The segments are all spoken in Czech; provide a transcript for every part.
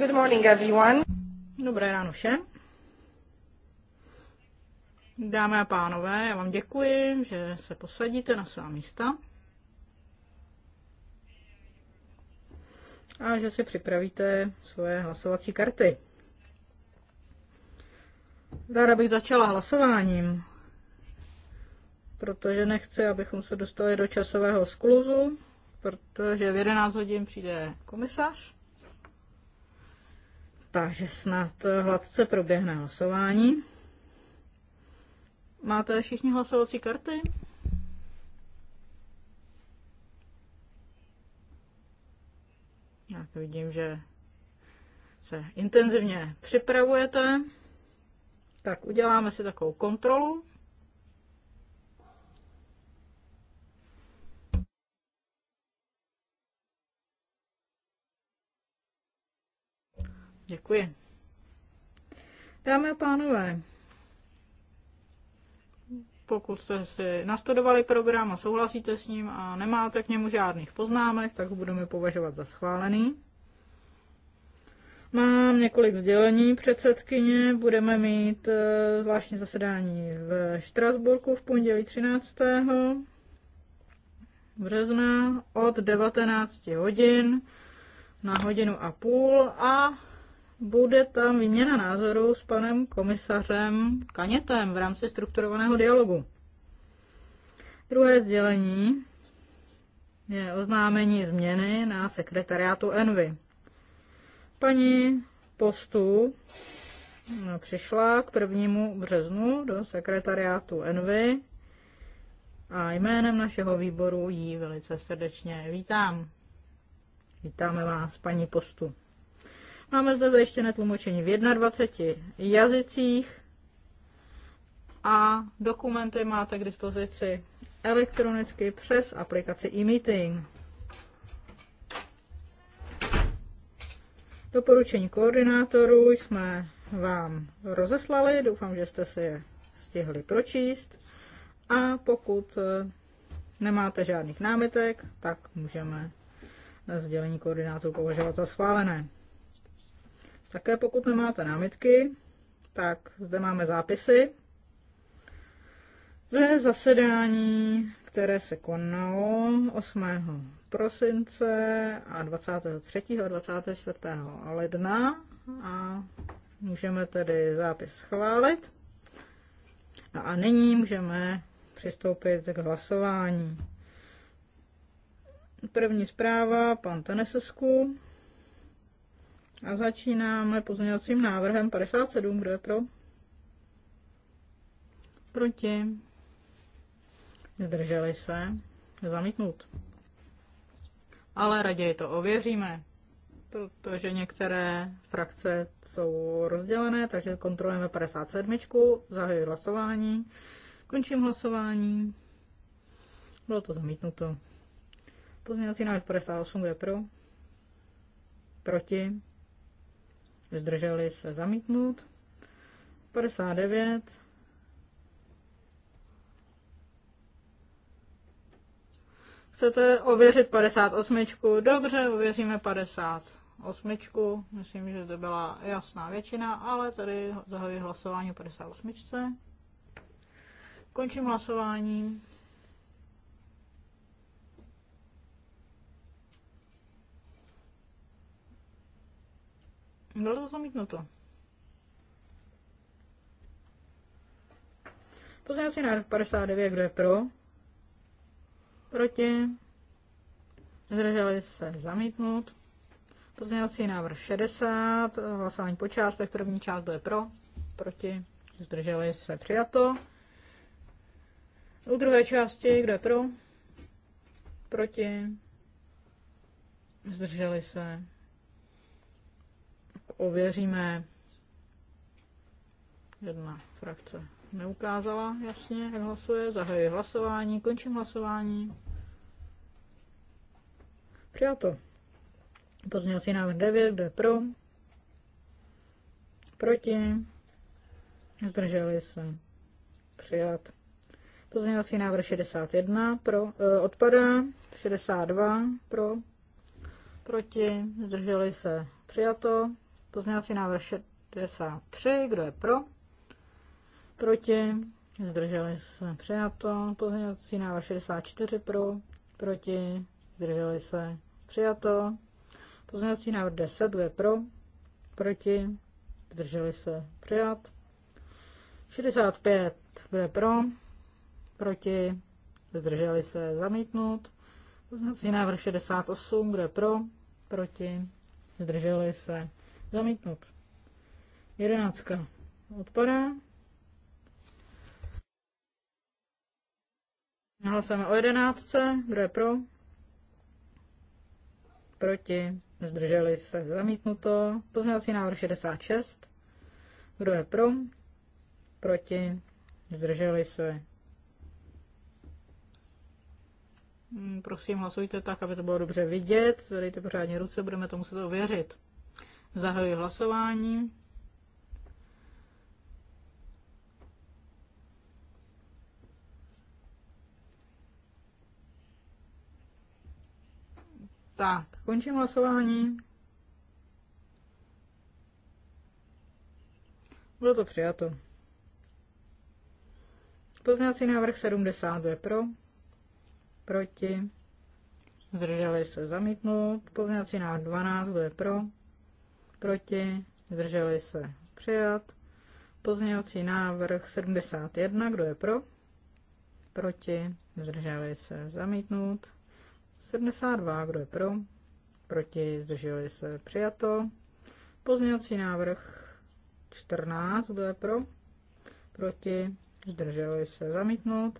Good morning, everyone. Dobré ráno všem. Dámy a pánové, já vám děkuji, že se posadíte na svá místa a že si připravíte svoje hlasovací karty. Ráda bych začala hlasováním, protože nechci, abychom se dostali do časového skluzu, protože v 11 hodin přijde komisař takže snad eh, hladce proběhne hlasování. Máte všichni hlasovací karty? Tak vidím, že se intenzivně připravujete. Tak uděláme si takovou kontrolu. Děkuji. Dámy a pánové, pokud jste si nastudovali program a souhlasíte s ním a nemáte k němu žádných poznámek, tak ho budeme považovat za schválený. Mám několik sdělení předsedkyně. Budeme mít eh, zvláštní zasedání v Štrasburku v pondělí 13. března od 19 hodin na hodinu a půl a bude tam výměna názorů s panem komisařem Kanětem v rámci strukturovaného dialogu. Druhé sdělení je oznámení změny na sekretariátu Envy. Paní Postu no, přišla k 1. březnu do sekretariátu Envy a jménem našeho výboru ji velice srdečně vítám. Vítáme vás, paní Postu. Máme zde zajištěné tlumočení v 21 jazycích a dokumenty máte k dispozici elektronicky přes aplikaci e-meeting. Doporučení koordinátorů jsme vám rozeslali, doufám, že jste si je stihli pročíst a pokud eh, nemáte žádných námitek, tak můžeme sdělení koordinátorů považovat za schválené. Také pokud nemáte námitky, tak zde máme zápisy ze zasedání, které se konalo 8. prosince a 23. a 24. ledna a můžeme tedy zápis schválit. No a nyní můžeme přistoupit k hlasování. První zpráva, pan Tenesesku. A začínáme pozměňovacím návrhem 57. Kdo je pro? Proti. Zdrželi se. Zamítnout. Ale raději to ověříme, protože některé frakce jsou rozdělené, takže kontrolujeme 57. Zahajuji hlasování. Končím hlasování. Bylo to zamítnuto. Pozměňovací návrh 58 je pro. Proti zdrželi se zamítnout. 59. Chcete ověřit 58? Dobře, ověříme 58. Myslím, že to byla jasná většina, ale tady zahajuji hlasování o 58. Končím hlasování. Bylo to zamítnuto. Pozměňovací návrh 59, kdo je pro? Proti? Zdrželi se zamítnout. Pozměňovací návrh 60, hlasování po částech, první část, kdo je pro? Proti? Zdrželi se přijato. U druhé části, kdo je pro? Proti? Zdrželi se ověříme. Jedna frakce neukázala jasně, jak hlasuje. Zahajuji hlasování, končím hlasování. Přijato. Pozměňovací návrh 9, kdo je pro? Proti? Zdrželi se. Přijat. Pozměňovací návrh 61 pro, eh, odpadá, 62 pro, proti, zdrželi se, přijato, Pozměňovací návrh 63, kdo je pro? Proti? Zdrželi se přijato. Pozměňovací návrh 64 pro? Proti? Zdrželi se přijato. Pozměňovací návrh 10, kdo je pro? Proti? Zdrželi se přijat. 65, kdo je pro? Proti? Zdrželi se zamítnout. Pozměňovací návrh 68, kdo je pro? Proti? Zdrželi se Zamítnut. Jedenáctka odpadá. Hlasujeme o jedenáctce. Kdo je pro? Proti. Zdrželi se. Zamítnuto. Pozměňovací návrh 66. Kdo je pro? Proti. Zdrželi se. Hmm, prosím, hlasujte tak, aby to bylo dobře vidět. Zvedejte pořádně ruce, budeme to muset ověřit. Zahajuji hlasování. Tak, končím hlasování. Bylo to přijato. Pozměňovací návrh 72 pro, proti, zdrželi se zamítnout. Pozměňovací návrh 12 bude pro, proti, zdrželi se přijat. Pozměňovací návrh 71, kdo je pro, proti, zdrželi se zamítnout. 72, kdo je pro, proti, zdrželi se přijato. Pozměňovací návrh 14, kdo je pro, proti, zdrželi se zamítnout.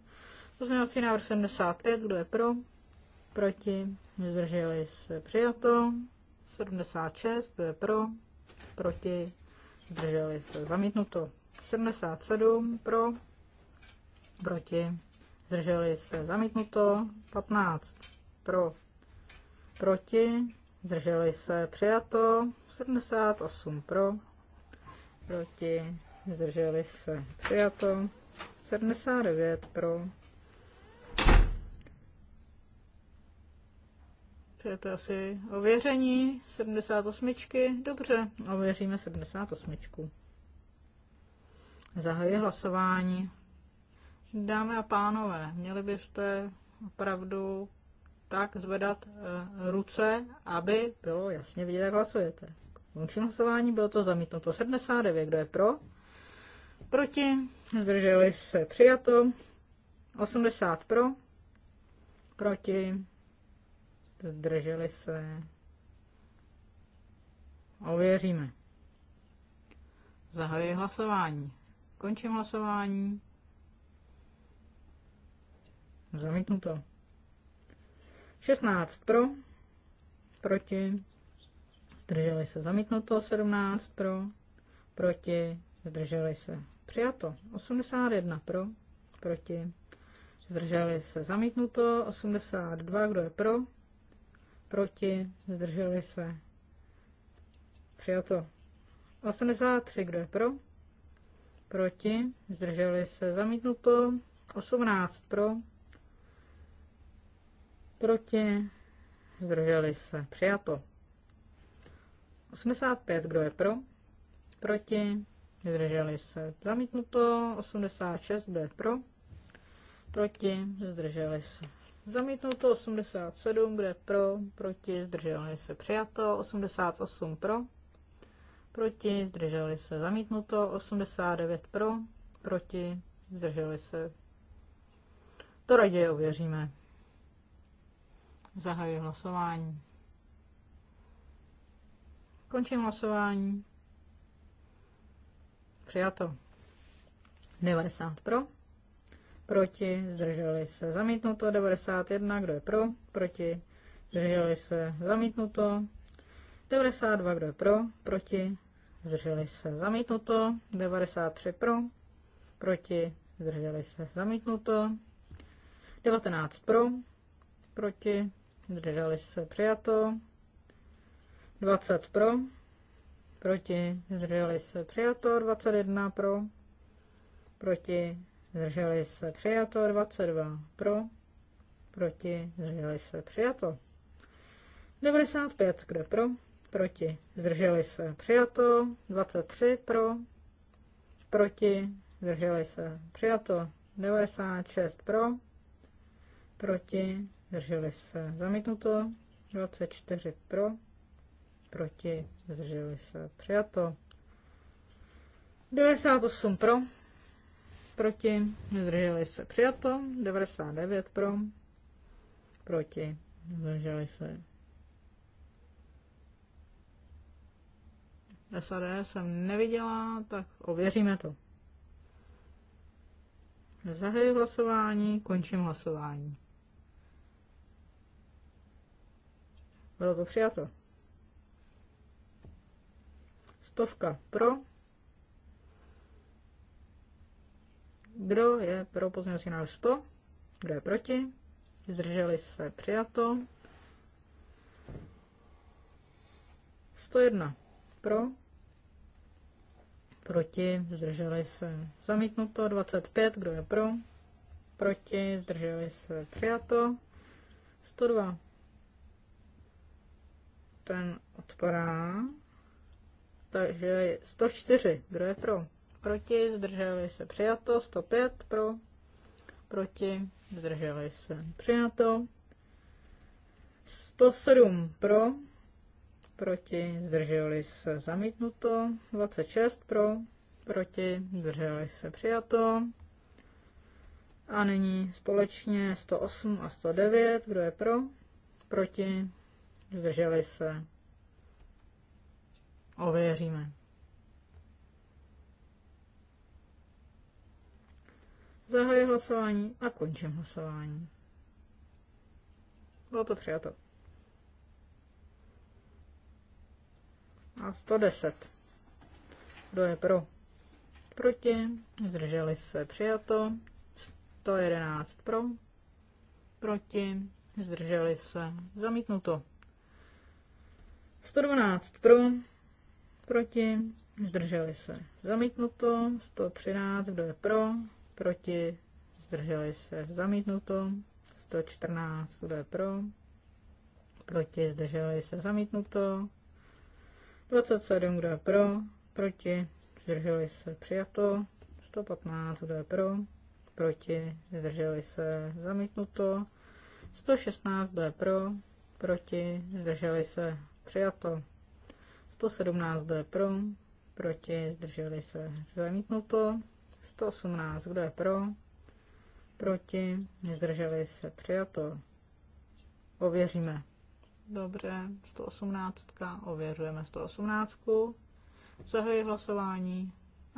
Pozměňovací návrh 75, kdo je pro, proti, zdrželi se přijato. 76, kdo je pro, proti, zdrželi se. Zamítnuto. 77 pro, proti, zdrželi se. Zamítnuto. 15 pro, proti, zdrželi se. Přijato. 78 pro, proti, zdrželi se. Přijato. 79 pro, to asi ověření 78. Dobře, ověříme 78. Zahajuji hlasování. Dámy a pánové, měli byste opravdu tak zvedat eh, ruce, aby bylo jasně vidět, jak hlasujete. Končím hlasování, bylo to zamítnuto 79, kdo je pro, proti, zdrželi se přijato, 80 pro, proti, zdrželi se. Ověříme. Zahajuji hlasování. Končím hlasování. Zamítnuto. 16 pro, proti, zdrželi se zamítnuto, 17 pro, proti, zdrželi se přijato, 81 pro, proti, zdrželi se zamítnuto, 82, kdo je pro, proti, zdrželi se. Přijato. 83, kdo je pro? Proti, zdrželi se, zamítnuto. 18 pro, proti, zdrželi se, přijato. 85, kdo je pro? Proti, zdrželi se, zamítnuto. 86, kdo je pro? Proti, zdrželi se Zamítnuto 87, kde pro, proti, zdrželi se přijato, 88 pro, proti, zdrželi se zamítnuto, 89 pro, proti, zdrželi se. To raději ověříme. Zahajuji hlasování. Končím hlasování. Přijato. 90 pro proti, zdrželi se, zamítnuto, 91, kdo je pro, proti, zdrželi se, zamítnuto, 92, kdo je pro, proti, zdrželi se, zamítnuto, 93 pro, proti, zdrželi se, zamítnuto, 19 pro, proti, zdrželi se, přijato, 20 pro, proti, zdrželi se, přijato, 21 pro, proti, zdrželi se přijato, 22 pro, proti, zdrželi se přijato. 95, kdo pro, proti, zdrželi se přijato, 23 pro, proti, zdrželi se přijato, 96 pro, proti, zdrželi se zamítnuto, 24 pro, proti, zdrželi se přijato, 98 pro, proti, zdrželi se přijato, 99 pro, proti, zdrželi se. SAD jsem neviděla, tak ověříme to. Zahajuji hlasování, končím hlasování. Bylo to přijato. Stovka pro, Kdo je pro pozměňovací návrh 100? Kdo je proti? Zdrželi se přijato. 101 pro, proti, zdrželi se zamítnuto, 25, kdo je pro, proti, zdrželi se přijato, 102, ten odpadá, takže 104, kdo je pro, proti, zdrželi se přijato, 105 pro, proti, zdrželi se přijato, 107 pro, proti, zdrželi se zamítnuto, 26 pro, proti, zdrželi se přijato. A nyní společně 108 a 109, kdo je pro, proti, zdrželi se. Ověříme. Zahajuji hlasování a končím hlasování. Bylo to přijato. A 110. Kdo je pro? Proti. Zdrželi se přijato. 111 pro. Proti. Zdrželi se. Zamítnuto. 112 pro. Proti. Zdrželi se. Zamítnuto. 113. Kdo je pro? proti, zdrželi se zamítnuto, 114, kdo je pro, proti, zdrželi se zamítnuto, 27, kdo je pro, proti, zdrželi se přijato, 115, kdo je pro, proti, zdrželi se zamítnuto, 116, kdo je pro, proti, zdrželi se přijato, 117, kdo je pro, proti, zdrželi se zamítnuto, 118. Kdo je pro? Proti? Nezdrželi se. Přijato. Ověříme. Dobře, 118. Ověřujeme 118. Zahajuji hlasování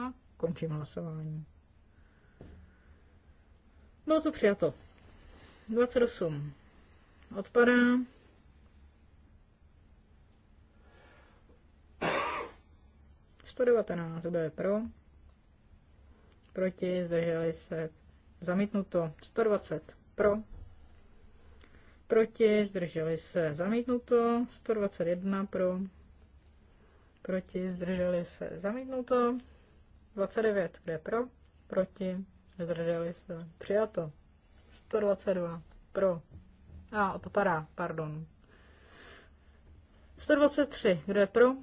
a končím hlasování. Bylo to přijato. 28. Odpadá. Sto devatenáct, kdo je pro? proti, zdrželi se, zamítnuto. 120 pro, proti, zdrželi se, zamítnuto. 121 pro, proti, zdrželi se, zamítnuto. 29, kde pro, proti, zdrželi se, přijato. 122 pro, a ah, to padá, pardon. 123, kde pro?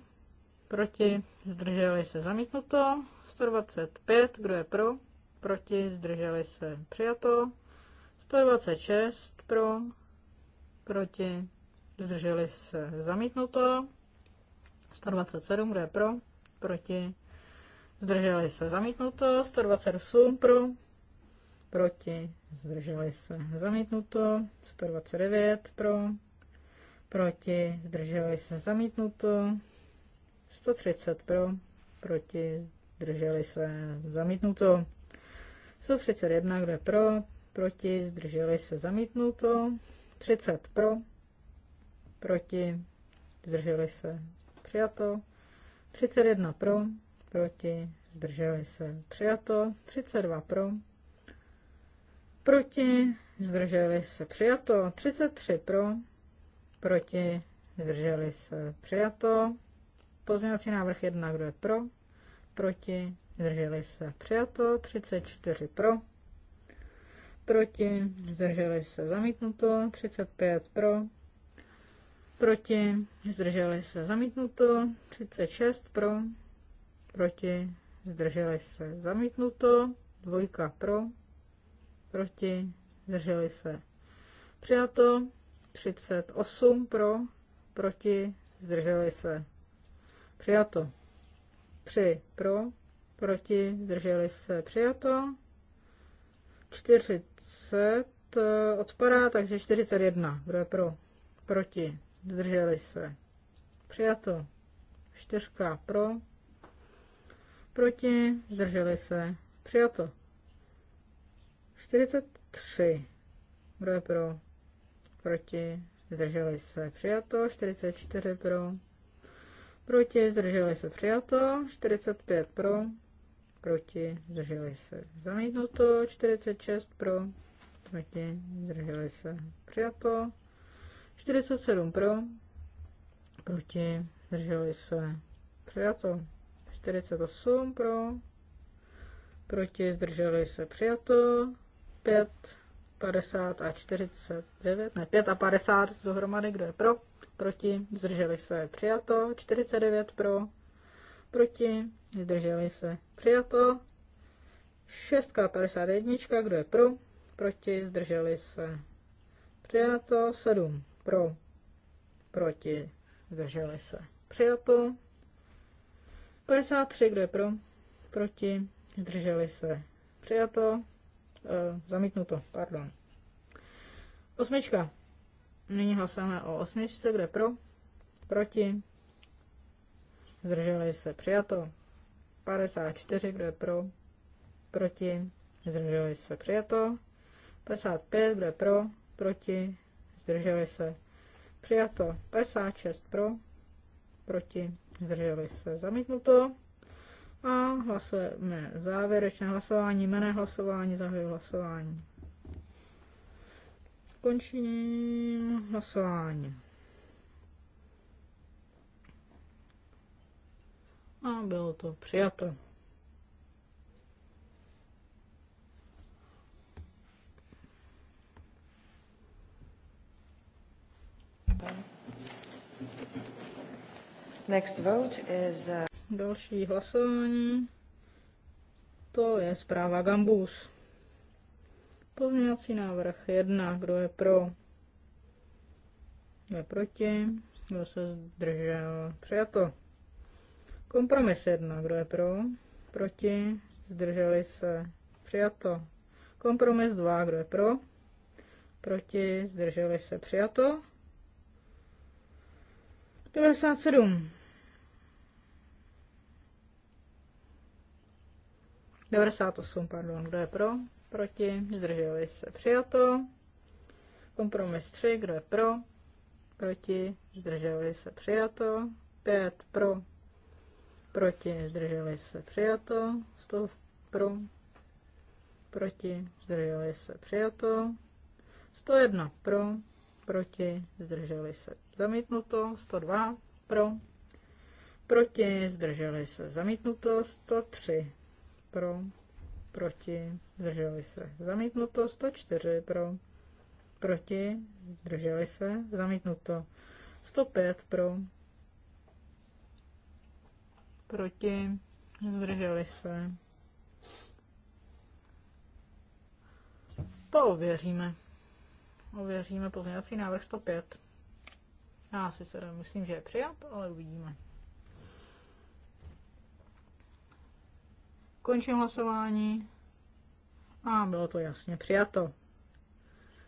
Proti? Zdrželi se zamítnuto. 125. Kdo je pro? Proti? Zdrželi se přijato. 126 pro, proti, zdrželi se zamítnuto. 127, kdo je pro, proti, zdrželi se zamítnuto. 128 pro, proti, zdrželi se zamítnuto. 129 pro, proti, zdrželi se zamítnuto. 130 pro, proti, zdrželi se, zamítnuto. 131, kdo je pro, proti, zdrželi se, zamítnuto. 30 pro, proti, zdrželi se, přijato. 31 pro, proti, zdrželi se, přijato. 32 pro, proti, zdrželi se, přijato. 33 pro, proti, zdrželi se, přijato. Pozměňovací návrh 1, kdo je pro? Proti? Zdrželi se. Přijato. 34 pro. Proti? Zdrželi se. Zamítnuto. 35 pro. Proti? Zdrželi se. Zamítnuto. 36 pro. Proti? Zdrželi se. Zamítnuto. Dvojka pro. Proti? Zdrželi se. Přijato. 38 pro. Proti? Zdrželi se Přijato. 3 pro, proti, zdrželi se. Přijato. 40 eh, odpadá, takže 41. Kdo je pro? Proti. Zdrželi se. Přijato. 4 pro. Proti. Zdrželi se. Přijato. 43. Kdo je pro? Proti. Zdrželi se. Přijato. 44 pro Proti zdrželi se přijato. 45 pro. Proti zdrželi se zamítnuto. 46 pro. Proti zdrželi se přijato. 47 pro. Proti zdrželi se přijato. 48 pro. Proti zdrželi se přijato. 5, 50 a 49, ne 5 a 50 dohromady, kdo je pro proti, zdrželi se, přijato, 49 pro, proti, zdrželi se, přijato, 51, kdo je pro, proti, zdrželi se, přijato, 7 pro, proti, zdrželi se, přijato, 53, kdo je pro, proti, zdrželi se, přijato, e, zamítnuto, pardon. Osmička Nyní hlasujeme o osmičce, kde pro, proti, zdrželi se přijato. 54, kde pro, proti, zdrželi se přijato. 55, kde pro, proti, zdrželi se přijato. 56 pro, proti, zdrželi se zamítnuto. A hlasujeme závěrečné hlasování, jmené hlasování, zahajuji hlasování. Končím hlasování. A bylo to přijato. Next vote is, uh... Další hlasování. To je zpráva Gambus. Pozměňovací návrh 1. Kdo je pro? Kdo je proti? Kdo se zdržel? Přijato. Kompromis 1. Kdo je pro? Proti? Zdrželi se? Přijato. Kompromis 2. Kdo je pro? Proti? Zdrželi se? Přijato. 97. 98, pardon. Kdo je pro? proti, zdrželi se přijato. Kompromis 3, kdo je pro, proti, zdrželi se přijato. 5 pro, proti, zdrželi se přijato. 100 pro, proti, zdrželi se přijato. 101 pro, proti, zdrželi se zamítnuto. 102 pro, proti, zdrželi se zamítnuto. 103 pro, proti, zdrželi se. Zamítnuto 104 pro, proti, zdrželi se. Zamítnuto 105 pro, proti, zdrželi se. To ověříme. Ověříme pozměňovací návrh 105. Já si teda myslím, že je přijat, ale uvidíme. Končím hlasování. A bylo to jasně přijato.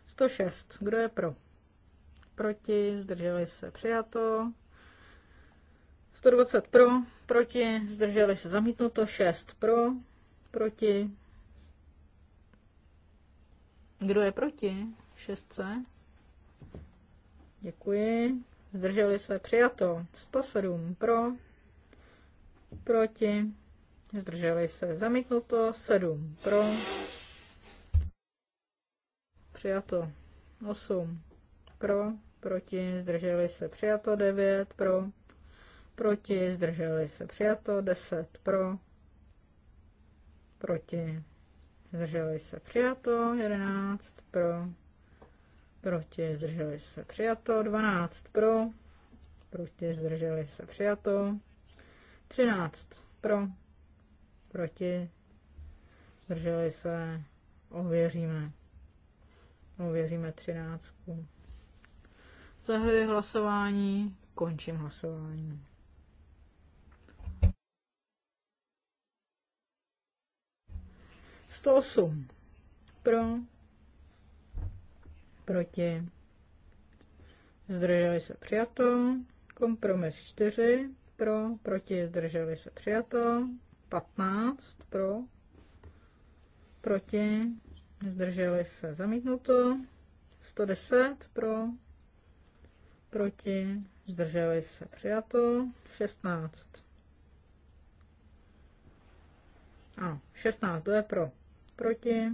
106. Kdo je pro? Proti, zdrželi se přijato. 120 pro, proti, zdrželi se zamítnuto. 6 pro, proti. Kdo je proti? 6 Děkuji. Zdrželi se přijato. 107 pro, proti Zdrželi se. Zamítnuto. 7 pro. Přijato. 8 pro. Proti. Zdrželi se. Přijato. 9 pro. Proti. Zdrželi se. Přijato. 10 pro. Proti. Zdrželi se. Přijato. 11 pro. Proti. Zdrželi se. Přijato. 12 pro. Proti. Zdrželi se. Přijato. 13 pro proti, zdrželi se, ověříme. Ověříme třináctku. Zahajuji hlasování, končím hlasování. Sto osm. Pro. Proti. Zdrželi se přijato. Kompromis čtyři. Pro. Proti. Zdrželi se přijato. 15 pro, proti, zdrželi se zamítnuto, 110 pro, proti, zdrželi se přijato, 16. Ano, 16, to je pro, proti.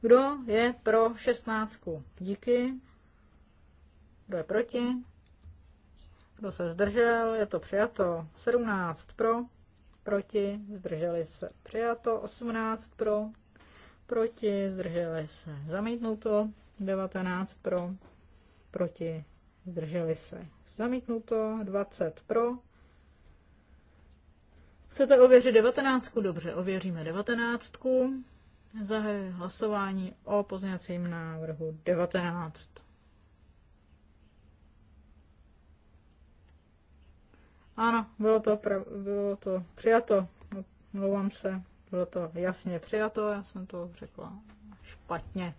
Kdo je pro 16? Díky. Kdo je proti? Kdo se zdržel, je to přijato. 17 pro, proti, zdrželi se přijato. 18 pro, proti, zdrželi se zamítnuto. 19 pro, proti, zdrželi se zamítnuto. 20 pro. Chcete ověřit 19? Dobře, ověříme 19. Zahajuji hlasování o pozněcím návrhu 19. Ano, bylo to, bylo to přijato. Mluvám se, bylo to jasně přijato, já jsem to řekla špatně.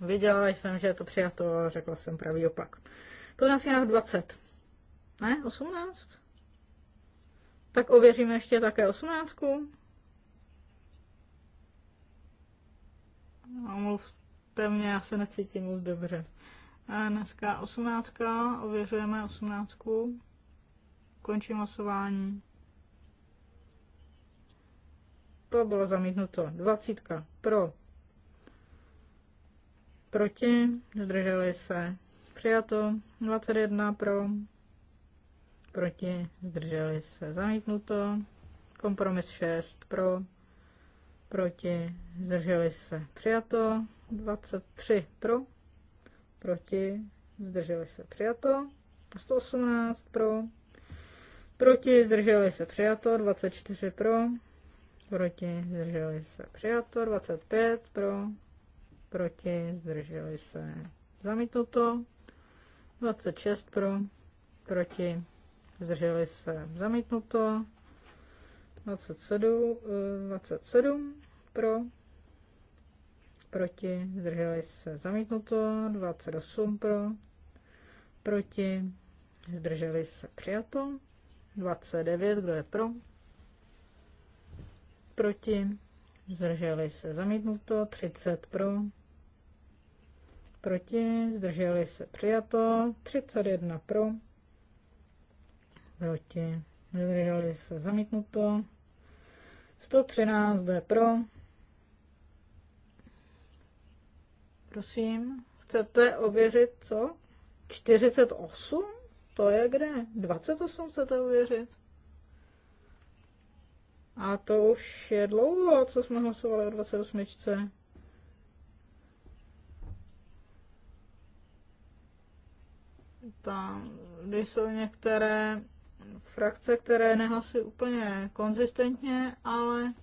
Viděla jsem, že je to přijato a řekla jsem pravý opak. asi na 20. Ne, 18? Tak ověříme ještě také 18. Omluvte mě, já se necítím moc dobře. Dneska 18. Ověřujeme 18. Končím hlasování. To bylo zamítnuto. 20. Pro. Proti. Zdrželi se. Přijato. 21. Pro. Proti. Zdrželi se. Zamítnuto. Kompromis 6. Pro. Proti. Zdrželi se. Přijato. 23. Pro proti, zdrželi se přijato, 118 pro, proti, zdrželi se přijato, 24 pro, proti, zdrželi se přijato, 25 pro, proti, zdrželi se zamítnuto, 26 pro, proti, zdrželi se zamítnuto, 27, 27 eh, pro, proti, zdrželi se zamítnuto, 28 pro, proti, zdrželi se přijato, 29, kdo je pro, proti, zdrželi se zamítnuto, 30 pro, proti, zdrželi se přijato, 31 pro, proti, zdrželi se zamítnuto, 113 jde pro, Prosím, chcete ověřit co? 48? To je kde? 28 chcete ověřit? A to už je dlouho, co jsme hlasovali o 28. Tam, jsou některé frakce, které nehlasují úplně konzistentně, ale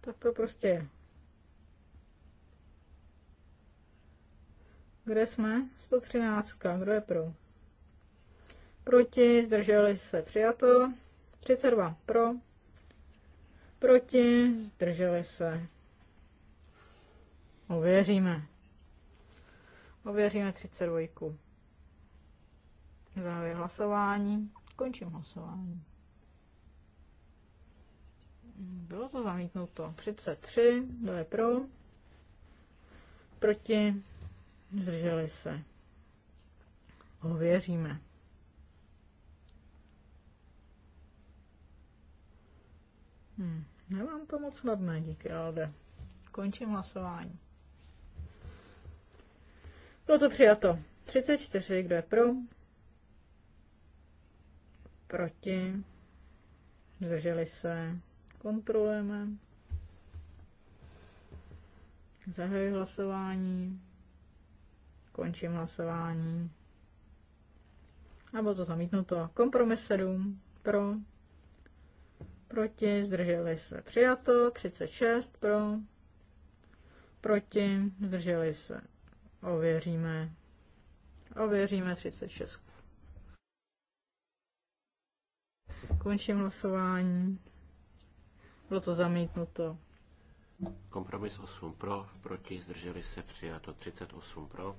tak to prostě je. Kde jsme? 113. Kdo je pro? Proti, zdrželi se, přijato. 32. Pro. Proti, zdrželi se. Ověříme. Ověříme 32. Zahajuji hlasování. Končím hlasování. Bylo to zamítnuto. 33, kdo je pro? Proti? Zdrželi se. Ověříme. Hm, nemám to moc snadné, díky Alde. Končím hlasování. Bylo to přijato. 34, kdo je pro? Proti? Zdrželi se? Kontrolujeme. Zahajuji hlasování. Končím hlasování. A bylo to zamítnuto. Kompromis 7 pro, proti, zdrželi se přijato, 36 pro, proti, zdrželi se. Ověříme. Ověříme 36. Končím hlasování. Bylo to zamítnuto. Kompromis 8 pro, proti, zdrželi se přijato 38 pro,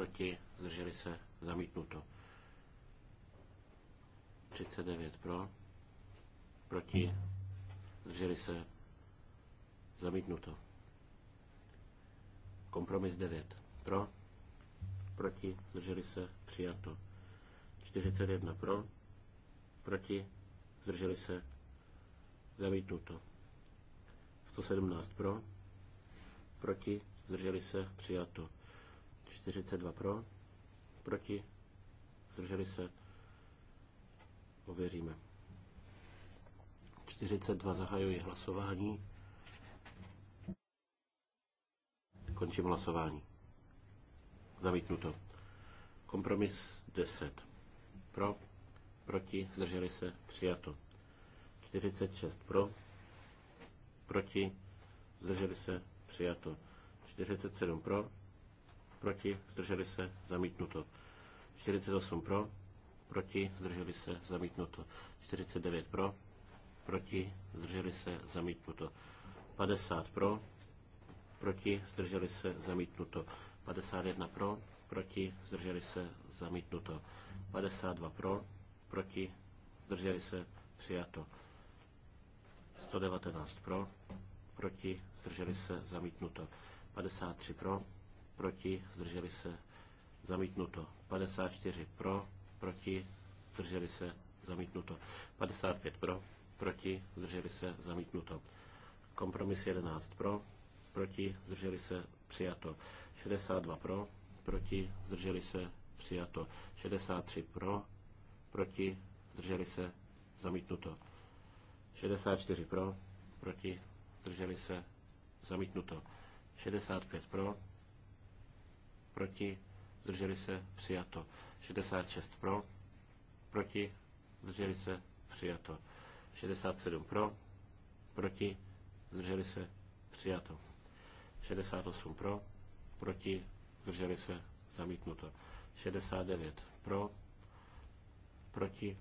proti, zdrželi se, zamítnuto. 39 pro, proti, zdrželi se, zamítnuto. Kompromis 9 pro, proti, zdrželi se, přijato. 41 pro, proti, zdrželi se, zamítnuto. 117 pro, proti, zdrželi se, přijato. 42 pro, proti, zdrželi se, ověříme. 42 zahajuji hlasování. Končím hlasování. Zamítnuto. Kompromis 10. Pro, proti, zdrželi se, přijato. 46 pro, proti, zdrželi se, přijato. 47 pro, proti, zdrželi se, zamítnuto. 48 pro, proti, zdrželi se, zamítnuto. 49 pro, proti, zdrželi se, zamítnuto. 50 pro, proti, zdrželi se, zamítnuto. 51 pro, proti, zdrželi se, zamítnuto. 52 pro, proti, zdrželi se, přijato. 119 pro, proti, zdrželi se, zamítnuto. 53 pro, proti, zdrželi se, zamítnuto. 54 pro, proti, zdrželi se, zamítnuto. 55 pro, proti, zdrželi se, zamítnuto. Kompromis 11 pro, proti, zdrželi se, přijato. 62 pro, proti, zdrželi se, přijato. 63 pro, proti, zdrželi se, zamítnuto. 64 pro, proti, zdrželi se, zamítnuto. 65 pro, proti, zdrželi se, přijato. 66 pro, proti, zdrželi se, přijato. 67 pro, proti, zdrželi se, přijato. 68 pro, proti, zdrželi se, zamítnuto. 69 pro, proti,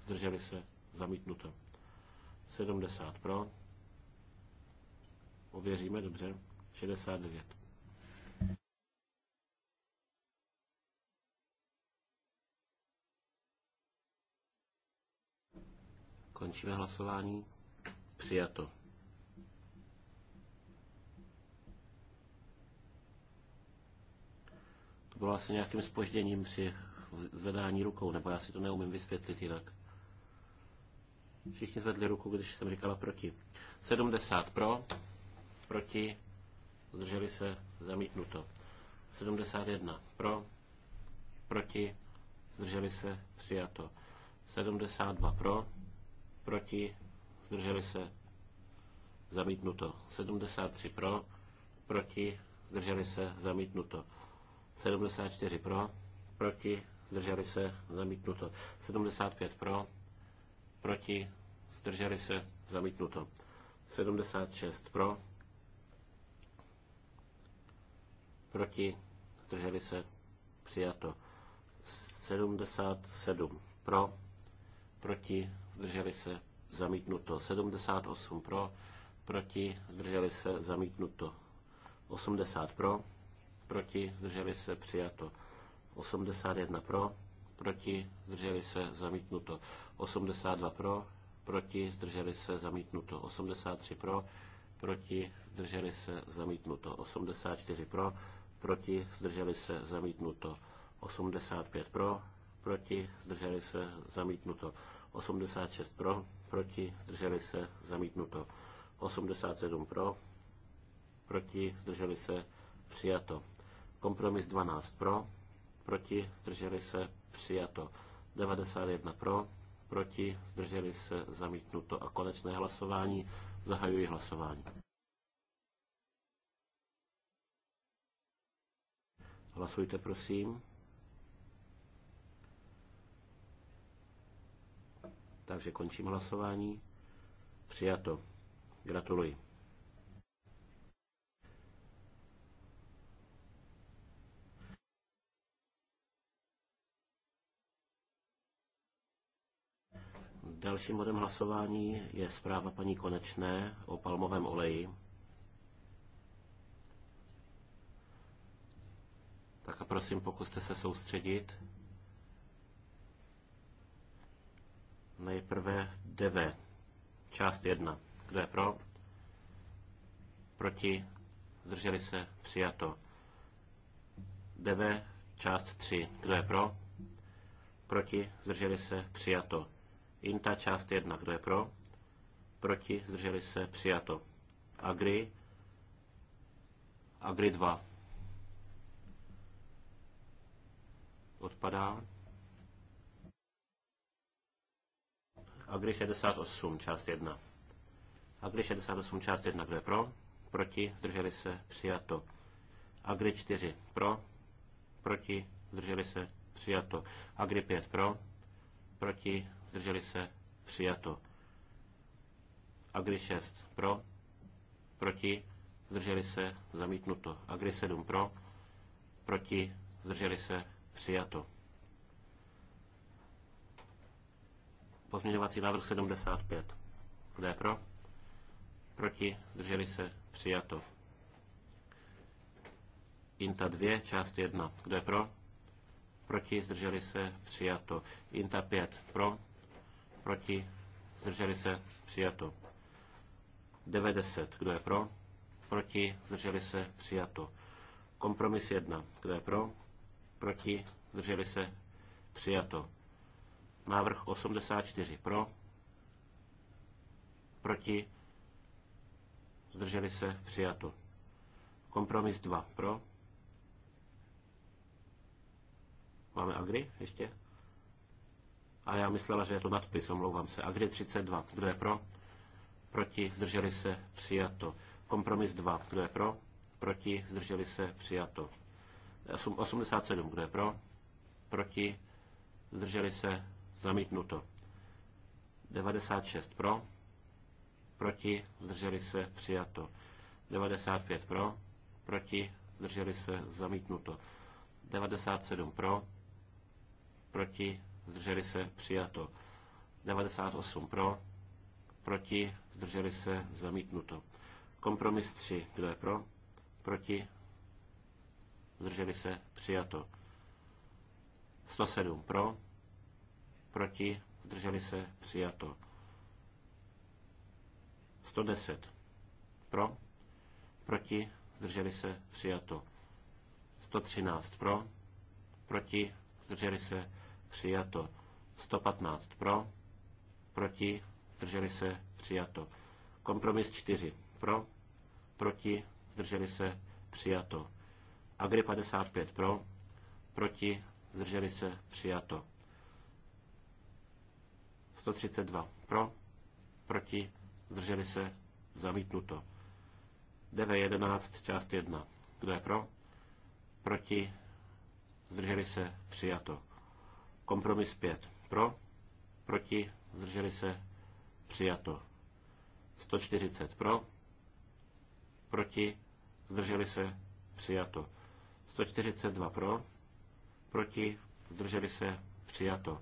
zdrželi se, zamítnuto. 70 pro, ověříme dobře, 69 Končíme hlasování. Přijato. To bylo asi nějakým spožděním při zvedání rukou, nebo já si to neumím vysvětlit jinak. Všichni zvedli ruku, když jsem říkala proti. 70 pro, proti, zdrželi se, zamítnuto. 71 pro, proti, zdrželi se, přijato. 72 pro, proti, zdrželi se, zamítnuto. 73 pro, proti, zdrželi se, zamítnuto. 74 pro, proti, zdrželi se, zamítnuto. 75 pro, proti, zdrželi se, zamítnuto. 76 pro, proti, zdrželi se, přijato. 77 pro, proti, zdrželi se, zamítnuto. 78 pro, proti, zdrželi se, zamítnuto. 80 pro, proti, zdrželi se, přijato. 81 pro, proti, zdrželi se, zamítnuto. 82 pro, proti, zdrželi se, zamítnuto. 83 pro, proti, zdrželi se, zamítnuto. 84 pro, proti, zdrželi se, zamítnuto. 85 pro, proti, zdrželi se, zamítnuto. 86 pro, proti, zdrželi se, zamítnuto. 87 pro, proti, zdrželi se, přijato. Kompromis 12 pro, proti, zdrželi se, přijato. 91 pro, proti, zdrželi se, zamítnuto. A konečné hlasování, zahajuji hlasování. Hlasujte, prosím. Takže končím hlasování. Přijato. Gratuluji. Dalším modem hlasování je zpráva paní Konečné o palmovém oleji. Tak a prosím, pokuste se soustředit. Nejprve DV, část 1. Kdo je pro? Proti? Zdrželi se? Přijato. DV, část 3. Kdo je pro? Proti? Zdrželi se? Přijato. INTA, část 1. Kdo je pro? Proti? Zdrželi se? Přijato. AGRI? AGRI 2. Odpadá. Agri 68, část 1. Agri 68, část 1, kdo je pro? Proti, zdrželi se, přijato. Agri 4, pro? Proti, zdrželi se, přijato. Agri 5, pro? Proti, zdrželi se, přijato. Agri 6, pro? Proti, zdrželi se, zamítnuto. Agri 7, pro? Proti, zdrželi se, přijato. Pozměňovací návrh 75. Kdo je pro? Proti? Zdrželi se? Přijato. Inta 2, část 1. Kdo je pro? Proti? Zdrželi se? Přijato. Inta 5. Pro? Proti? Zdrželi se? Přijato. 90. Kdo je pro? Proti? Zdrželi se? Přijato. Kompromis 1. Kdo je pro? Proti? Zdrželi se? Přijato. Návrh 84 pro, proti, zdrželi se, přijato. Kompromis 2 pro. Máme Agri ještě? A já myslela, že je to nadpis, omlouvám se. Agri 32, kdo je pro? Proti, zdrželi se, přijato. Kompromis 2, kdo je pro? Proti, zdrželi se, přijato. 87, kdo je pro? Proti, zdrželi se, Zamítnuto. 96 pro. Proti. Zdrželi se. Přijato. 95 pro. Proti. Zdrželi se. Zamítnuto. 97 pro. Proti. Zdrželi se. Přijato. 98 pro. Proti. Zdrželi se. Zamítnuto. Kompromis 3. Kdo je pro? Proti? Zdrželi se? Přijato. 107 pro? proti, zdrželi se, přijato. 110 pro, proti, zdrželi se, přijato. 113 pro, proti, zdrželi se, přijato. 115 pro, proti, zdrželi se, přijato. Kompromis 4 pro, proti, zdrželi se, přijato. Agri 55 pro, proti, zdrželi se, přijato. 132 pro, proti, zdrželi se, zamítnuto. 9.11, část 1. Kdo je pro? Proti, zdrželi se, přijato. Kompromis 5. Pro, proti, zdrželi se, přijato. 140 pro, proti, zdrželi se, přijato. 142 pro, proti, zdrželi se, přijato.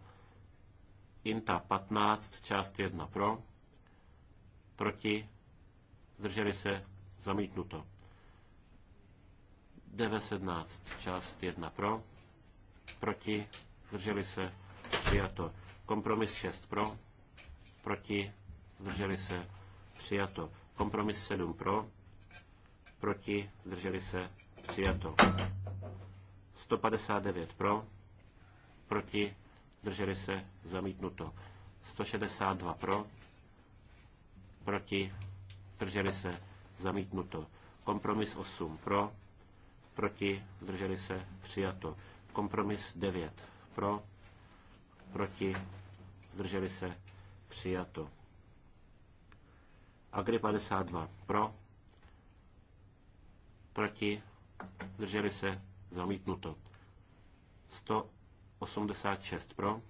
Inta 15, část 1 pro, proti, zdrželi se, zamítnuto. DV17, část 1 pro, proti, zdrželi se, přijato. Kompromis 6 pro, proti, zdrželi se, přijato. Kompromis 7 pro, proti, zdrželi se, přijato. 159 pro, proti, zdrželi se, zamítnuto. 162 pro, proti, zdrželi se, zamítnuto. Kompromis 8 pro, proti, zdrželi se, přijato. Kompromis 9 pro, proti, zdrželi se, přijato. Agri 52 pro, proti, zdrželi se, zamítnuto. 100 186 pro,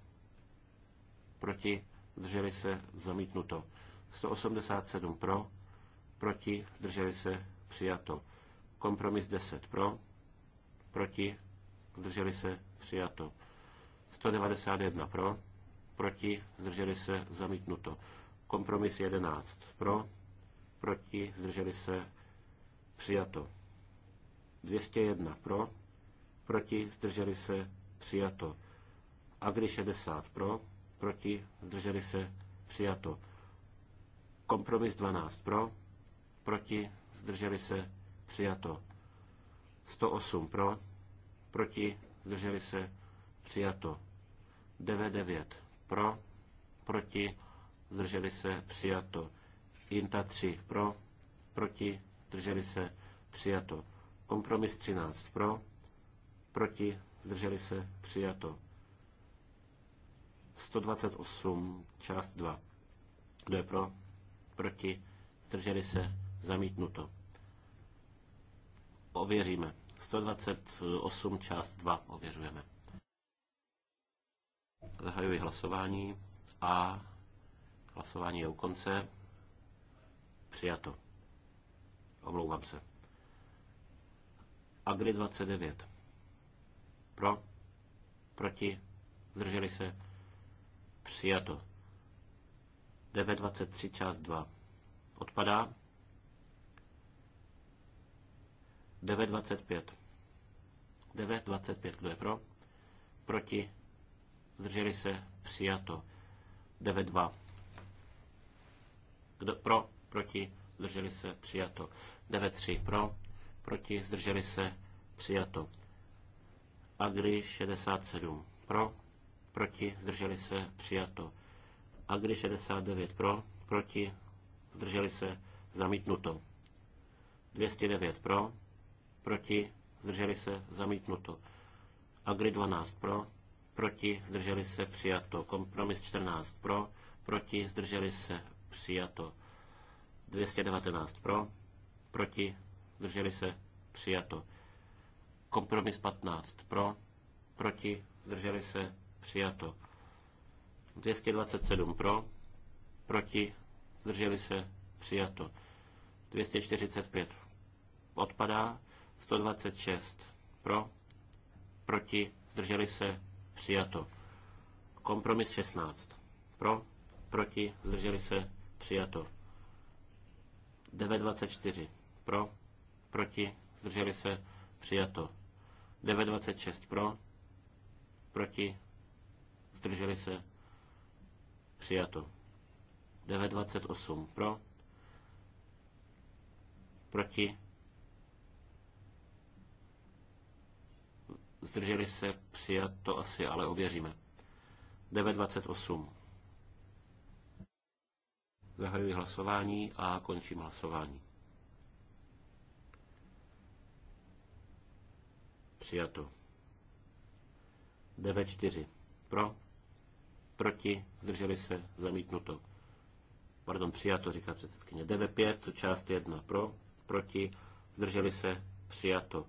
proti, zdrželi se, zamítnuto. 187 pro, proti, zdrželi se, přijato. Kompromis 10 pro, proti, zdrželi se, přijato. 191 pro, proti, zdrželi se, zamítnuto. Kompromis 11 pro, proti, zdrželi se, přijato. 201 pro, proti, zdrželi se, přijato. A když 60 pro, proti, zdrželi se, přijato. Kompromis 12 pro, proti, zdrželi se, přijato. 108 pro, proti, zdrželi se, přijato. 99 pro, proti, zdrželi se, přijato. Inta 3 pro, proti, zdrželi se, přijato. Kompromis 13 pro, proti, zdrželi se, přijato. 128, část 2. Kdo je pro? Proti? Zdrželi se? Zamítnuto. Ověříme. 128, část 2 ověřujeme. Zahajuji hlasování a hlasování je u konce. Přijato. Omlouvám se. Agri 29. Pro? Proti? Zdrželi se? Přijato. 9.23 část 2. Odpadá. 9.25. 9.25. Kdo je pro? Proti? Zdrželi se? Přijato. 9.2. Kdo pro? Proti? Zdrželi se? Přijato. 9.3. Pro? Proti? Zdrželi se? Přijato. Agri 67 pro, proti, zdrželi se, přijato. Agri 69 pro, proti, zdrželi se, zamítnuto. 209 pro, proti, zdrželi se, zamítnuto. Agri 12 pro, proti, zdrželi se, přijato. Kompromis 14 pro, proti, zdrželi se, přijato. 219 pro, proti, zdrželi se, přijato. Kompromis 15 pro, proti, zdrželi se, přijato. 227 pro, proti, zdrželi se, přijato. 245 odpadá, 126 pro, proti, zdrželi se, přijato. Kompromis 16 pro, proti, zdrželi se, přijato. 924 pro, proti, zdrželi se, přijato. 926 pro, proti, zdrželi se, přijato. 928 pro, proti, zdrželi se, přijato asi, ale ověříme. 928. Zahajuji hlasování a končím hlasování. Přijato. 94 Pro. Proti. Zdrželi se. Zamítnuto. Pardon, přijato, říká předsedkyně. 9.5. Část 1. Pro. Proti. Zdrželi se. Přijato.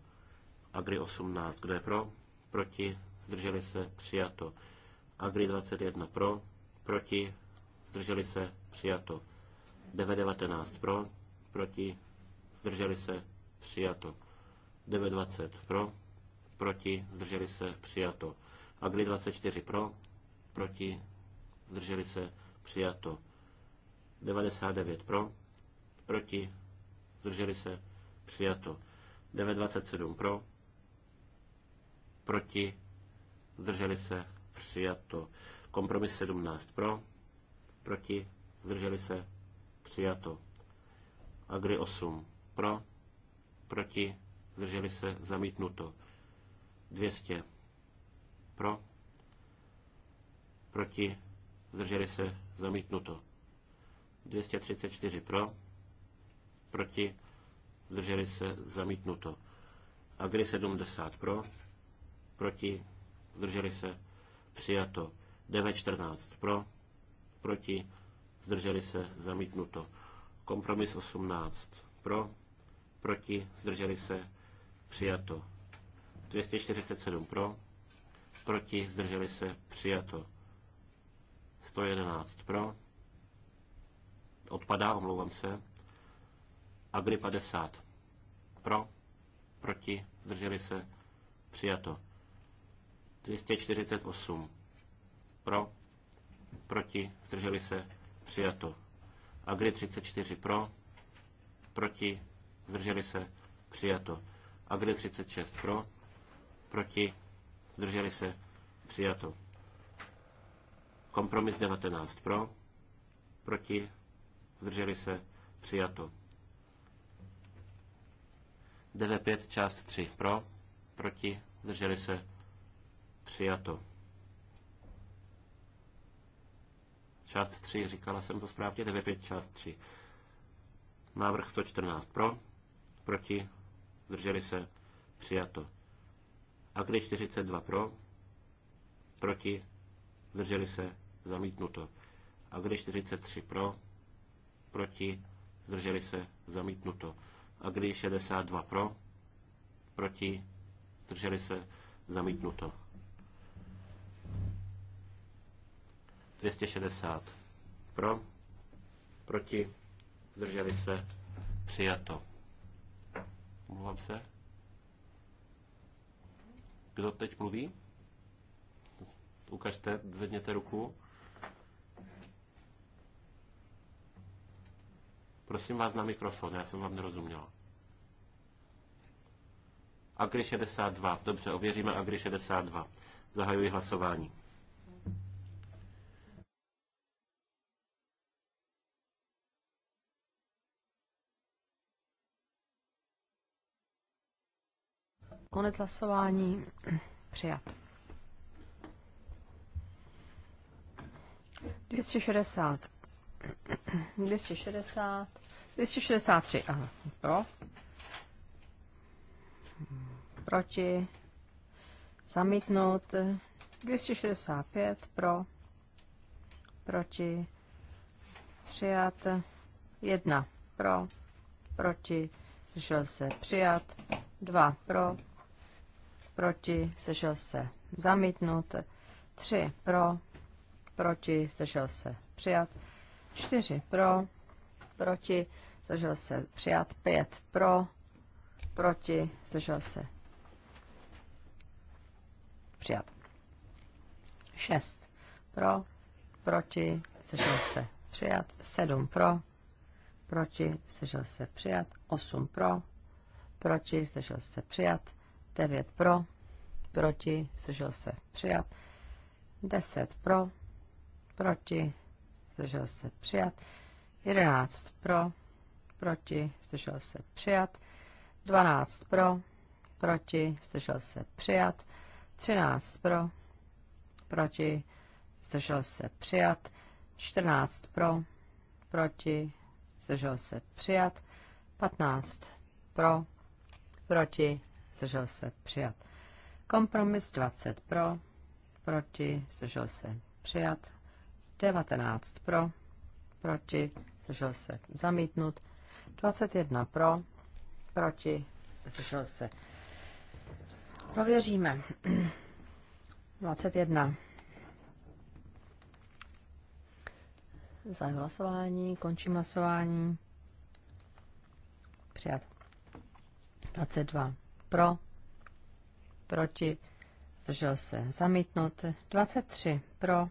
Agri 18. Kdo je pro? Proti. Zdrželi se. Přijato. Agri 21. Pro. Proti. Zdrželi se. Přijato. 9.19. Pro. Proti. Zdrželi se. Přijato. 920 Pro proti, zdrželi se, přijato. Agri 24 pro, proti, zdrželi se, přijato. 99 pro, proti, zdrželi se, přijato. 927 pro, proti, zdrželi se, přijato. Kompromis 17 pro, proti, zdrželi se, přijato. Agri 8 pro, proti, zdrželi se, zamítnuto. 200 pro, proti, zdrželi se, zamítnuto. 234 pro, proti, zdrželi se, zamítnuto. Agri 70 pro, proti, zdrželi se, přijato. 914 pro, proti, zdrželi se, zamítnuto. Kompromis 18 pro, proti, zdrželi se, přijato. 247 pro, proti, zdrželi se, přijato. 111 pro, odpadá, omlouvám se. Agri 50 pro, proti, zdrželi se, přijato. 248 pro, proti, zdrželi se, přijato. Agri 34 pro, proti, zdrželi se, přijato. Agri 36 pro, proti, zdrželi se, přijato. Kompromis 19 pro, proti, zdrželi se, přijato. DV5 část 3 pro, proti, zdrželi se, přijato. Část 3, říkala jsem to správně, DV5 část 3. Návrh 114 pro, proti, zdrželi se, přijato. Agri 42 pro, proti, zdrželi se, zamítnuto. Agri 43 pro, proti, zdrželi se, zamítnuto. Agri 62 pro, proti, zdrželi se, zamítnuto. 260 pro, proti, zdrželi se, přijato. Omlouvám se. Kdo teď mluví? Ukažte, zvedněte ruku. Prosím vás na mikrofon, já jsem vám nerozuměla. Agri 62. Dobře, ověříme Agri 62. Zahajuji hlasování. Konec hlasování. Přijat. 260. 260. 263. Aha. Pro. Proti. Zamítnout. 265. Pro. Proti. Přijat. 1. Pro. Proti. Zdržel se. Přijat. 2. Pro proti, zdržel se zamítnut, 3 pro, proti, zdržel se přijat, 4 pro, proti, zdržel se přijat, 5 pro, proti, zdržel se přijat. 6 pro, proti, zdržel se přijat, 7 pro, proti, zdržel se přijat, 8 pro, proti, zdržel se přijat, 9 pro, proti, zdržel se, přijat. 10 pro, proti, zdržel se, přijat. 11 pro, proti, zdržel se, přijat. 12 pro, proti, zdržel se, přijat. 13 pro, proti, zdržel se, přijat. 14 pro, proti, zdržel se, přijat. 15 pro, proti, zdržel se, přijat. Kompromis 20 pro, proti, zdržel se, přijat. 19 pro, proti, zdržel se, zamítnut. 21 pro, proti, zdržel se. Prověříme. 21. Zahajuji hlasování, končím hlasování. Přijat. 22 pro, proti, zdržel se zamítnut, 23 pro,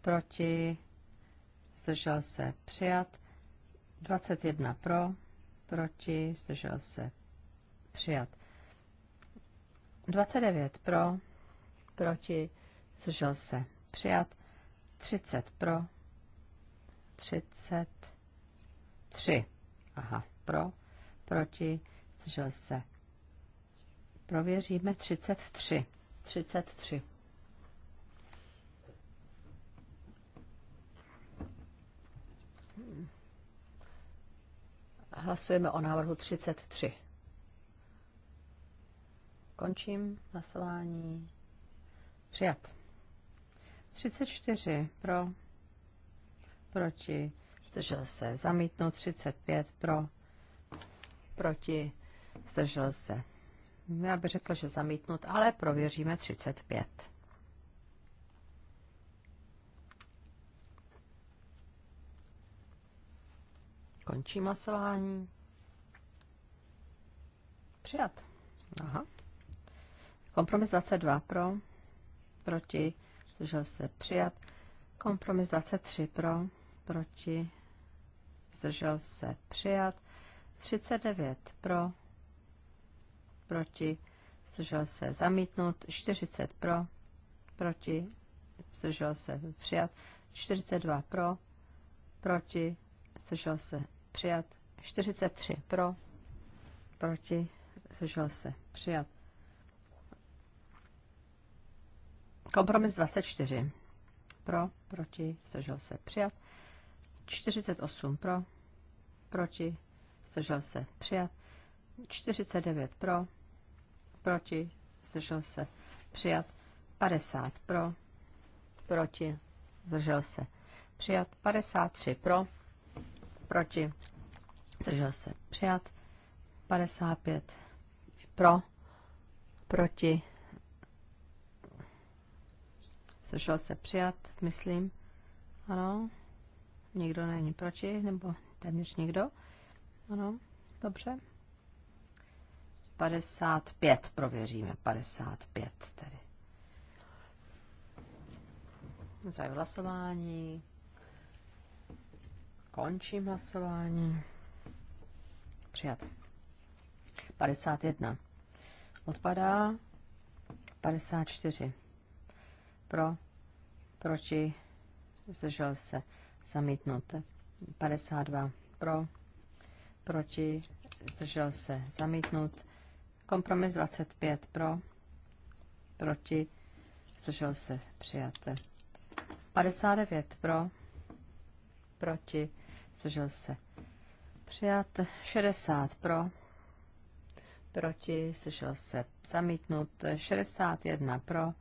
proti, zdržel se přijat, 21 pro, proti, zdržel se přijat, 29 pro, proti, zdržel se přijat, 30 pro, 33, aha, pro, proti, zdržel se. Prověříme 33. 33. Hlasujeme o návrhu 33. Končím hlasování. Přijat. 34 pro, proti, zdržel se, zamítnout 35 pro, proti, zdržel se. Já bych řekl, že zamítnut, ale prověříme 35. Končím hlasování. Přijat. Aha. Kompromis 22 pro, proti, zdržel se přijat. Kompromis 23 pro, proti, zdržel se přijat. 39 pro, proti, zdržel se zamítnut, 40 pro, proti, zdržel se přijat, 42 pro, proti, zdržel se přijat, 43 pro, proti, zdržel se přijat. Kompromis 24 pro, proti, zdržel se přijat, 48 pro, proti, zdržel se přijat, 49 pro, proti, zdržel se přijat. 50 pro, proti, zdržel se přijat. 53 pro, proti, zdržel se přijat. 55 pro, proti, zdržel se přijat, myslím. Ano, nikdo není proti, nebo téměř nikdo. Ano, dobře. 55 prověříme, 55 tedy. Zahajuji hlasování. Končím hlasování. Přijat. 51. Odpadá. 54. Pro. Proti. Zdržel se. Zamítnut. 52. Pro. Proti. Zdržel se. Zamítnut. Kompromis 25 pro, proti, zdržel se, přijate. 59 pro, proti, zdržel se, přijat. 60 pro, proti, zdržel se, zamítnut. 61 pro,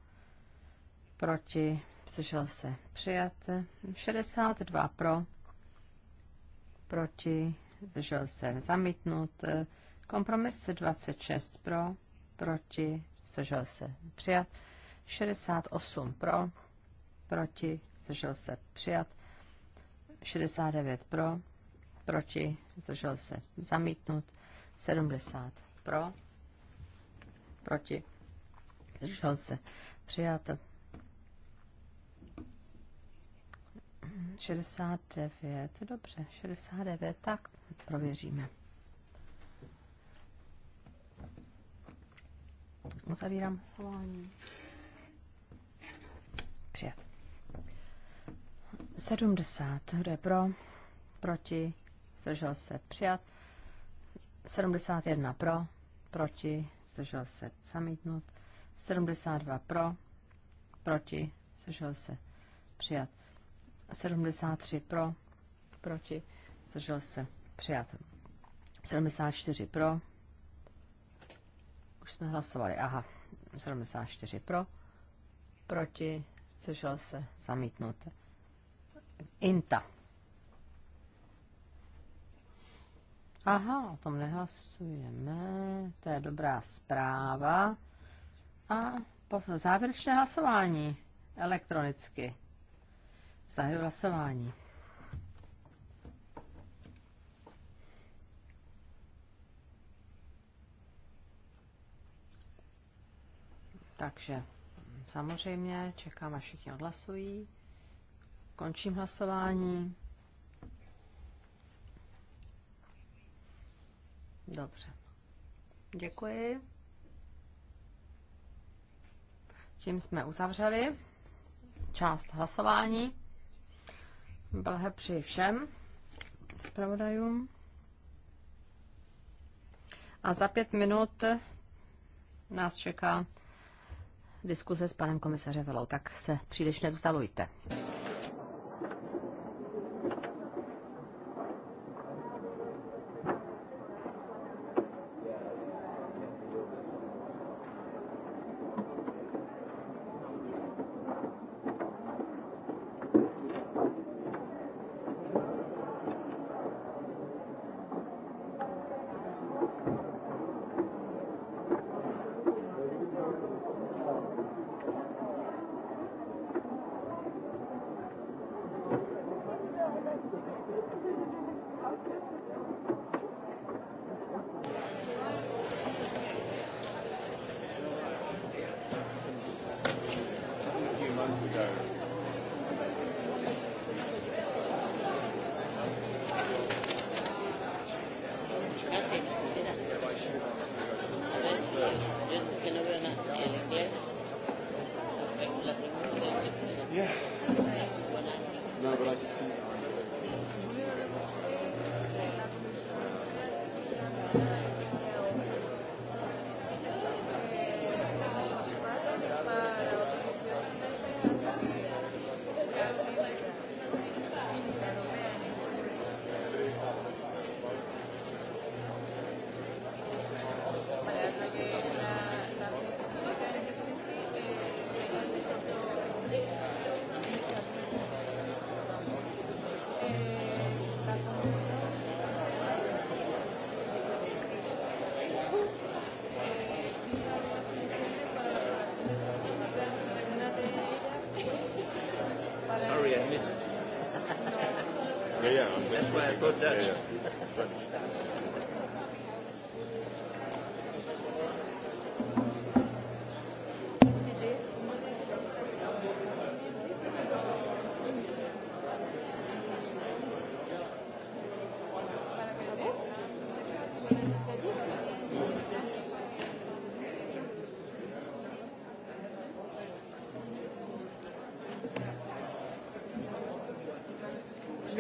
proti, zdržel se, přijat. 62 pro, proti, zdržel se, zamítnut. Kompromis 26 pro, proti, zdržel se přijat. 68 pro, proti, zdržel se přijat. 69 pro, proti, zdržel se zamítnut. 70 pro, proti, zdržel se přijat. 69, dobře, 69, tak prověříme. Uzavírám Přijat. 70. Kdo je pro? Proti? Zdržel se? Přijat. 71 pro? Proti? Zdržel se? Zamítnut. 72 pro? Proti? Zdržel se? Přijat. 73 pro? Proti? Zdržel se? Přijat. 74 pro? Už jsme hlasovali. Aha, 74 pro, proti, zdržel se, zamítnout. Inta. Aha, o tom nehlasujeme. To je dobrá zpráva. A po závěrečné hlasování elektronicky. Zahajuji hlasování. Takže samozřejmě čekám, až všichni odhlasují. Končím hlasování. Dobře. Děkuji. Tím jsme uzavřeli část hlasování. při všem zpravodajům. A za pět minut nás čeká diskuse s panem komisařem Velou, tak se příliš nevzdalujte.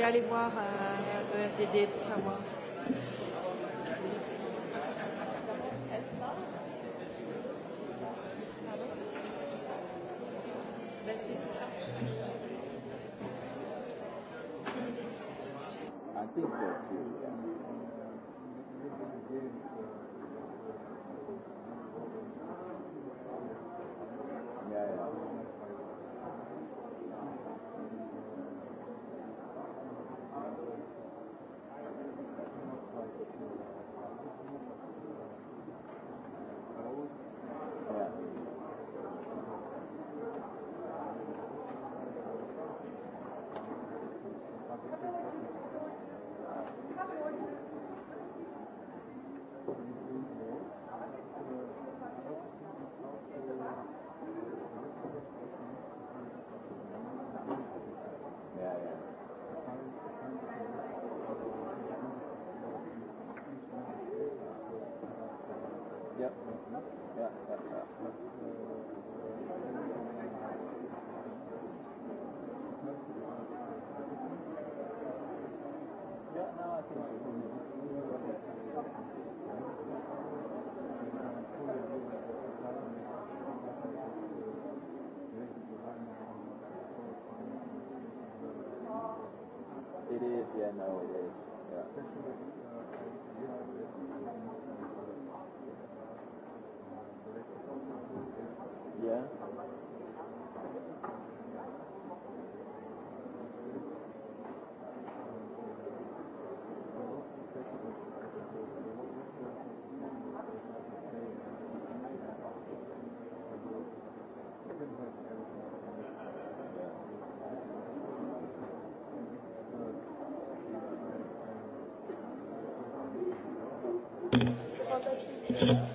aller voir euh, le FDD ja, ja, ja. ja. Thank you.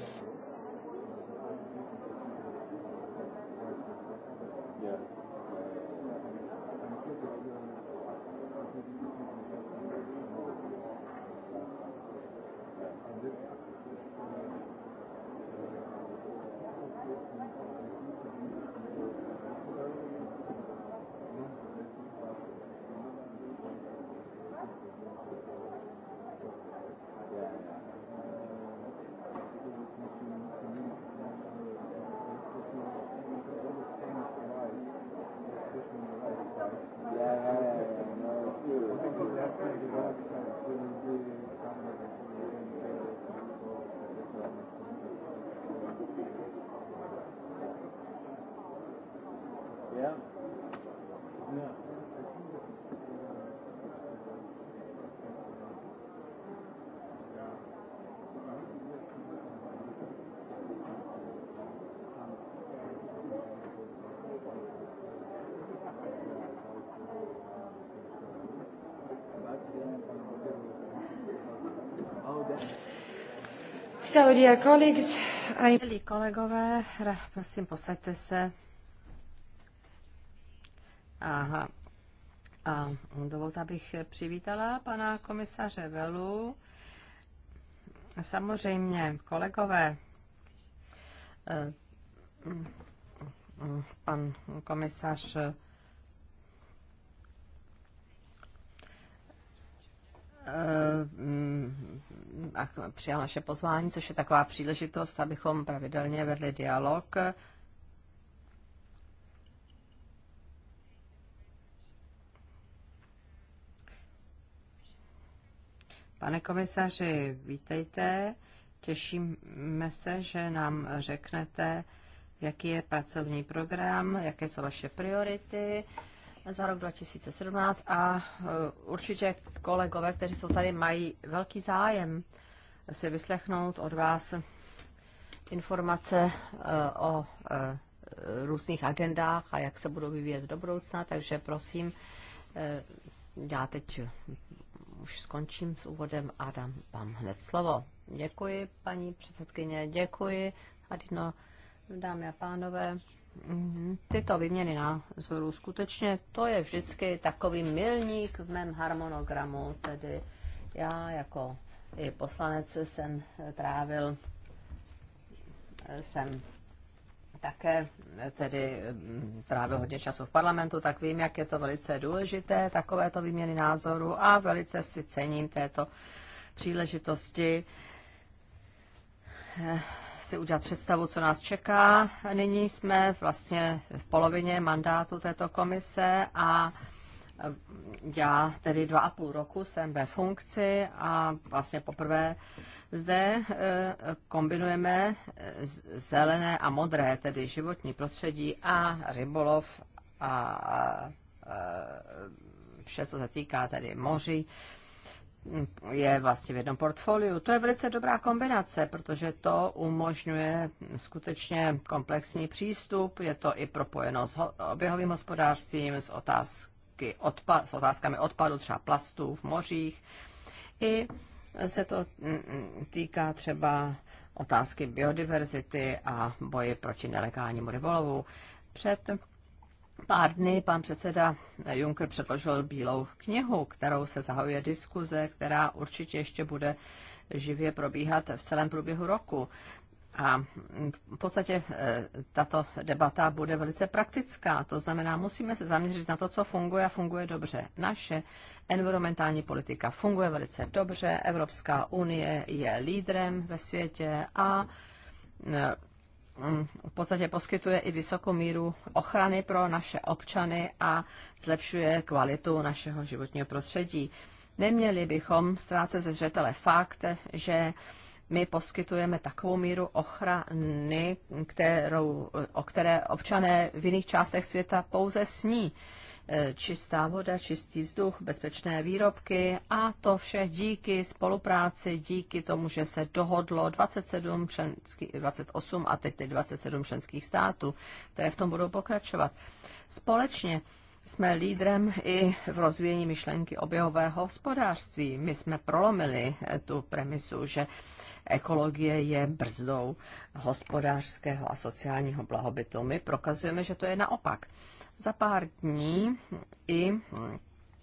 Milí kolegové, prosím, posaďte se. Aha. A dovolte, abych přivítala pana komisaře Velu. Samozřejmě, kolegové, e, pan komisař e, přijal naše pozvání, což je taková příležitost, abychom pravidelně vedli dialog Pane komisaři, vítejte. Těšíme se, že nám řeknete, jaký je pracovní program, jaké jsou vaše priority, za rok 2017 a e, určitě kolegové, kteří jsou tady, mají velký zájem si vyslechnout od vás informace e, o e, různých agendách a jak se budou vyvíjet do budoucna, takže prosím, já teď už skončím s úvodem a dám vám hned slovo. Děkuji, paní předsedkyně, děkuji, Adino, dámy a pánové. Mhm. tyto vyměny názorů, skutečně to je vždycky takový milník v mém harmonogramu, tedy já jako i poslanec jsem trávil, jsem také tedy mm, trávil hodně času v parlamentu, tak vím, jak je to velice důležité, takovéto výměny názoru a velice si cením této příležitosti eh, si udělat představu, co nás čeká. Nyní jsme vlastně v polovině mandátu této komise a eh, já tedy dva a půl roku jsem ve funkci a vlastně poprvé zde eh, kombinujeme eh, zelené a modré, tedy životní prostředí a rybolov a vše, co se týká tedy moří je vlastně v jednom portfoliu. To je velice dobrá kombinace, protože to umožňuje skutečně komplexní přístup, je to i propojeno s oběhovým hospodářstvím, s, otázky odpa- s otázkami odpadu, třeba plastů v mořích. I se to mm, mm, týká třeba otázky biodiverzity a boje proti nelegálnímu rybolovu. Před pár dny pan předseda Juncker předložil bílou knihu, kterou se zahajuje diskuze, která určitě ještě bude živě probíhat v celém průběhu roku. A v podstatě eh, tato debata bude velice praktická. To znamená, musíme se zaměřit na to, co funguje a funguje dobře. Naše environmentální politika funguje velice dobře. Evropská unie je lídrem ve světě a eh, Mm, v podstatě poskytuje i vysokou míru ochrany pro naše občany a zlepšuje kvalitu našeho životního prostředí. Neměli bychom ztrácet ze zřetele fakt, že my poskytujeme takovou míru ochrany, kterou, o které občané v jiných částech světa pouze sní. Eh, čistá voda, čistý vzduch, bezpečné výrobky a to vše díky spolupráci, díky tomu, že se dohodlo 27 členský, 28 a teď, 27 členských států, které v tom budou pokračovat. Společně jsme lídrem i v rozvíjení myšlenky oběhového hospodářství. My jsme prolomili eh, tu premisu, že ekologie je brzdou hospodářského a sociálního blahobytu. My prokazujeme, že to je naopak za pár dní i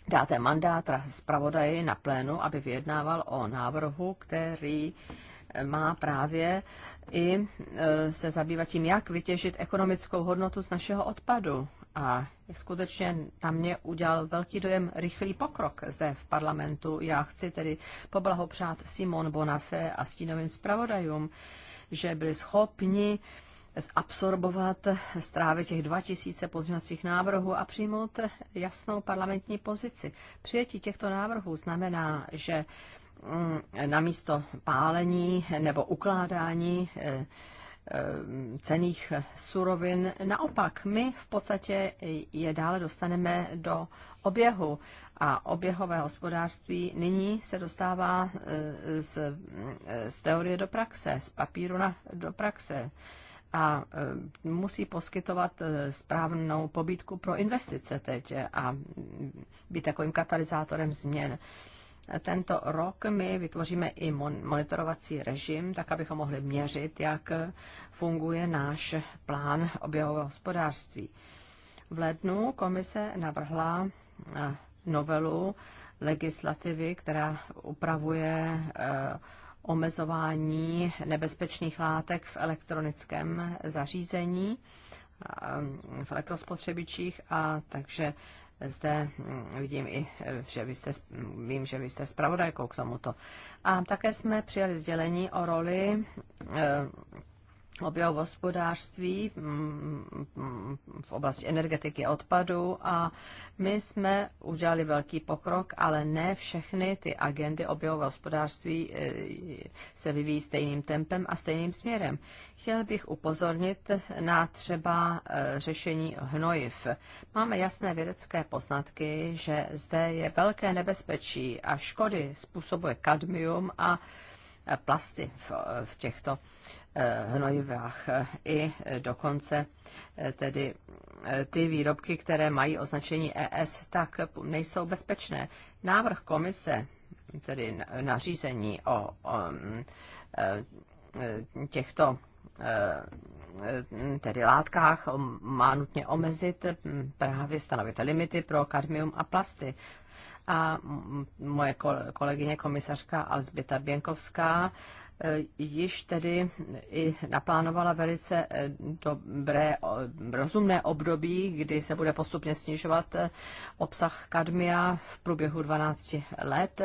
dáte mandát zpravodaji na plénu, aby vyjednával o návrhu, který eh, má právě i eh, se zabývat tím, jak vytěžit ekonomickou hodnotu z našeho odpadu. A skutečně na mě udělal velký dojem rychlý pokrok zde v parlamentu. Já chci tedy poblahopřát Simon Bonafé a stínovým zpravodajům, že byli schopni uh, zabsorbovat strávy těch 2000 pozměňovacích návrhů a přijmout jasnou parlamentní pozici. Přijetí těchto návrhů znamená, že mm, namísto pálení nebo ukládání eh, eh, cených surovin. Naopak, my v podstatě je dále dostaneme do oběhu a oběhové hospodářství nyní se dostává eh, z, z teorie do praxe, z papíru na, do praxe a e, musí poskytovat e, správnou pobídku pro investice teď a být takovým katalyzátorem změn. Tento rok my vytvoříme i monitorovací režim, tak abychom mohli měřit, jak funguje náš plán oběhového hospodářství. V lednu komise navrhla e, novelu legislativy, která upravuje omezování nebezpečných látek v elektronickém zařízení, eh, v elektrospotřebičích a takže zde mm, vidím i, eh, že vy jste, mm, vím, že vy jste zpravodajkou k tomuto. A také jsme přijali sdělení o roli eh, objevu hospodářství mm, v oblasti energetiky odpadu a my jsme udělali velký pokrok, ale ne všechny ty agendy objevu hospodářství eh, se vyvíjí stejným tempem a stejným směrem. Chtěl bych upozornit na třeba eh, řešení hnojiv. Máme jasné vědecké poznatky, že zde je velké nebezpečí a škody způsobuje kadmium a plasty v těchto Eh, hnojivách i dokonce eh, tedy eh, ty výrobky, které mají označení ES, tak nejsou bezpečné. Návrh komise, tedy nařízení o, o mm, těchto tedy látkách má nutně omezit mm, právě stanovit limity pro kadmium a plasty. A moje kolegyně komisařka Alzběta Běnkovská Eh, již tedy i naplánovala velice eh, dobré, rozumné období, kdy se bude postupně snižovat eh, obsah kadmia v průběhu 12 let,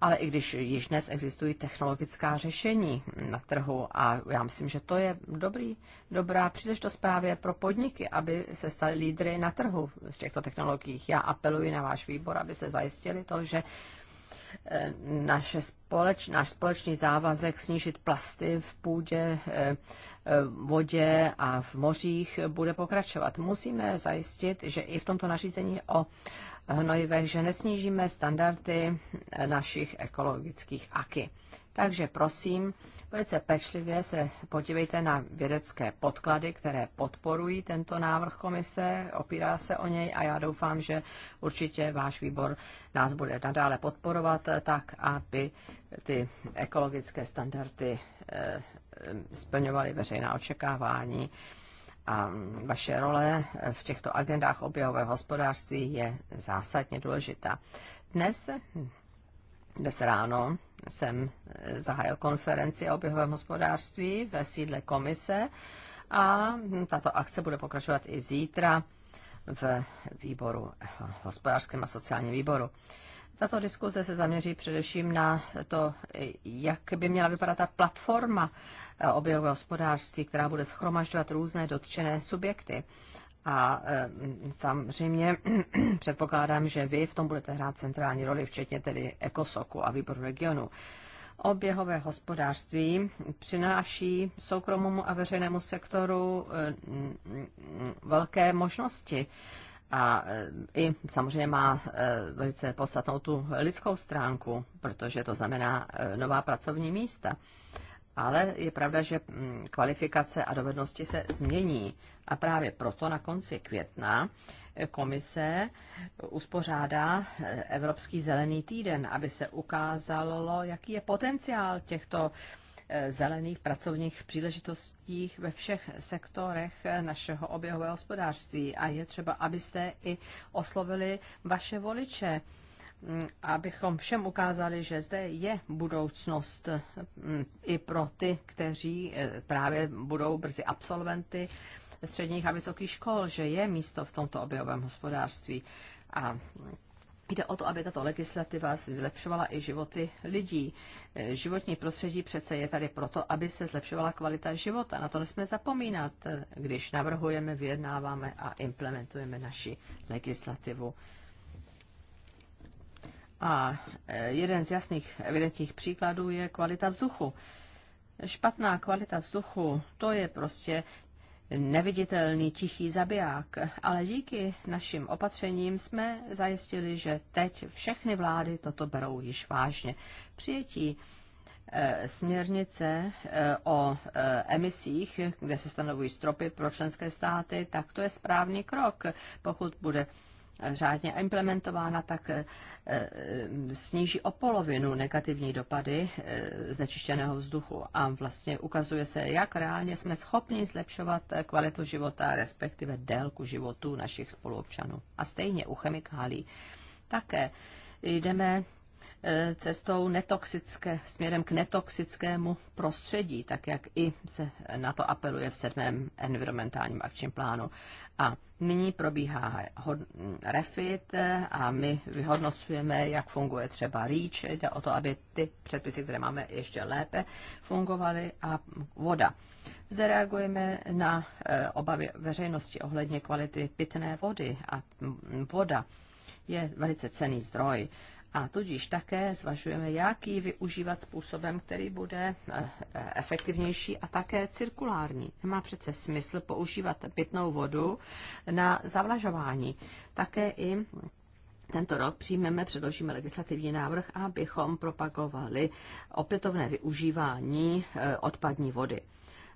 ale i když již dnes existují technologická řešení na trhu a já myslím, že to je dobrý, dobrá příležitost právě pro podniky, aby se stali lídry na trhu z těchto technologiích. Já apeluji na váš výbor, aby se zajistili to, že Eh, naše společ, náš společný závazek snížit plasty v půdě, eh, eh, vodě a v mořích bude pokračovat. Musíme zajistit, že i v tomto nařízení o hnojivech, že nesnížíme standardy našich ekologických aky. Takže prosím, Velice pečlivě se podívejte na vědecké podklady, které podporují tento návrh komise, opírá se o něj a já doufám, že určitě váš výbor nás bude nadále podporovat tak, aby ty ekologické standardy eh, splňovaly veřejná očekávání. A vaše role v těchto agendách oběhového hospodářství je zásadně důležitá. Dnes, hm, dnes ráno, jsem eh, zahájil konferenci o oběhovém hospodářství ve sídle komise a tato akce bude pokračovat i zítra v výboru, eh, hospodářském a sociálním výboru. Tato diskuze se zaměří především na to, jak by měla vypadat ta platforma eh, oběhového hospodářství, která bude schromažďovat různé dotčené subjekty. A e, samozřejmě předpokládám, že vy v tom budete hrát centrální roli, včetně tedy Ekosoku a výboru regionu. Oběhové hospodářství přináší soukromému a veřejnému sektoru e, velké možnosti a e, i samozřejmě má velice podstatnou tu lidskou stránku, protože to znamená nová pracovní místa ale je pravda, že mm, kvalifikace a dovednosti se změní. A právě proto na konci května eh, komise eh, uspořádá eh, Evropský zelený týden, aby se ukázalo, jaký je potenciál těchto zelených pracovních příležitostí ve všech sektorech našeho oběhového hospodářství. A je třeba, abyste i oslovili vaše voliče abychom všem ukázali, že zde je budoucnost mm, i pro ty, kteří eh, právě budou brzy absolventy středních a vysokých škol, že je místo v tomto objevovém hospodářství. A Jde o to, aby tato legislativa zlepšovala i životy lidí. Eh, životní prostředí přece je tady proto, aby se zlepšovala kvalita života. Na to nesmíme zapomínat, eh, když navrhujeme, vyjednáváme a implementujeme naši legislativu. A e, jeden z jasných evidentních příkladů je kvalita vzduchu. Špatná kvalita vzduchu, to je prostě neviditelný tichý zabiják, ale díky našim opatřením jsme zajistili, že teď všechny vlády toto berou již vážně. Přijetí e, směrnice e, o e, emisích, kde se stanovují stropy pro členské státy, tak to je správný krok, pokud bude řádně implementována, tak eh, eh, sníží o polovinu negativní dopady eh, znečištěného vzduchu. A vlastně ukazuje se, jak reálně jsme schopni zlepšovat kvalitu života, respektive délku životů našich spoluobčanů. A stejně u chemikálí také jdeme cestou netoxické, směrem k netoxickému prostředí, tak jak i se na to apeluje v sedmém environmentálním akčním plánu. A Nyní probíhá refit a my vyhodnocujeme, jak funguje třeba REACH. Jde o to, aby ty předpisy, které máme, ještě lépe fungovaly a voda. Zde reagujeme na e, obavy veřejnosti ohledně kvality pitné vody a voda je velice cený zdroj a tudíž také zvažujeme, jak ji využívat způsobem, který bude eh, eh, efektivnější a také cirkulární. Nemá přece smysl používat pitnou vodu na zavlažování. Také i tento rok přijmeme, předložíme legislativní návrh, abychom propagovali opětovné využívání eh, odpadní vody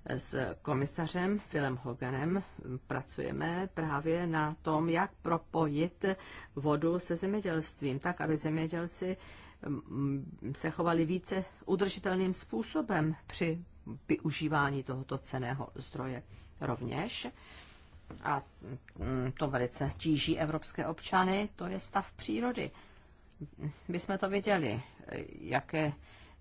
s komisařem Filem Hoganem pracujeme právě na tom, jak propojit vodu se zemědělstvím, tak aby zemědělci mm, se chovali více udržitelným způsobem při využívání tohoto ceného zdroje rovněž. A mm, to velice tíží evropské občany, to je stav přírody. My jsme to viděli, jaké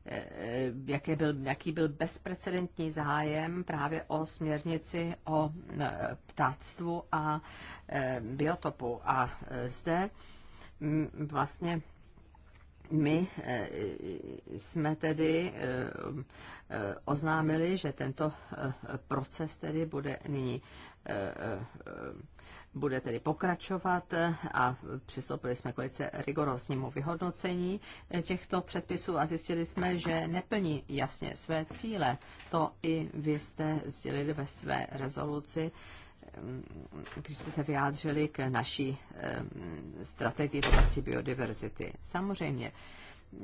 Eh, jaký byl, jaký byl bezprecedentní zájem právě o směrnici o eh, ptáctvu a eh, biotopu. A zde mm, vlastně my jsme tedy oznámili, že tento proces tedy bude nyní bude tedy pokračovat eh, a přistoupili jsme k velice rigoróznímu vyhodnocení eh, těchto předpisů a zjistili jsme, že neplní jasně své cíle. To i vy jste sdělili ve své rezoluci mm, když jste se vyjádřili k naší eh, strategii v oblasti biodiverzity. Samozřejmě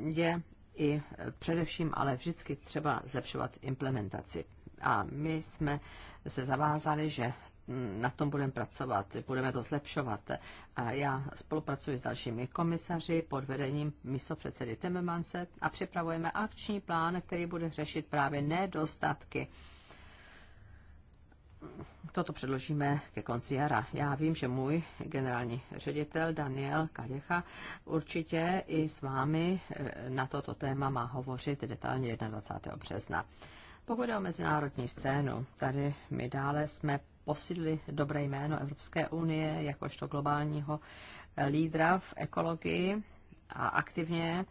je i především, ale vždycky třeba zlepšovat implementaci. A my jsme se zavázali, že na tom budeme pracovat, budeme to zlepšovat. A já spolupracuji s dalšími komisaři pod vedením místopředsedy Tememance a připravujeme akční plán, který bude řešit právě nedostatky Toto předložíme ke konci jara. Já vím, že můj generální ředitel Daniel Kaděcha určitě i s vámi eh, na toto téma má hovořit detailně 21. března. Pokud je o mezinárodní scénu, tady my dále jsme posílili dobré jméno Evropské unie jakožto globálního lídra v ekologii a aktivně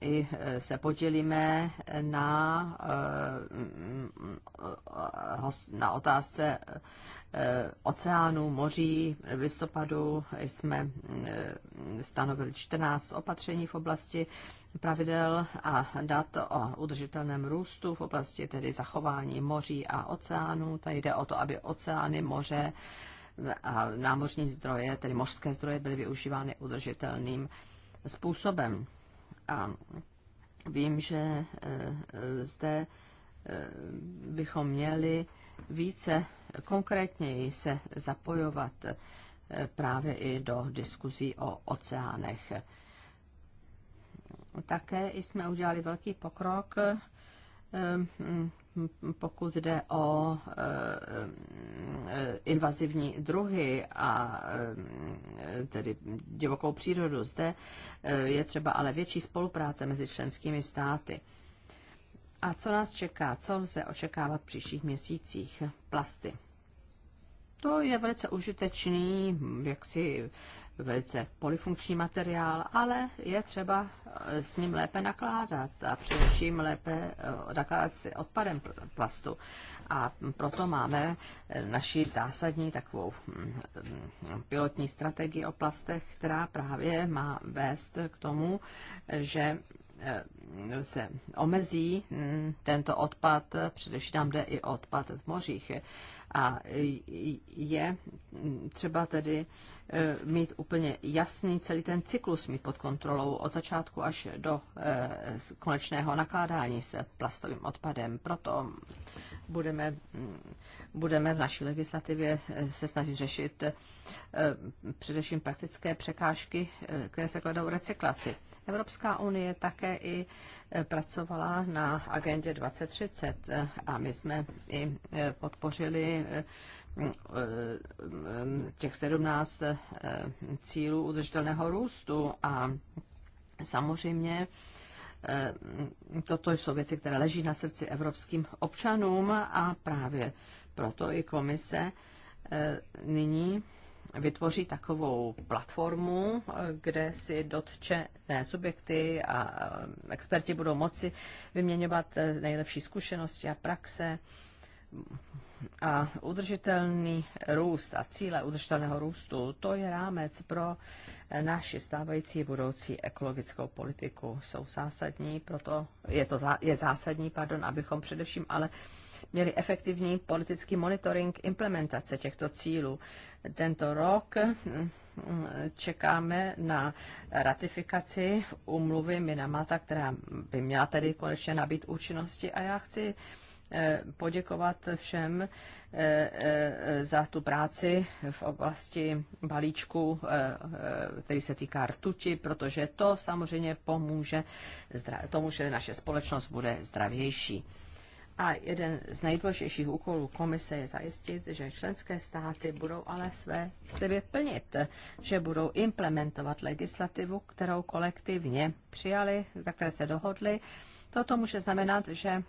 i se podělíme na, na otázce oceánu, moří. V listopadu jsme stanovili 14 opatření v oblasti pravidel a dat o udržitelném růstu v oblasti tedy zachování moří a oceánů. Tady jde o to, aby oceány, moře a námořní zdroje, tedy mořské zdroje, byly využívány udržitelným způsobem. A vím, že e, e, zde e, bychom měli více konkrétněji se zapojovat právě i do diskuzí o oceánech. Také jsme udělali velký pokrok pokud jde o eh, eh, invazivní druhy a eh, tedy divokou přírodu, zde je třeba ale větší spolupráce mezi členskými státy. A co nás čeká? Co lze očekávat v příštích měsících? Plasty. To je velice užitečný jaksi velice polifunkční materiál, ale je třeba eh, s ním lépe nakládat a především lépe eh, nakládat s odpadem plastu. A proto máme eh, naši zásadní takovou hm, hm, pilotní strategii o plastech, která právě má vést k tomu, že se omezí hm, tento odpad, především tam jde i odpad v mořích. A je třeba tedy E, mít úplně jasný celý ten cyklus, mít pod kontrolou od začátku až do e, konečného nakládání se plastovým odpadem. Proto budeme, mm, budeme v naší legislativě e, se snažit řešit především praktické překážky, které se kladou recyklaci. Evropská unie také i pracovala na agendě 2030 a my jsme i podpořili Eh, těch 17 eh, cílů udržitelného růstu a samozřejmě eh, toto jsou věci, které leží na srdci evropským občanům a právě proto i komise nyní vytvoří takovou platformu, kde si dotčené subjekty a experti budou moci vyměňovat nejlepší zkušenosti a praxe, a udržitelný růst a cíle udržitelného růstu, to je rámec pro naši stávající budoucí ekologickou politiku. Jsou zásadní, proto je, to, je zásadní, pardon, abychom především ale měli efektivní politický monitoring implementace těchto cílů. Tento rok mm, čekáme na ratifikaci umluvy Minamata, která by měla tedy konečně nabít účinnosti a já chci poděkovat všem eh, eh, za tu práci v oblasti balíčku, eh, který se týká rtuti, protože to samozřejmě pomůže tomu, že naše společnost bude zdravější. A jeden z nejdůležitějších úkolů komise je zajistit, že členské státy budou ale své v sebe plnit, že budou implementovat legislativu, kterou kolektivně přijali, na které se dohodli. Toto může znamenat, že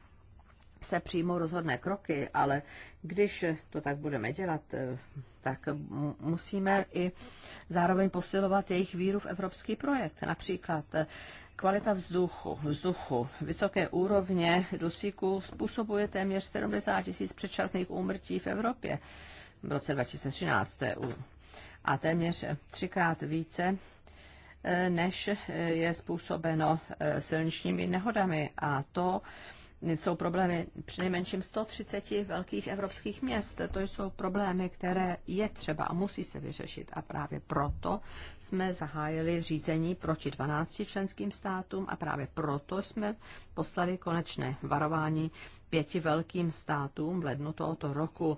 se přijmou rozhodné kroky, ale když to tak budeme dělat, eh, tak musíme i zároveň posilovat jejich víru v evropský projekt. Například eh, Kvalita vzduchu, vzduchu vysoké úrovně dusíku způsobuje téměř 70 tisíc předčasných úmrtí v Evropě v roce 2013. To je a téměř eh, třikrát více než je způsobeno silničními nehodami. A to jsou problémy nejmenším 130 velkých evropských měst. To jsou problémy, které je třeba a musí se vyřešit. A právě proto jsme zahájili řízení proti 12 členským státům a právě proto jsme poslali konečné varování pěti velkým státům v lednu tohoto roku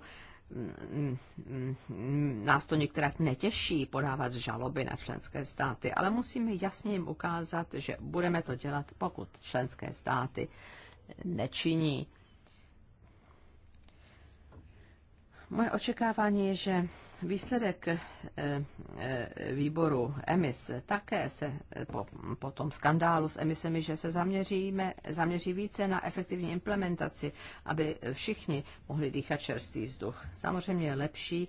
nás to některak netěší podávat žaloby na členské státy, ale musíme jasně jim ukázat, že budeme to dělat, pokud členské státy nečiní. Moje očekávání je, že výsledek eh, eh, výboru emis také se eh, po, po tom skandálu s emisemi, že se zaměříme, zaměří více na efektivní implementaci, aby všichni mohli dýchat čerstvý vzduch. Samozřejmě je lepší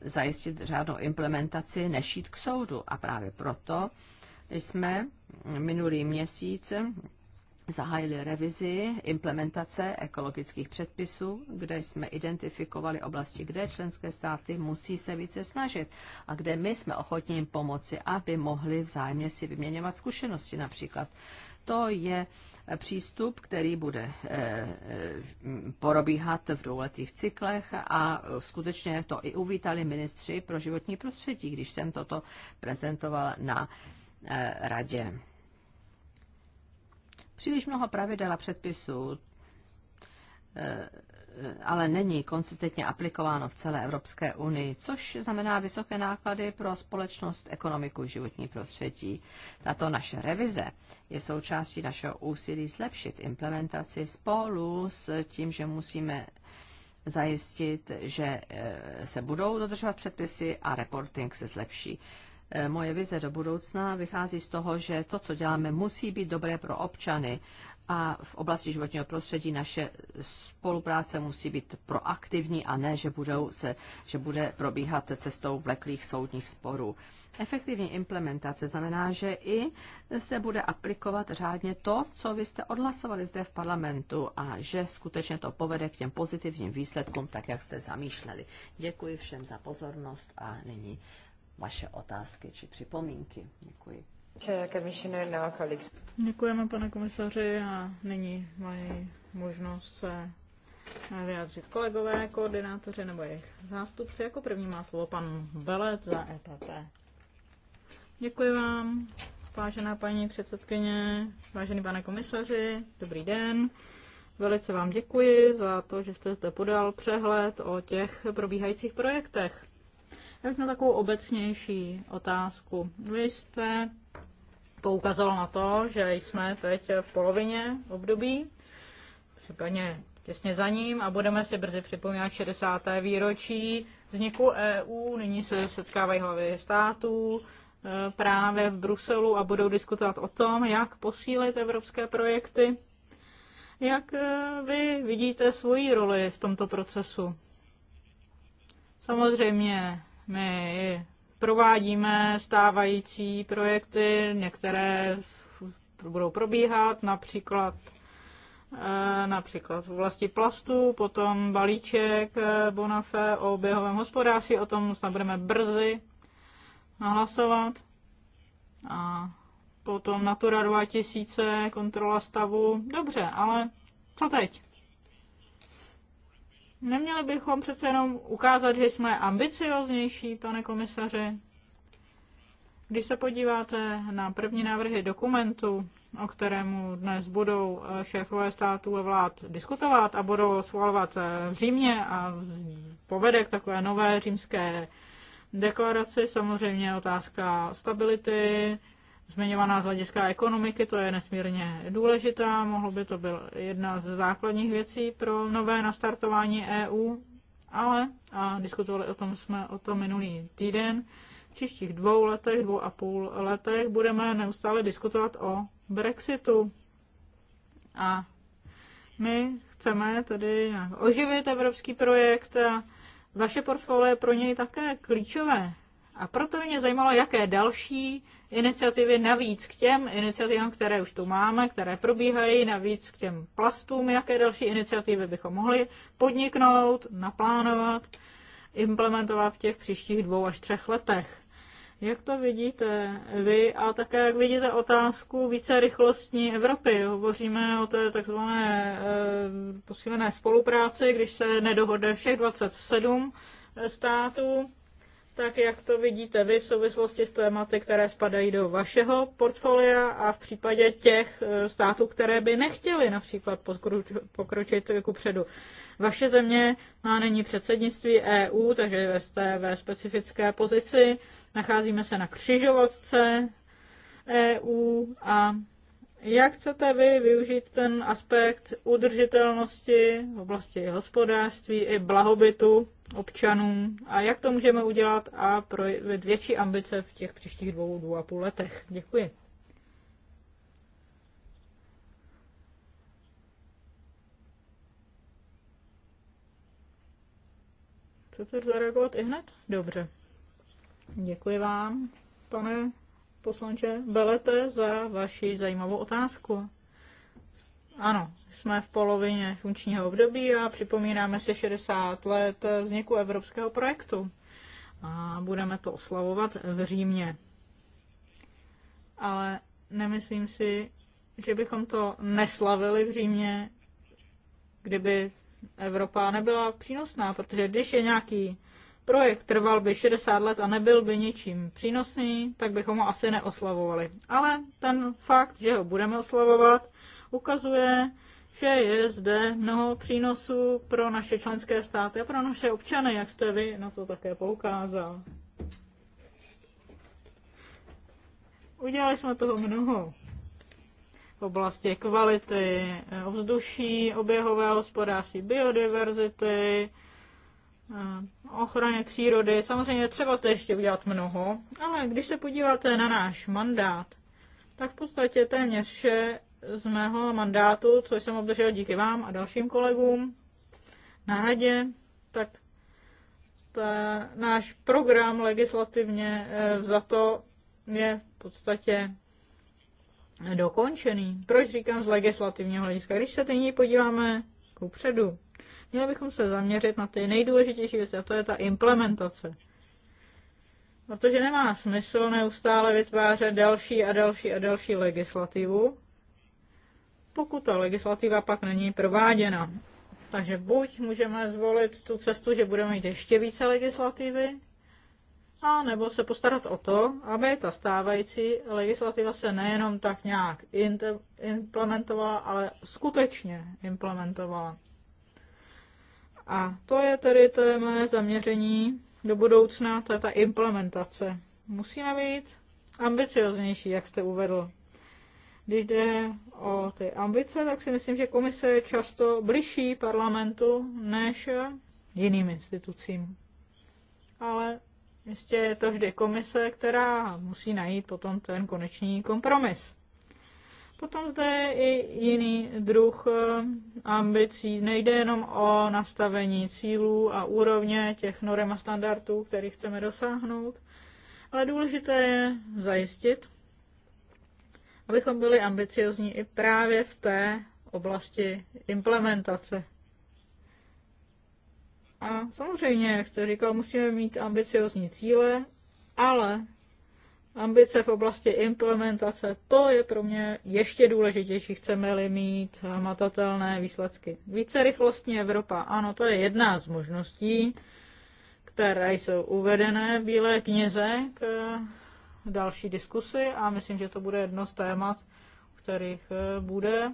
zajistit řádnou implementaci, než jít k soudu. A právě proto jsme minulý měsíc zahájili revizi implementace ekologických předpisů, kde jsme identifikovali oblasti, kde členské státy musí se více snažit a kde my jsme ochotní jim pomoci, aby mohli vzájemně si vyměňovat zkušenosti například. To je přístup, který bude eh, eh, porobíhat v dvouletých cyklech a skutečně to i uvítali ministři pro životní prostředí, když jsem toto prezentoval na eh, radě příliš mnoho pravidel a předpisů, eh, eh, ale není konsistentně aplikováno v celé Evropské unii, což znamená vysoké náklady pro společnost, ekonomiku, životní prostředí. Tato naše revize je součástí našeho úsilí zlepšit implementaci spolu s tím, že musíme zajistit, že eh, se budou dodržovat předpisy a reporting se zlepší. Eh, moje vize do budoucna vychází z toho, že to, co děláme, musí být dobré pro občany a v oblasti životního prostředí naše spolupráce musí být proaktivní a ne, že, budou se, že bude probíhat cestou vleklých soudních sporů. Efektivní implementace znamená, že i se bude aplikovat řádně to, co vy jste odhlasovali zde v parlamentu a že skutečně to povede k těm pozitivním výsledkům, tak jak jste zamýšleli. Děkuji všem za pozornost a nyní vaše otázky či připomínky. Děkuji. Děkujeme, pane komisaři, a nyní mají možnost se vyjádřit kolegové, koordinátoři nebo jejich zástupci. Jako první má slovo pan Belet za EPP. Děkuji vám, vážená paní předsedkyně, vážený pane komisaři, dobrý den. Velice vám děkuji za to, že jste zde podal přehled o těch probíhajících projektech. Já bych měl takovou obecnější otázku. Vy jste poukazal na to, že jsme teď v polovině období, případně těsně za ním a budeme si brzy připomínat 60. výročí vzniku EU. Nyní se setkávají hlavy států e, právě v Bruselu a budou diskutovat o tom, jak posílit evropské projekty. Jak e, vy vidíte svoji roli v tomto procesu? Samozřejmě my provádíme stávající projekty, některé budou probíhat, například eh, například v oblasti plastu, potom balíček eh, Bonafé o běhovém hospodářství, o tom snad budeme brzy hlasovat. A potom Natura 2000, kontrola stavu, dobře, ale co teď? Neměli bychom přece jenom ukázat, že jsme ambicioznější, pane komisaři? Když se podíváte na první návrhy dokumentu, o kterému dnes budou eh, šéfové států a vlád diskutovat a budou schvalovat eh, v Římě a povede k takové nové římské deklaraci, samozřejmě otázka stability, zmiňovaná z hlediska ekonomiky, to je nesmírně důležitá, mohlo by to být jedna z základních věcí pro nové nastartování EU, ale, a diskutovali o tom jsme o tom minulý týden, v příštích dvou letech, dvou a půl letech budeme neustále diskutovat o Brexitu. A my chceme tedy oživit evropský projekt a vaše portfolio je pro něj také klíčové. A proto mě zajímalo, jaké další iniciativy navíc k těm iniciativám, které už tu máme, které probíhají, navíc k těm plastům, jaké další iniciativy bychom mohli podniknout, naplánovat, implementovat v těch příštích dvou až třech letech. Jak to vidíte vy a také jak vidíte otázku více rychlostní Evropy? Hovoříme o té takzvané eh, posílené spolupráci, když se nedohodne všech 27 států tak jak to vidíte vy v souvislosti s tématy, které spadají do vašeho portfolia a v případě těch eh, států, které by nechtěly například pokročit ku předu. Vaše země má není předsednictví EU, takže jste ve specifické pozici. Nacházíme se na křižovatce EU a jak chcete vy využít ten aspekt udržitelnosti v oblasti hospodářství i blahobytu občanům a jak to můžeme udělat a projevit větší ambice v těch příštích dvou, dvou a půl letech. Děkuji. Chcete zareagovat i hned? Dobře. Děkuji vám, pane poslanče Belete, za vaši zajímavou otázku. Ano, jsme v polovině funkčního období a připomínáme si 60 let vzniku evropského projektu. A budeme to oslavovat v Římě. Ale nemyslím si, že bychom to neslavili v Římě, kdyby Evropa nebyla přínosná, protože když je nějaký projekt trval by 60 let a nebyl by ničím přínosný, tak bychom ho asi neoslavovali. Ale ten fakt, že ho budeme oslavovat, ukazuje, že je zde mnoho přínosů pro naše členské státy a pro naše občany, jak jste vy na to také poukázal. Udělali jsme toho mnoho v oblasti kvality ovzduší, oběhové hospodářství, biodiverzity, eh, ochraně přírody. Samozřejmě třeba zde ještě udělat mnoho, ale když se podíváte na náš mandát, tak v podstatě téměř vše z mého mandátu, co jsem obdržel díky vám a dalším kolegům na radě, tak ta, náš program legislativně eh, za to je v podstatě dokončený. Proč říkám z legislativního hlediska? Když se nyní podíváme kupředu, měli bychom se zaměřit na ty nejdůležitější věci, a to je ta implementace. Protože nemá smysl neustále vytvářet další a další a další legislativu, pokud ta legislativa pak není prováděna. Takže buď můžeme zvolit tu cestu, že budeme mít ještě více legislativy, a nebo se postarat o to, aby ta stávající legislativa se nejenom tak nějak implementovala, ale skutečně implementovala. A to je tedy to je moje zaměření do budoucna, to je ta implementace. Musíme být ambicioznější, jak jste uvedl. Když jde o ty ambice, tak si myslím, že komise je často bližší parlamentu než jiným institucím. Ale jistě je to vždy komise, která musí najít potom ten konečný kompromis. Potom zde je i jiný druh eh, ambicí. Nejde jenom o nastavení cílů a úrovně těch norem a standardů, kterých chceme dosáhnout, ale důležité je zajistit, abychom byli ambiciozní i právě v té oblasti implementace. A samozřejmě, jak jste říkal, musíme mít ambiciozní cíle, ale ambice v oblasti implementace, to je pro mě ještě důležitější, chceme-li mít matatelné výsledky. Více rychlostní Evropa, ano, to je jedna z možností, které jsou uvedené v Bílé knize k další diskusy a myslím, že to bude jedno z témat, o kterých eh, bude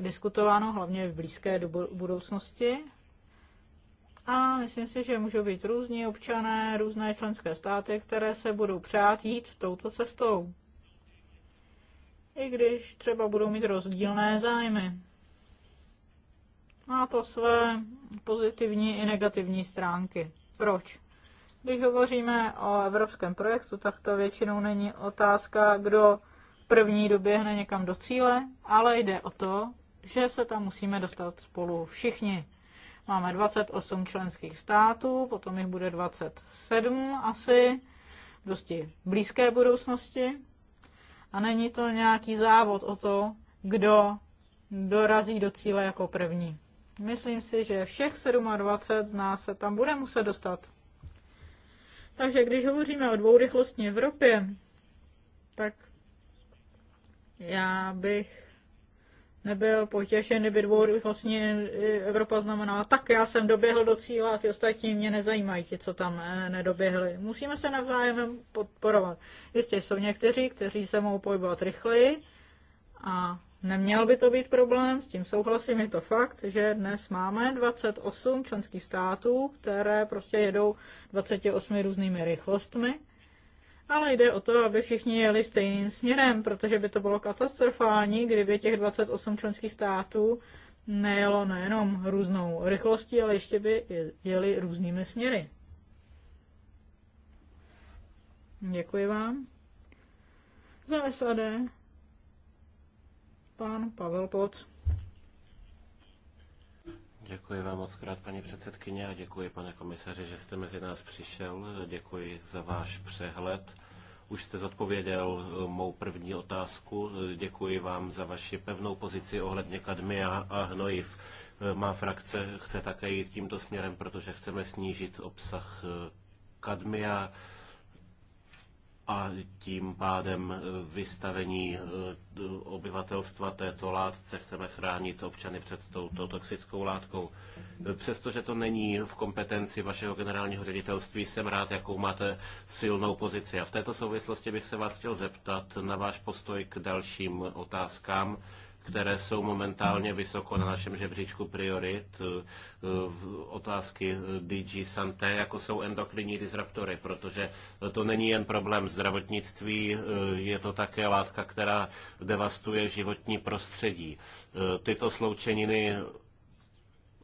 diskutováno hlavně v blízké budoucnosti. A myslím si, že můžou být různí občané, různé členské státy, které se budou přát jít touto cestou. I když třeba budou mít rozdílné zájmy. Má to své pozitivní i negativní stránky. Proč? Když hovoříme o evropském projektu, tak to většinou není otázka, kdo první doběhne někam do cíle, ale jde o to, že se tam musíme dostat spolu všichni. Máme 28 členských států, potom jich bude 27 asi, dosti blízké budoucnosti. A není to nějaký závod o to, kdo dorazí do cíle jako první. Myslím si, že všech 27 z nás se tam bude muset dostat takže když hovoříme o dvourychlostní Evropě, tak já bych nebyl potěšen, kdyby dvourychlostní Evropa znamenala, tak já jsem doběhl do cíle a ty ostatní mě nezajímají, ti, co tam eh, nedoběhli. Musíme se navzájem podporovat. Jistě jsou někteří, kteří se mohou pohybovat rychleji a Neměl by to být problém, s tím souhlasím, je to fakt, že dnes máme 28 členských států, které prostě jedou 28 různými rychlostmi, ale jde o to, aby všichni jeli stejným směrem, protože by to bylo katastrofální, kdyby těch 28 členských států nejelo nejenom různou rychlostí, ale ještě by jeli různými směry. Děkuji vám. Za SAD pan Pavel Poc. Děkuji vám moc krát, paní předsedkyně, a děkuji, pane komisaři, že jste mezi nás přišel. Děkuji za váš přehled. Už jste zodpověděl eh, mou první otázku. Eh, děkuji vám za vaši pevnou pozici ohledně kadmia a hnojiv. Eh, má frakce chce také jít tímto směrem, protože chceme snížit obsah kadmia a tím pádem e, vystavení e, obyvatelstva této látce chceme chránit občany před touto toxickou látkou. E, přestože to není v kompetenci vašeho generálního ředitelství, jsem rád, jakou máte silnou pozici. A v této souvislosti bych se vás chtěl zeptat na váš postoj k dalším otázkám, které jsou momentálně vysoko na našem žebříčku priorit, eh, otázky eh, DG Santé, jako jsou endokrinní disruptory, protože to není jen problém zdravotnictví, eh, je to také látka, která devastuje životní prostředí. Tyto sloučeniny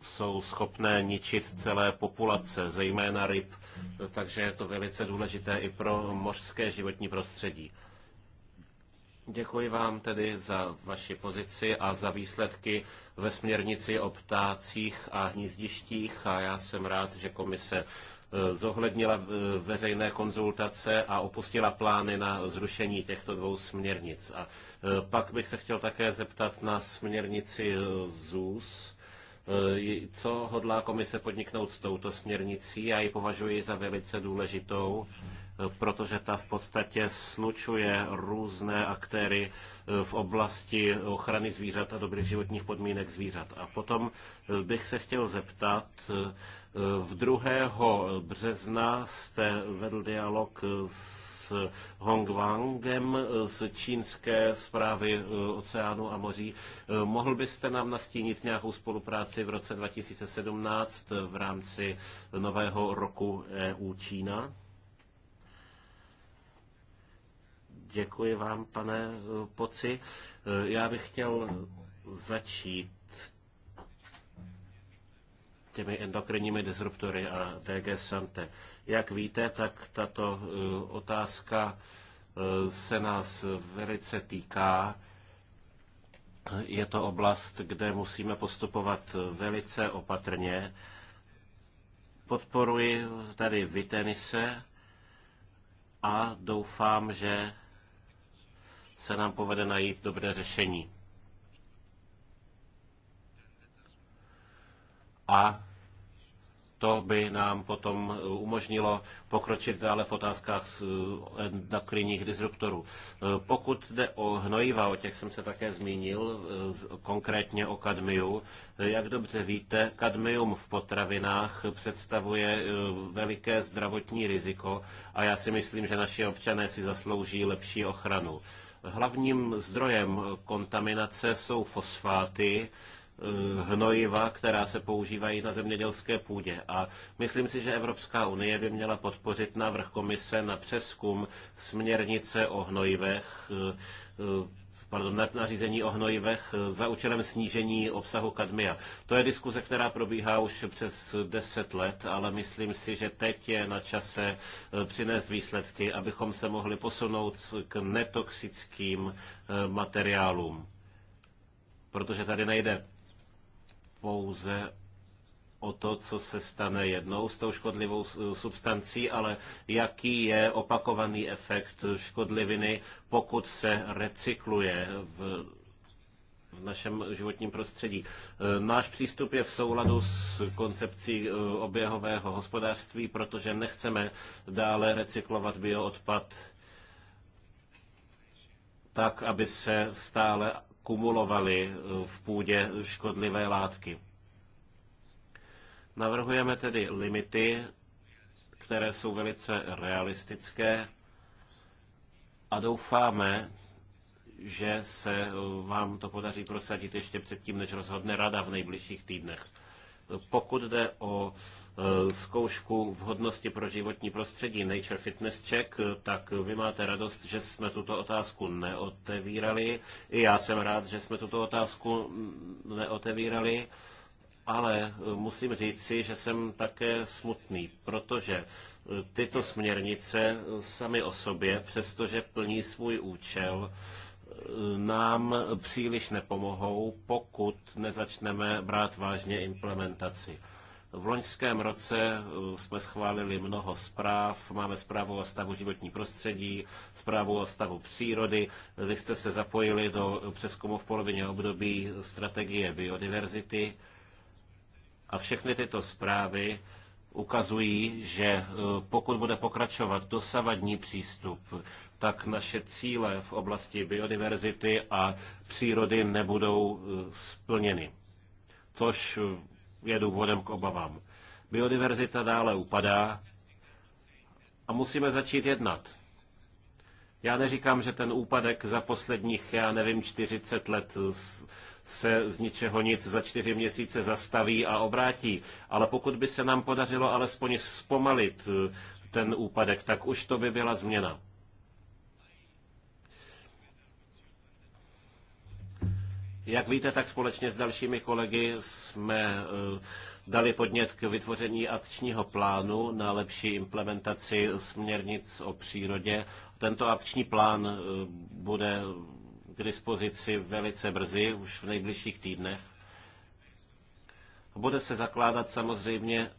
jsou schopné ničit celé populace, zejména ryb, takže je to velice důležité i pro mořské životní prostředí. Děkuji vám tedy za vaši pozici a za výsledky ve směrnici o ptácích a hnízdištích a já jsem rád, že komise eh, zohlednila eh, veřejné konzultace a opustila plány na zrušení těchto dvou směrnic. A eh, pak bych se chtěl také zeptat na směrnici ZUS. Co hodlá komise podniknout s touto směrnicí? Já ji považuji za velice důležitou protože ta v podstatě slučuje různé aktéry eh, v oblasti ochrany zvířat a dobrých životních podmínek zvířat. A potom eh, bych se chtěl zeptat, eh, v 2. března jste vedl dialog s Hongwangem z čínské zprávy oceánu a moří. Mohl byste nám nastínit nějakou spolupráci v roce 2017 v rámci nového roku EU Čína? Děkuji vám, pane eh, Poci. Eh, já bych chtěl začít těmi endokrinními disruptory a DG Sante. Jak víte, tak tato eh, otázka se nás velice týká. Je to oblast, kde musíme postupovat velice opatrně. Podporuji tady Vitenise a doufám, že se nám povede najít dobré řešení. A to by nám potom umožnilo pokročit dále v otázkách eh, endokrinních disruptorů. Eh, pokud jde o hnojiva, o těch jsem se také zmínil, eh, konkrétně o kadmiu, jak dobře víte, kadmium v potravinách představuje veliké zdravotní riziko a já si myslím, že naši občané si zaslouží lepší ochranu. Hlavním zdrojem kontaminace jsou fosfáty, eh, hnojiva, která se používají na zemědělské půdě. A myslím si, že Evropská unie by měla podpořit návrh komise na přeskum směrnice o hnojivech, eh, eh, pardon, nařízení o hnojivech za účelem snížení obsahu kadmia. To je diskuze, která probíhá už přes 10 let, ale myslím si, že teď je na čase eh, přinést výsledky, abychom se mohli posunout k netoxickým eh, materiálům. Protože tady nejde pouze o to, co se stane jednou s tou škodlivou e, substancí, ale jaký je opakovaný efekt škodliviny, pokud se recykluje v v našem životním prostředí. E, náš přístup je v souladu s koncepcí e, oběhového hospodářství, protože nechceme dále recyklovat bioodpad tak, aby se stále kumulovaly v půdě škodlivé látky. Navrhujeme tedy limity, které jsou velice realistické a doufáme, že se eh, vám to podaří prosadit ještě předtím, než rozhodne rada v nejbližších týdnech. Pokud jde o eh, zkoušku vhodnosti pro životní prostředí Nature Fitness Check, tak vy máte radost, že jsme tuto otázku neotevírali. I já jsem rád, že jsme tuto otázku mm, neotevírali ale eh, musím říci, že jsem také smutný, protože eh, tyto směrnice eh, sami o sobě, přestože plní svůj účel, nám příliš nepomohou, pokud nezačneme brát vážně implementaci. V loňském roce jsme schválili mnoho zpráv. Máme zprávu o stavu životní prostředí, zprávu o stavu přírody. Vy jste se zapojili do přeskumu v polovině období strategie biodiverzity. A všechny tyto zprávy ukazují, že e, pokud bude pokračovat dosavadní přístup, tak naše cíle v oblasti biodiverzity a přírody nebudou e, splněny, což e, je důvodem k obavám. Biodiverzita dále upadá a musíme začít jednat. Já neříkám, že ten úpadek za posledních, já nevím, 40 let se z ničeho nic za čtyři měsíce zastaví a obrátí. Ale pokud by se nám podařilo alespoň zpomalit eh, ten úpadek, tak už to by byla změna. Jak víte, tak společně s dalšími kolegy jsme eh, dali podnět k vytvoření akčního plánu na lepší implementaci směrnic o přírodě. Tento akční plán eh, bude k dispozici velice brzy, už v nejbližších týdnech. Bude se zakládat samozřejmě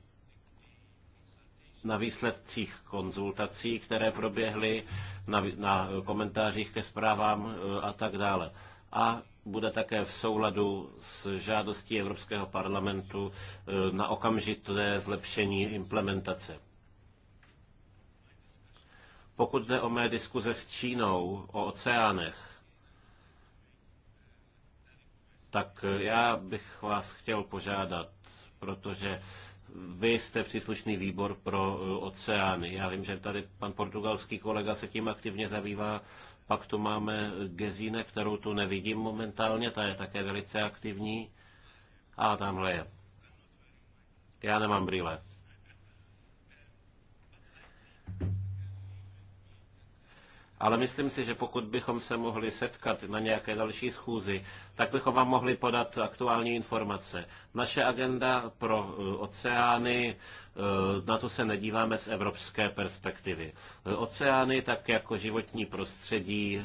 na výsledcích konzultací, které proběhly, na, na komentářích ke zprávám e, a tak dále. A bude také v souladu s žádostí Evropského parlamentu e, na okamžité zlepšení implementace. Pokud jde o mé diskuze s Čínou o oceánech, tak eh, já bych vás chtěl požádat, protože vy jste příslušný výbor pro eh, oceány. Já vím, že tady pan portugalský kolega se tím aktivně zabývá. Pak tu máme Gezine, kterou tu nevidím momentálně, ta je také velice aktivní. A tamhle je. Já nemám brýle. ale myslím si, že pokud bychom se mohli setkat na nějaké další schůzi, tak bychom vám mohli podat aktuální informace. Naše agenda pro eh, oceány, eh, na to se nedíváme z evropské perspektivy. Eh, oceány, tak jako životní prostředí,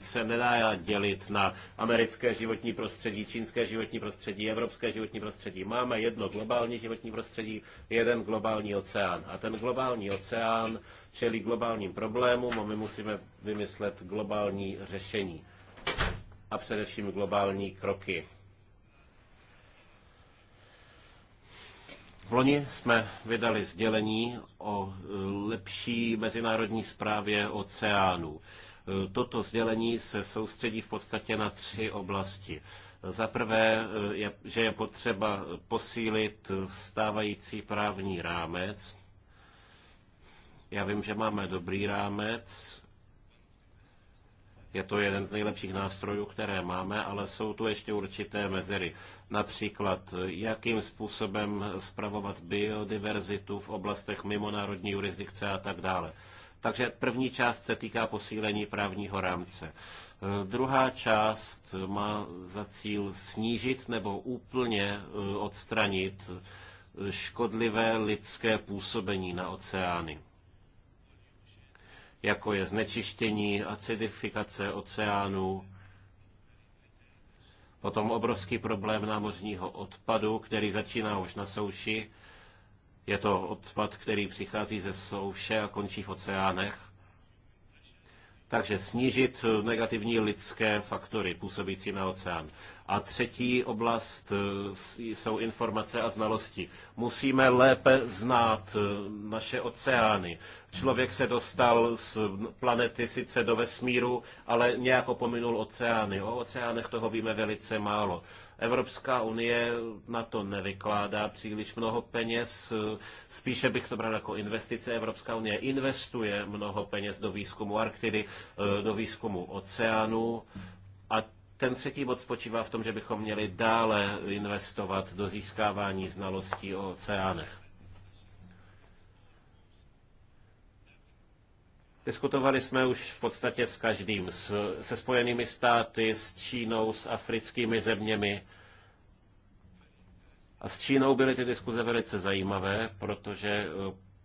se nedá dělit na americké životní prostředí, čínské životní prostředí, evropské životní prostředí. Máme jedno globální životní prostředí, jeden globální oceán. A ten globální oceán čelí globálním problémům, my musíme vymyslet globální řešení a především globální kroky. V loni jsme vydali sdělení o lepší mezinárodní zprávě oceánů. Toto sdělení se soustředí v podstatě na tři oblasti. Za prvé, že je potřeba posílit stávající právní rámec já vím, že máme dobrý rámec, je to jeden z nejlepších nástrojů, které máme, ale jsou tu ještě určité mezery. Například, jakým způsobem spravovat biodiverzitu v oblastech mimo národní jurisdikce a tak dále. Takže první část se týká posílení právního rámce. Druhá část má za cíl snížit nebo úplně eh, odstranit škodlivé lidské působení na oceány jako je znečištění, acidifikace oceánů, potom obrovský problém námořního odpadu, který začíná už na souši. Je to odpad, který přichází ze souše a končí v oceánech. Takže snížit negativní lidské faktory působící na oceán. A třetí oblast eh, jsou informace a znalosti. Musíme lépe znát eh, naše oceány. Člověk se dostal z planety sice do vesmíru, ale nějak opominul oceány. O oceánech toho víme velice málo. Evropská unie na to nevykládá příliš mnoho peněz, spíše bych to bral jako investice. Evropská unie investuje mnoho peněz do výzkumu Arktidy, eh, do výzkumu oceánů a ten třetí bod spočívá v tom, že bychom měli dále investovat do získávání znalostí o oceánech. Diskutovali jsme už v podstatě s každým, s, se Spojenými státy, s Čínou, s africkými zeměmi. A s Čínou byly ty diskuze velice zajímavé, protože eh,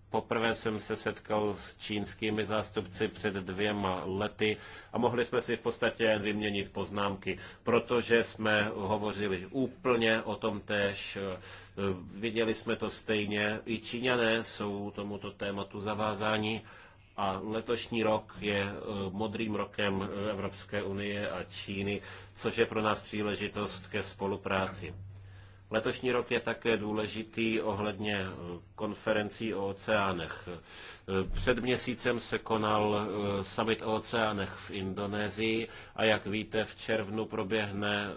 poprvé jsem se setkal s čínskými zástupci před dvěma lety a mohli jsme si v podstatě vyměnit poznámky, protože jsme hovořili úplně o tom též, eh, viděli jsme to stejně. I Číňané jsou tomuto tématu zavázáni. A letošní rok je eh, modrým rokem eh, Evropské unie a Číny, což je pro nás příležitost ke spolupráci. Letošní rok je také důležitý ohledně eh, konferencí o oceánech. Před měsícem se konal summit o oceánech v Indonésii a jak víte, v červnu proběhne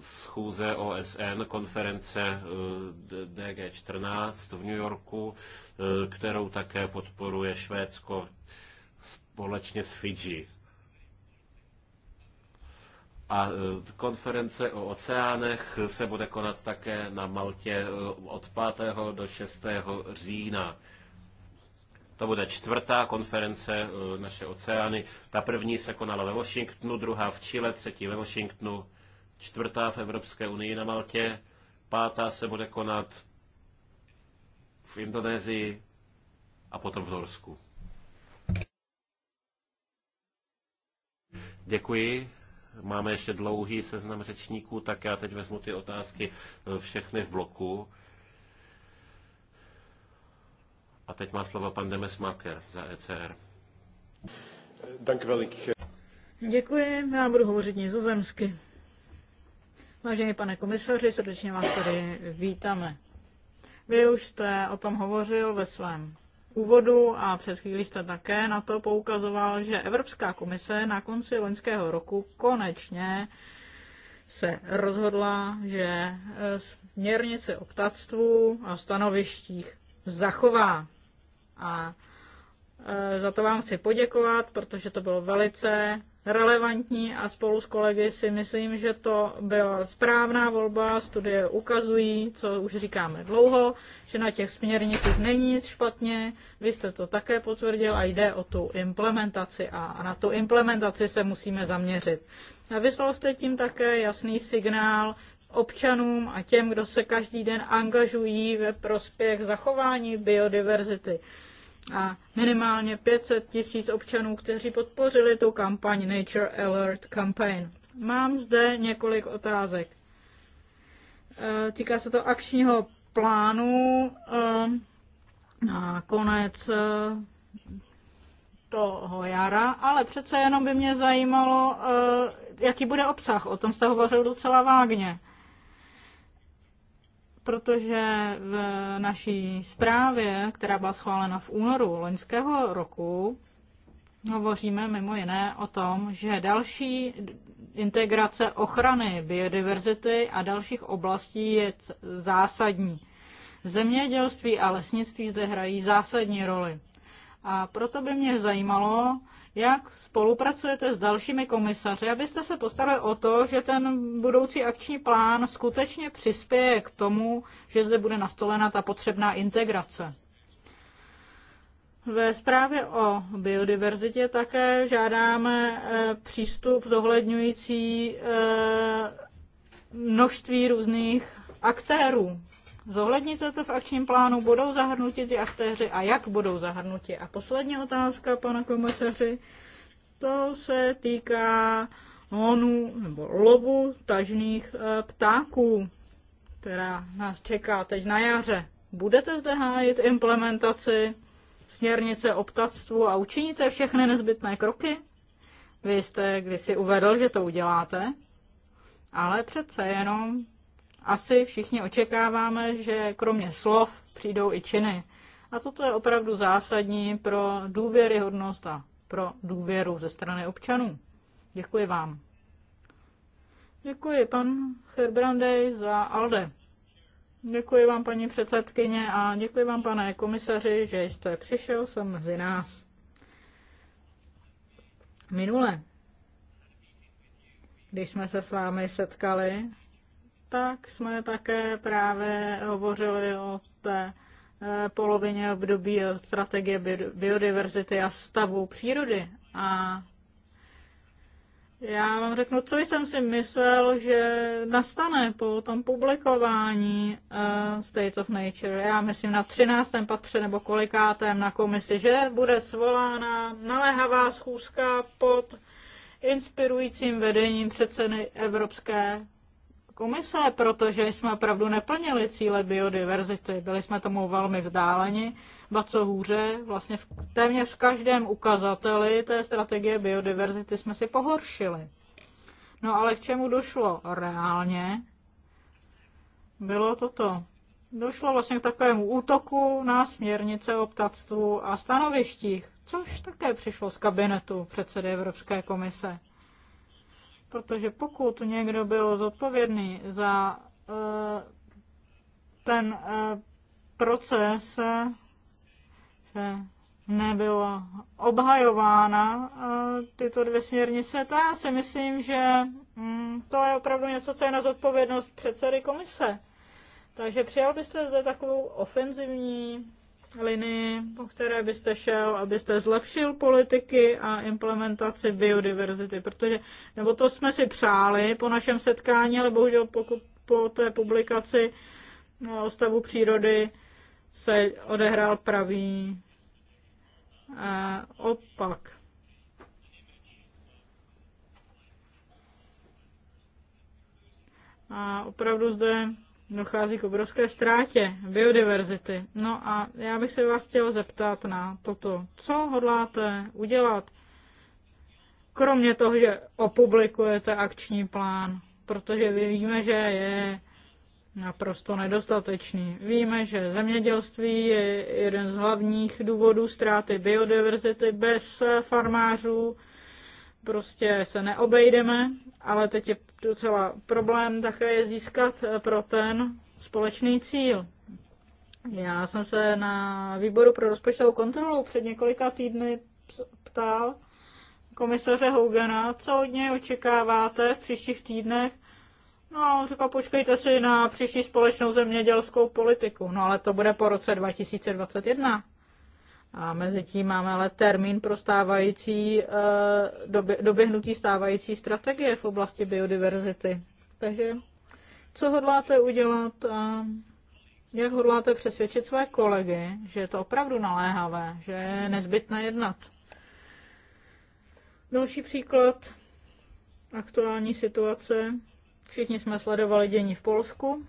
schůze OSN, konference DG14 v New Yorku, kterou také podporuje Švédsko společně s Fidži. A e, konference o oceánech se bude konat také na Maltě e, od 5. do 6. října. To bude čtvrtá konference e, naše oceány. Ta první se konala ve Washingtonu, druhá v Chile, třetí ve Washingtonu, čtvrtá v Evropské unii na Maltě, pátá se bude konat v Indonésii a potom v Norsku. Děkuji. Máme ještě dlouhý seznam řečníků, tak já teď vezmu ty otázky eh, všechny v bloku. A teď má slovo pan Marker za ECR. Eh, Děkuji, já budu hovořit nizozemsky. Vážený pane komisaři, srdečně vás tady vítáme. Vy už jste o tom hovořil ve svém úvodu a před chvílí jste také na to poukazoval, že Evropská komise na konci loňského roku konečně se rozhodla, že eh, směrnice o ptactvu a stanovištích zachová. A eh, za to vám chci poděkovat, protože to bylo velice relevantní a spolu s kolegy si myslím, že to byla správná volba. Studie ukazují, co už říkáme dlouho, že na těch směrnicích není nic špatně. Vy jste to také potvrdil a jde o tu implementaci a na tu implementaci se musíme zaměřit. A vyslal jste tím také jasný signál občanům a těm, kdo se každý den angažují ve prospěch zachování biodiverzity a minimálně 500 tisíc občanů, kteří podpořili tu kampaň Nature Alert Campaign. Mám zde několik otázek. Eh, týká se to akčního plánu eh, na konec eh, toho jara, ale přece jenom by mě zajímalo, jaký bude obsah. O tom jste hovořil docela vágně protože v naší zprávě, která byla schválena v únoru loňského roku, hovoříme mimo jiné o tom, že další integrace ochrany biodiverzity a dalších oblastí je zásadní. Zemědělství a lesnictví zde hrají zásadní roli. A proto by mě zajímalo, jak spolupracujete s dalšími komisaři, abyste se postarali o to, že ten budoucí akční plán skutečně přispěje k tomu, že zde bude nastolena ta potřebná integrace? Ve zprávě o biodiverzitě také žádáme eh, přístup zohledňující eh, množství různých aktérů, Zohledníte to v akčním plánu, budou zahrnuti ty aktéři a jak budou zahrnuti. A poslední otázka, pana komisaři, to se týká honu nebo lovu tažných eh, ptáků, která nás čeká teď na jaře. Budete zde hájit implementaci směrnice o ptactvu a učiníte všechny nezbytné kroky? Vy jste kdysi uvedl, že to uděláte, ale přece jenom asi všichni očekáváme, že kromě slov přijdou i činy. A toto je opravdu zásadní pro důvěryhodnost a pro důvěru ze strany občanů. Děkuji vám. Děkuji pan Herbrandej za ALDE. Děkuji vám, paní předsedkyně, a děkuji vám, pane komisaři, že jste přišel sem mezi nás. Minule, když jsme se s vámi setkali tak jsme také právě hovořili o té eh, polovině období strategie biodiverzity a stavu přírody. A já vám řeknu, co jsem si myslel, že nastane po tom publikování uh, State of Nature. Já myslím na 13. patře nebo kolikátém na komisi, že bude svolána naléhavá schůzka pod inspirujícím vedením předsedy Evropské komise, protože jsme opravdu neplnili cíle biodiverzity. Byli jsme tomu velmi vzdáleni. Ba co hůře, vlastně v, téměř v každém ukazateli té strategie biodiverzity jsme si pohoršili. No ale k čemu došlo reálně? Bylo toto. Došlo vlastně k takovému útoku na směrnice o ptactvu a stanovištích, což také přišlo z kabinetu předsedy Evropské komise. Protože pokud někdo byl zodpovědný za eh, ten eh, proces, eh, se nebyla obhajována tyto dvě směrnice, to já si myslím, že mm, to je opravdu něco, co je na zodpovědnost předsedy komise. Takže přijal byste zde takovou ofenzivní linii, po které byste šel, abyste zlepšil politiky a implementaci biodiverzity, protože, nebo to jsme si přáli po našem setkání, ale bohužel po, po té publikaci no, o stavu přírody se odehrál pravý eh, opak. A opravdu zde dochází k obrovské ztrátě biodiverzity. No a já bych se vás chtěl zeptat na toto. Co hodláte udělat, kromě toho, že opublikujete akční plán? Protože víme, že je naprosto nedostatečný. Víme, že zemědělství je jeden z hlavních důvodů ztráty biodiverzity. Bez farmářů prostě se neobejdeme, ale teď je docela problém také je získat eh, pro ten společný cíl. Já jsem se na výboru pro rozpočtovou kontrolu před několika týdny ptal komisaře Hougana, co od něj očekáváte v příštích týdnech. No řekla, počkejte si na příští společnou zemědělskou politiku. No ale to bude po roce 2021. A mezi tím máme ale termín pro stávající, eh, době, doběhnutí stávající strategie v oblasti biodiverzity. Takže co hodláte udělat a jak hodláte přesvědčit své kolegy, že je to opravdu naléhavé, že je nezbytné jednat? Další příklad aktuální situace. Všichni jsme sledovali dění v Polsku.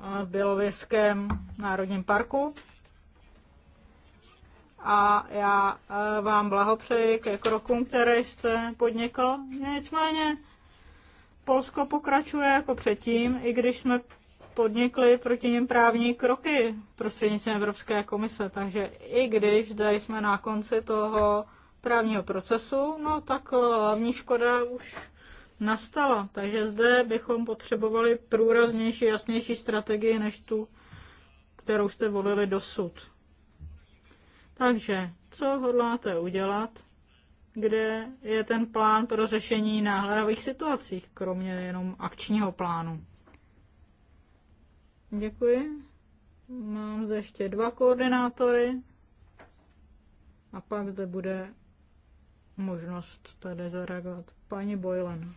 v Bělověském národním parku. A já e, vám blahopřeji ke krokům, které jste podnikl. Nicméně Polsko pokračuje jako předtím, i když jsme podnikli proti ním právní kroky prostřednictvím Evropské komise. Takže i když zde jsme na konci toho právního procesu, no tak e, hlavní škoda už nastala. Takže zde bychom potřebovali průraznější, jasnější strategii než tu, kterou jste volili dosud. Takže, co hodláte udělat? Kde je ten plán pro řešení náhlévých situací, kromě jenom akčního plánu? Děkuji. Mám zde ještě dva koordinátory. A pak zde bude možnost tady zareagovat. Paní Boylan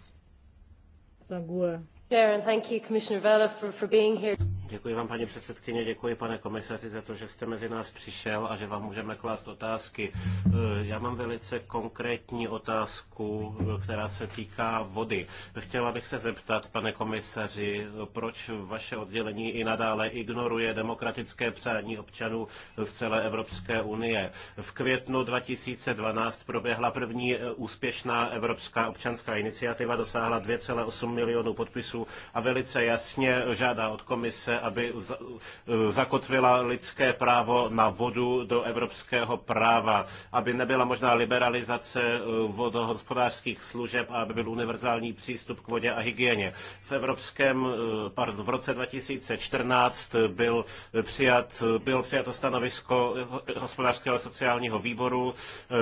za Chair, and thank you, Commissioner Vella, for, for being here. Děkuji vám, paní předsedkyně, děkuji, pane komisaři, za to, že jste mezi nás přišel a že vám můžeme klást otázky. Eh, já mám velice konkrétní otázku, eh, která se týká vody. Chtěla bych se zeptat, pane komisaři, eh, proč vaše oddělení i nadále ignoruje demokratické přání občanů z celé Evropské unie. V květnu 2012 proběhla první úspěšná evropská občanská iniciativa, dosáhla 2,8 milionů podpisů a velice jasně žádá od komise, aby eh, zakotvila lidské právo na vodu do evropského práva, aby nebyla možná liberalizace eh, vodohospodářských služeb a aby byl univerzální přístup k vodě a hygieně. V evropském, eh, pardon, v roce 2014 byl přijat, bylo přijato stanovisko hospodářského a sociálního výboru.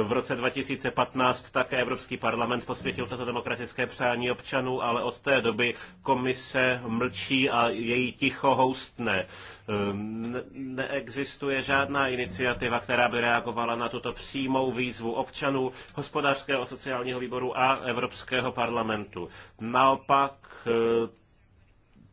V roce 2015 také Evropský parlament posvětil toto demokratické přání občanů, ale od té doby komise mlčí a její ticho houstne. Ehm, neexistuje žádná iniciativa, která by reagovala na tuto přímou výzvu občanů hospodářského sociálního výboru a Evropského parlamentu. Naopak ehm,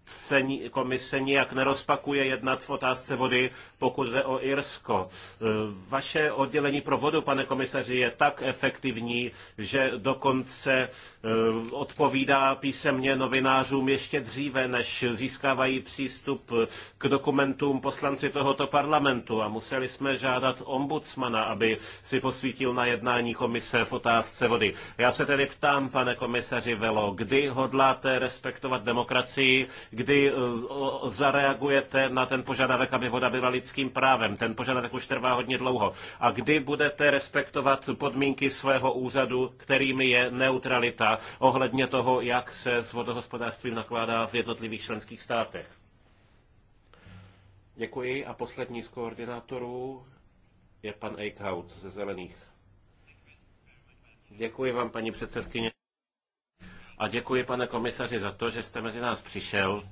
se komise nijak nerozpakuje jednat v otázce vody, pokud jde o Irsko. Ehm, vaše oddělení pro vodu, pane komisaři, je tak efektivní, že dokonce Eh, odpovídá písemně novinářům ještě dříve, než získávají přístup k dokumentům poslanci tohoto parlamentu. A museli jsme žádat ombudsmana, aby si posvítil na jednání komise v otázce vody. Já se tedy ptám, pane komisaři Velo, kdy hodláte respektovat demokracii, kdy eh, zareagujete na ten požadavek, aby voda byla lidským právem. Ten požadavek už trvá hodně dlouho. A kdy budete respektovat podmínky svého úřadu, kterými je neutralita ohledně toho, jak se s vodohospodářstvím nakládá v jednotlivých členských státech. Děkuji a poslední z koordinátorů je pan Eichhout ze Zelených. Děkuji vám, paní předsedkyně. A děkuji, pane komisaři, za to, že jste mezi nás přišel.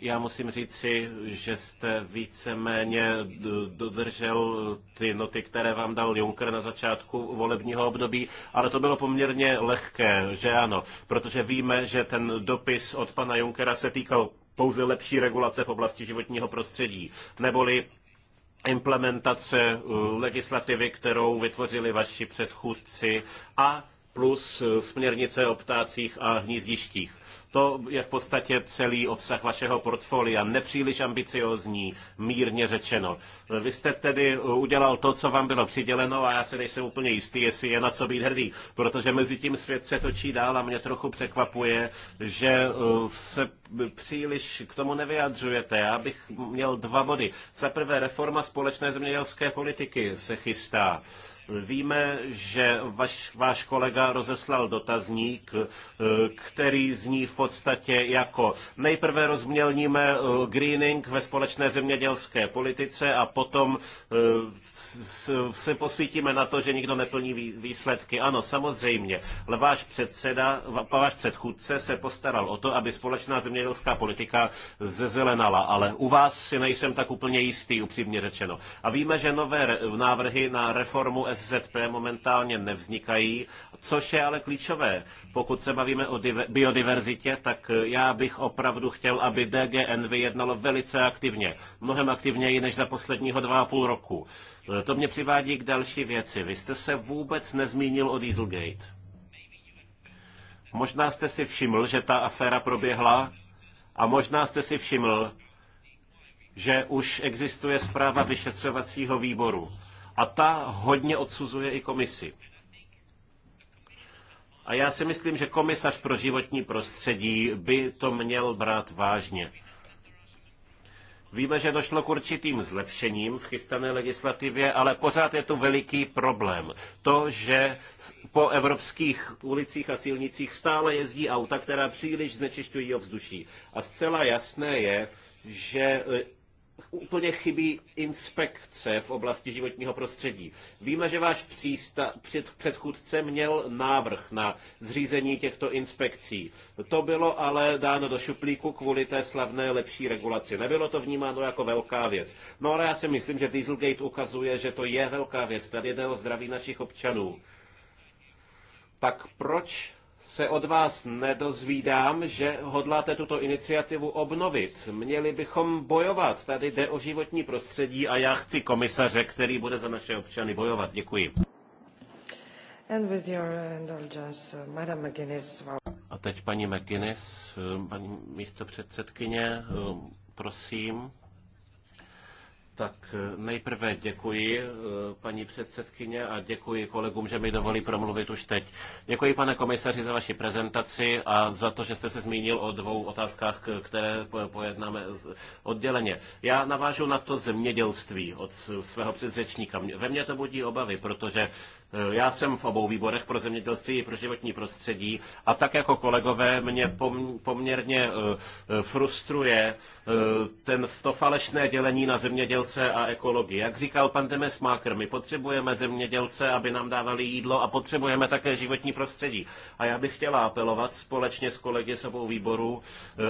Já musím říci, že jste víceméně dodržel ty noty, které vám dal Juncker na začátku volebního období, ale to bylo poměrně lehké, že ano, protože víme, že ten dopis od pana Junckera se týkal pouze lepší regulace v oblasti životního prostředí, neboli implementace uh, legislativy, kterou vytvořili vaši předchůdci a plus uh, směrnice o ptácích a hnízdištích. To je v podstatě celý obsah vašeho portfolia, nepříliš ambiciozní, mírně řečeno. Vy jste tedy udělal to, co vám bylo přiděleno a já se nejsem úplně jistý, jestli je na co být hrdý, protože mezi tím svět se točí dál a mě trochu překvapuje, že uh, se příliš k tomu nevyjadřujete. Já bych měl dva body. Za prvé reforma společné zemědělské politiky se chystá. Víme, že vaš, váš kolega rozeslal dotazník, eh, který zní v podstatě jako nejprve rozmělníme eh, greening ve společné zemědělské politice a potom eh, se posvítíme na to, že nikdo neplní výsledky. Ano, samozřejmě, ale váš předseda, váš předchůdce se postaral o to, aby společná zemědělská politika zezelenala, ale u vás si nejsem tak úplně jistý, upřímně řečeno. A víme, že nové návrhy na reformu SZP momentálně nevznikají, což je ale klíčové. Pokud se bavíme o biodiverzitě, tak eh, já bych opravdu chtěl, aby DGN vyjednalo velice aktivně, mnohem aktivněji než za posledního dva a půl roku. Eh, to mě přivádí k další věci. Vy jste se vůbec nezmínil o Dieselgate. Možná jste si všiml, že ta aféra proběhla a možná jste si všiml, že už existuje zpráva vyšetřovacího výboru. A ta hodně odsuzuje i komisi. A já si myslím, že komisař pro životní prostředí by to měl brát vážně. Víme, že došlo k určitým zlepšením v chystané legislativě, ale pořád je tu veliký problém. To, že po evropských ulicích a silnicích stále jezdí auta, která příliš znečišťují ovzduší. A zcela jasné je, že e, úplně chybí inspekce v oblasti životního prostředí. Víme, že váš přísta, před, předchůdce měl návrh na zřízení těchto inspekcí. To bylo ale dáno do šuplíku kvůli té slavné lepší regulaci. Nebylo to vnímáno jako velká věc. No ale já si myslím, že Dieselgate ukazuje, že to je velká věc. Tady jde o zdraví našich občanů. Tak proč se od vás nedozvídám, že hodláte tuto iniciativu obnovit. Měli bychom bojovat. Tady jde o životní prostředí a já chci komisaře, který bude za naše občany bojovat. Děkuji. And with your A teď paní McGuinness, paní místo předsedkyně, prosím. Tak eh, nejprve děkuji eh, paní předsedkyně a děkuji kolegům, že mi dovolí promluvit už teď. Děkuji pane komisaři za vaši prezentaci a za to, že jste se zmínil o dvou otázkách, které pojednáme odděleně. Já navážu na to zemědělství od svého předřečníka. Ve mně to budí obavy, protože Eh, já jsem v obou výborech pro zemědělství i pro životní prostředí a tak jako kolegové mě poměrně eh, eh, frustruje ten, to falešné dělení na zemědělce a ekologii. Jak říkal pan Máker, my potřebujeme zemědělce, aby nám dávali jídlo a potřebujeme také životní prostředí. A já bych chtěla apelovat společně s kolegy z obou výborů,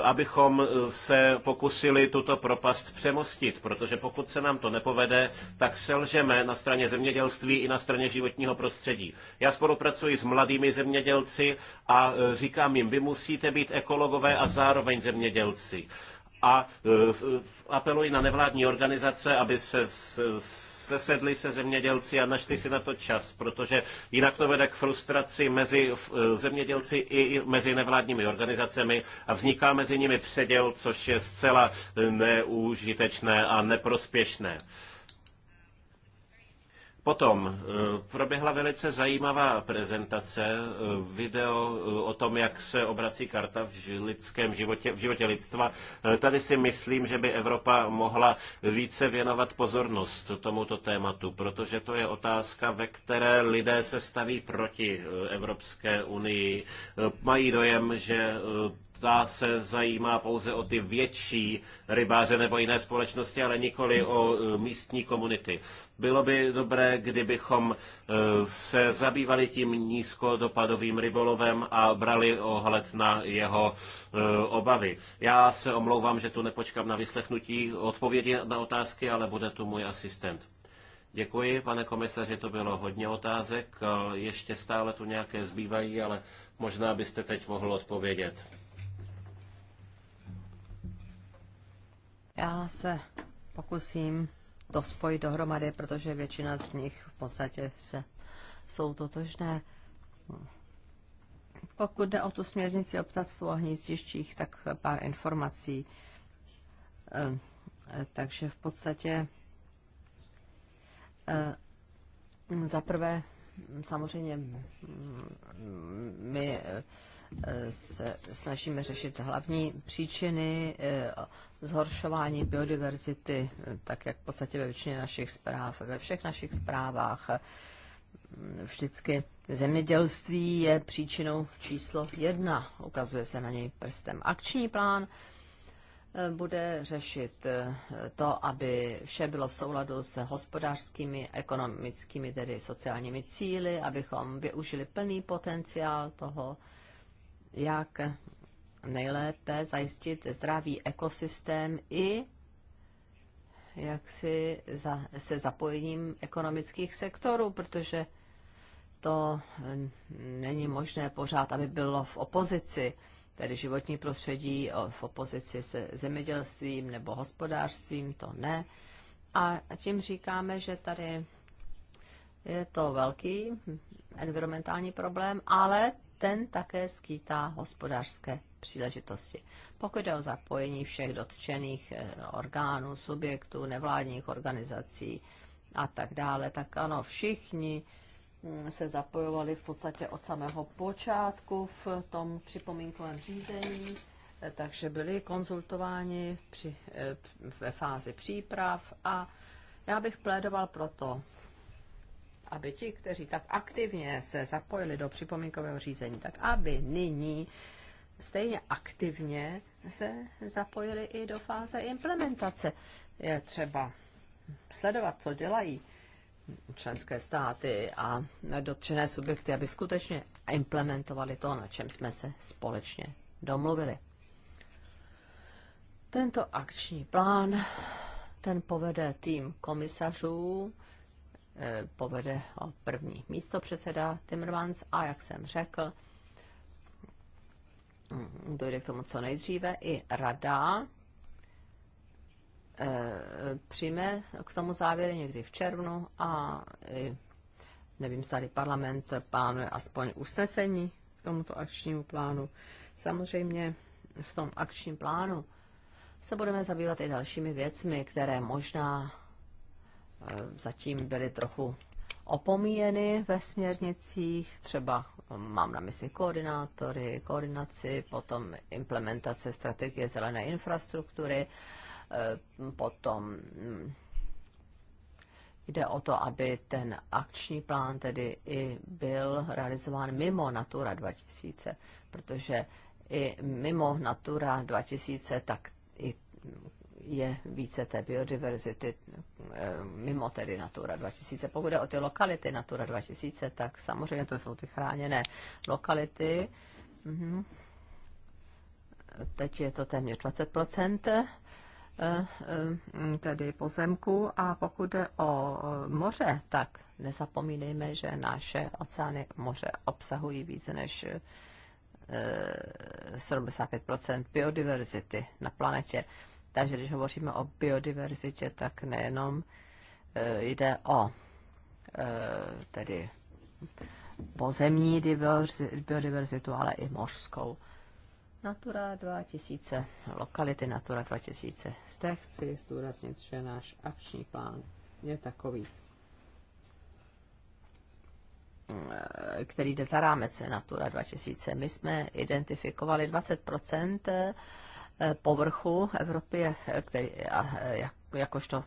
abychom se pokusili tuto propast přemostit, protože pokud se nám to nepovede, tak selžeme na straně zemědělství i na straně životního životního prostředí. Já spolupracuji s mladými zemědělci a e, říkám jim, vy musíte být ekologové a zároveň zemědělci a e, e, apeluji na nevládní organizace, aby se sesedli se zemědělci a našli si na to čas, protože jinak to vede k frustraci mezi zemědělci i mezi nevládními organizacemi a vzniká mezi nimi předěl, což je zcela neúžitečné a neprospěšné. Potom eh, proběhla velice zajímavá prezentace, eh, video eh, o tom, jak se obrací karta v lidském životě, v životě lidstva. Tady si myslím, že by Evropa mohla více věnovat pozornost tomuto tématu, protože to je otázka, ve které lidé se staví proti Evropské unii. Mají dojem, že ta se zajímá pouze o ty větší rybáře nebo jiné společnosti, ale nikoli o e, místní komunity. Bylo by dobré, kdybychom e, se zabývali tím nízkodopadovým rybolovem a brali ohled na jeho e, obavy. Já se omlouvám, že tu nepočkám na vyslechnutí odpovědi na otázky, ale bude tu můj asistent. Děkuji, pane komisaři, to bylo hodně otázek. Ještě stále tu nějaké zbývají, ale možná byste teď mohl odpovědět. Já se pokusím to spojit dohromady, protože většina z nich v podstatě se, jsou totožné. Pokud jde o tu směrnici o ptactvu a hnízdištích, tak pár informací. Ehm, takže v podstatě ehm, za prvé samozřejmě my se snažíme řešit hlavní příčiny eh, zhoršování biodiverzity, eh, tak jak v podstatě ve většině našich zpráv, ve všech našich zprávách. Eh, vždycky zemědělství je příčinou číslo jedna, ukazuje se na něj prstem. Akční plán bude řešit to, aby vše bylo v souladu s hospodářskými, ekonomickými, tedy sociálními cíly, abychom využili plný potenciál toho, jak nejlépe zajistit zdravý ekosystém i jak si za, se zapojením ekonomických sektorů, protože to eh, není možné pořád, aby bylo v opozici, tedy životní prostředí v opozici se zemědělstvím nebo hospodářstvím, to ne. A tím říkáme, že tady je to velký environmentální problém, ale ten také skýtá hospodářské příležitosti. Pokud jde o zapojení všech dotčených eh, orgánů, subjektů, nevládních organizací a tak dále, tak ano, všichni mm, se zapojovali v podstatě od samého počátku v tom připomínkovém řízení, eh, takže byli konzultováni při, eh, ve fázi příprav a já bych plédoval proto, aby ti, kteří tak aktivně se zapojili do připomínkového řízení, tak aby nyní stejně aktivně se zapojili i do fáze implementace. Je třeba sledovat, co dělají členské státy a dotčené subjekty, aby skutečně implementovali to, na čem jsme se společně domluvili. Tento akční plán ten povede tým komisařů, povede o první místo předseda Timmermans a jak jsem řekl, dojde k tomu co nejdříve i rada eh, přijme k tomu závěry někdy v červnu a nevím, zdali parlament plánuje aspoň usnesení k tomuto akčnímu plánu. Samozřejmě v tom akčním plánu se budeme zabývat i dalšími věcmi, které možná Eh, zatím byly trochu opomíjeny ve směrnicích, třeba eh, mám na mysli koordinátory, koordinaci, potom implementace strategie zelené infrastruktury, eh, potom mm, jde o to, aby ten akční plán tedy i byl realizován mimo Natura 2000, protože i mimo Natura 2000, tak i je více té biodiverzity eh, mimo tedy Natura 2000. Pokud jde o ty lokality Natura 2000, tak samozřejmě to jsou ty chráněné lokality. Mhm. Teď je to téměř 20 eh, eh, tedy pozemku a pokud jde o moře, tak nezapomínejme, že naše oceány moře obsahují více než 75 biodiverzity na planetě. Takže když hovoříme o biodiverzitě, tak nejenom e, jde o e, tedy pozemní biodiverzitu, ale i mořskou. Natura 2000, lokality Natura 2000. Zde chci zdůraznit, že náš akční plán je takový, e, který jde za rámec Natura 2000. My jsme identifikovali 20 povrchu Evropy, který, jak, jakožto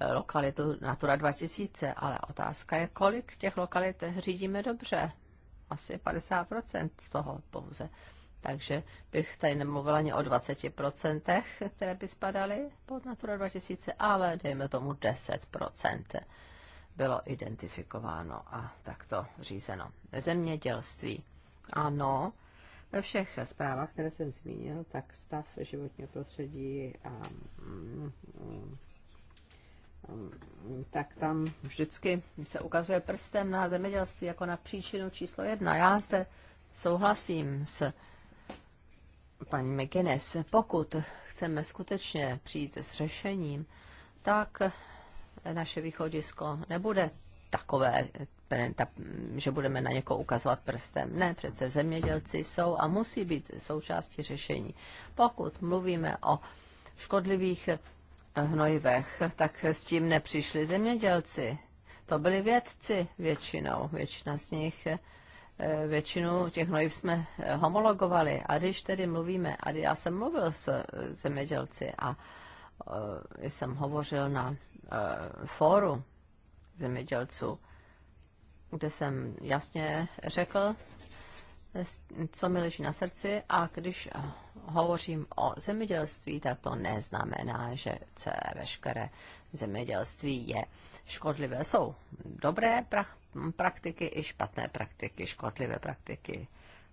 e, lokalitu Natura 2000, ale otázka je, kolik těch lokalit řídíme dobře. Asi 50% z toho pouze. Takže bych tady nemluvila ani o 20%, které by spadaly pod Natura 2000, ale dejme tomu 10% bylo identifikováno a takto řízeno. Zemědělství. Ano, ve všech zprávách, které jsem zmínil, tak stav životního prostředí a mm, mm, mm, tak tam vždycky se ukazuje prstem na zemědělství jako na příčinu číslo jedna. Já zde souhlasím s paní McGuinness. Pokud chceme skutečně přijít s řešením, tak naše východisko nebude takové ta, mm, že budeme na někoho ukazovat prstem. Ne, přece zemědělci jsou a musí být součástí řešení. Pokud mluvíme o škodlivých eh, hnojivech, tak s tím nepřišli zemědělci. To byli vědci většinou. Většina z nich, eh, většinu těch hnojiv jsme eh, homologovali. A když tedy mluvíme, a já jsem mluvil s zemědělci a jsem hovořil na fóru zemědělců, kde jsem jasně řekl, co mi leží na srdci a když hovořím o zemědělství, tak to neznamená, že celé veškeré zemědělství je škodlivé. Jsou dobré pra- praktiky i špatné praktiky, škodlivé praktiky.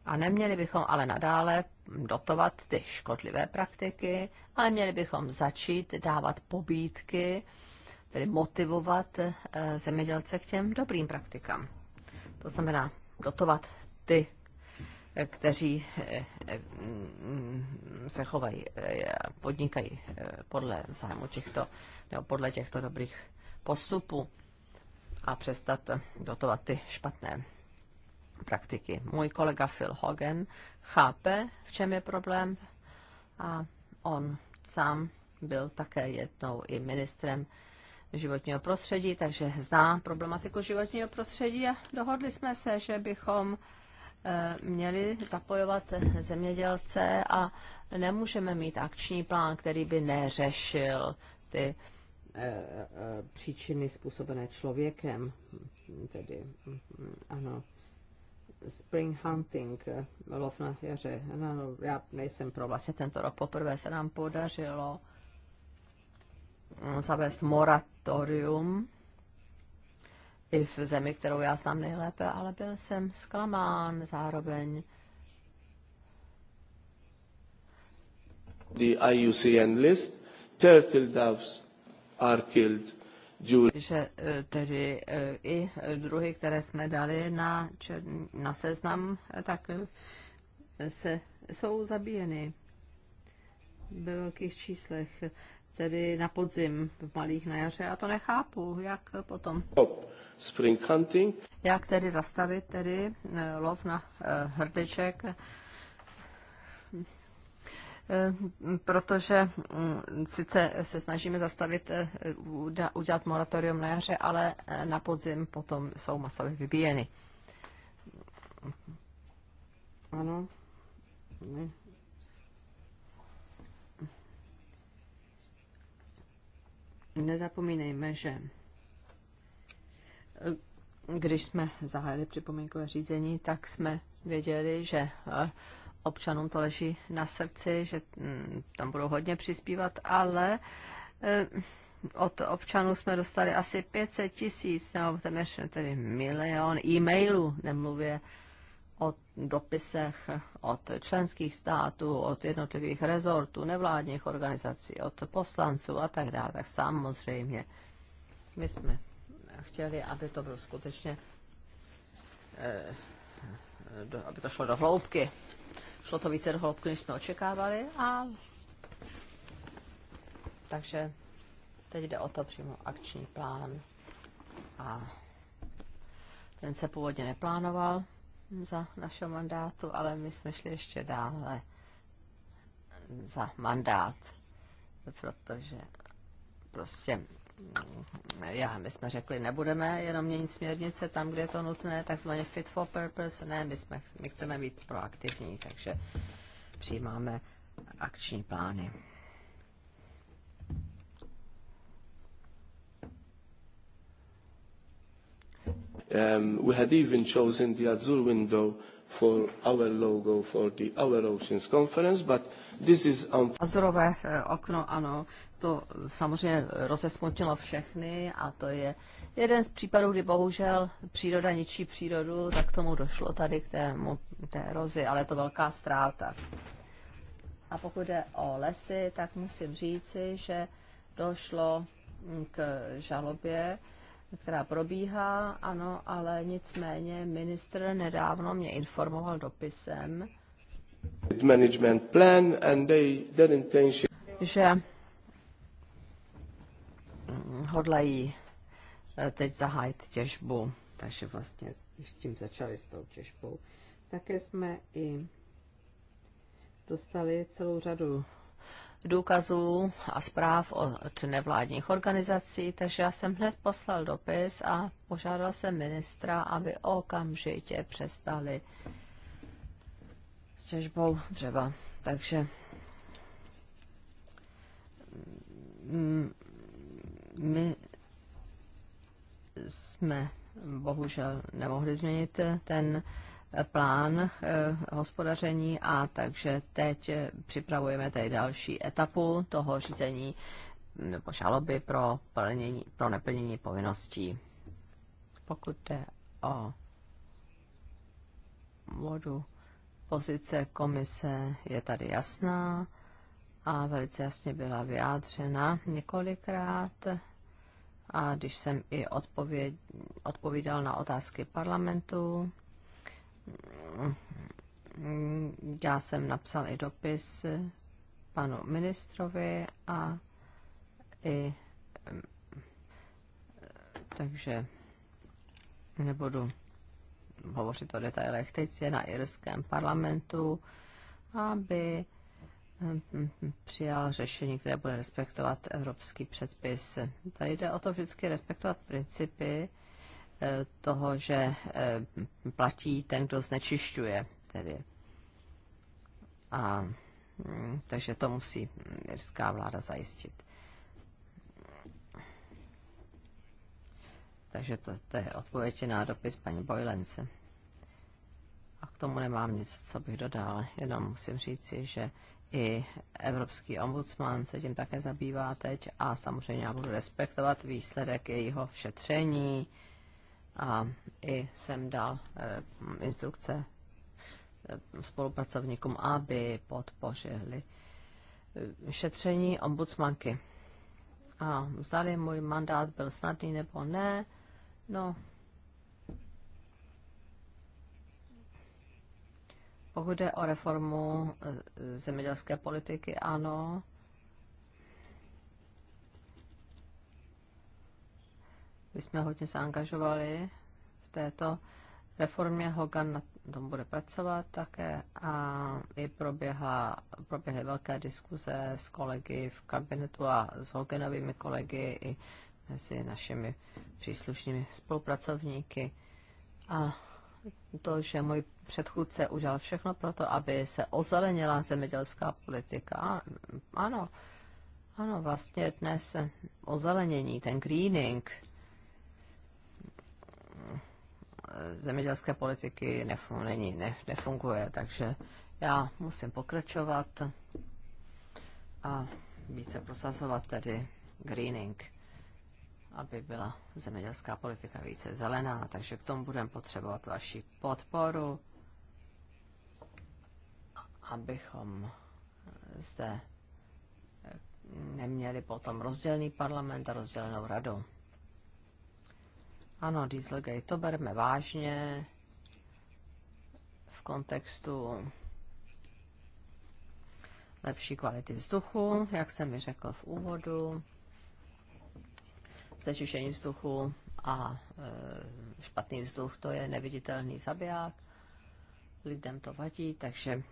A neměli bychom ale nadále dotovat ty škodlivé praktiky, ale měli bychom začít dávat pobídky tedy motivovat eh, zemědělce k těm dobrým praktikám. To znamená dotovat ty, eh, kteří eh, se chovají, podnikají podle zájmu těchto, nebo podle těchto dobrých postupů a přestat dotovat ty špatné praktiky. Můj kolega Phil Hogan chápe, v čem je problém a on sám byl také jednou i ministrem životního prostředí, takže zná problematiku životního prostředí a dohodli jsme se, že bychom eh, měli zapojovat zemědělce a nemůžeme mít akční plán, který by neřešil ty eh, eh, příčiny způsobené člověkem, tedy ano, spring hunting, lov na jaře. No, já nejsem pro, vlastně tento rok poprvé se nám podařilo Eh, zavést moratorium i v zemi, kterou já znám nejlépe, ale byl jsem zklamán zároveň. The IUCN list, turtle doves are killed Že eh, tedy eh, i druhy, které jsme dali na, čer, na seznam, tak se, jsou zabíjeny ve velkých číslech tedy na podzim v malých na jaře. Já to nechápu, jak potom. Spring hunting. Jak tedy zastavit tedy eh, lov na eh, hrdeček, eh, protože mm, sice se snažíme zastavit, udělat moratorium na jaře, ale na podzim potom jsou masově vybíjeny. Ano. nezapomínejme, že eh, když jsme zahájili připomínkové řízení, tak jsme věděli, že eh, občanům to leží na srdci, že hm, tam budou hodně přispívat, ale eh, od občanů jsme dostali asi 500 tisíc, nebo téměř tedy milion e-mailů, nemluvě dopisech od členských států, od jednotlivých rezortů, nevládních organizací, od poslanců a tak dále, tak samozřejmě my jsme chtěli, aby to bylo skutečně, eh, aby to šlo do hloubky. Šlo to více do hloubky, než jsme očekávali a takže teď jde o to přímo akční plán a ten se původně neplánoval za našeho mandátu, ale my jsme šli ještě dále za mandát, protože prostě mm, já, my jsme řekli, nebudeme jenom měnit směrnice tam, kde je to nutné, takzvaně fit for purpose, ne, my, jsme, my chceme být proaktivní, takže přijímáme akční plány. Um, we had even chosen the Azure window for our logo for the Our Oceans Conference, but this is... on Azurové eh, okno, ano, to samozřejmě rozesmutnilo všechny a to je jeden z případů, kdy bohužel příroda ničí přírodu, tak tomu došlo tady k tému, té rozi, ale je to velká ztráta. A pokud jde o lesy, tak musím říci, že došlo mm, k žalobě která probíhá, ano, ale nicméně ministr nedávno mě informoval dopisem, management plan and they, their intention... že hodlají eh, teď zahájit těžbu. Takže vlastně s tím začali s tou těžbou. Také jsme i dostali celou řadu důkazů a zpráv od nevládních organizací, takže já jsem hned poslal dopis a požádal jsem ministra, aby okamžitě přestali s těžbou dřeva. Takže mm, my jsme bohužel nemohli změnit ten plán eh, hospodaření a takže teď připravujeme tady další etapu toho řízení mm, nebo žaloby pro, plnění, pro neplnění povinností. Pokud jde o vodu, pozice komise je tady jasná a velice jasně byla vyjádřena několikrát. A když jsem i odpověd, odpovídal na otázky parlamentu, já jsem napsal i dopis panu ministrovi a i takže nebudu hovořit o detailech. Teď je na irském parlamentu, aby přijal řešení, které bude respektovat evropský předpis. Tady jde o to vždycky respektovat principy, Eh, toho, že eh, platí ten, kdo znečišťuje. Tedy. A, mm, takže to musí irská vláda zajistit. Takže to, to je odpověď na dopis paní Bojlence. A k tomu nemám nic, co bych dodal, jenom musím říci, že i Evropský ombudsman se tím také zabývá teď a samozřejmě já budu respektovat výsledek jejího šetření a i jsem dal eh, instrukce eh, spolupracovníkům, aby podpořili eh, šetření ombudsmanky. A zdali můj mandát byl snadný nebo ne, no, pokud jde o reformu zemědělské politiky, ano, My jsme hodně zaangažovali v této reformě. Hogan na tom bude pracovat také a i proběhla, proběhly velké diskuze s kolegy v kabinetu a s Hoganovými kolegy i mezi našimi příslušnými spolupracovníky. A to, že můj předchůdce udělal všechno pro to, aby se ozelenila zemědělská politika. Ano, ano, vlastně dnes ozelenění, ten greening, zemědělské politiky nef- není, ne- nefunguje, takže já musím pokračovat a více prosazovat tedy greening, aby byla zemědělská politika více zelená, takže k tomu budeme potřebovat vaši podporu, abychom zde neměli potom rozdělený parlament a rozdělenou radu. Ano, Dieselgate, to bereme vážně v kontextu lepší kvality vzduchu, jak jsem mi řekl v úvodu, znečištění vzduchu a e, špatný vzduch, to je neviditelný zabiják. Lidem to vadí, takže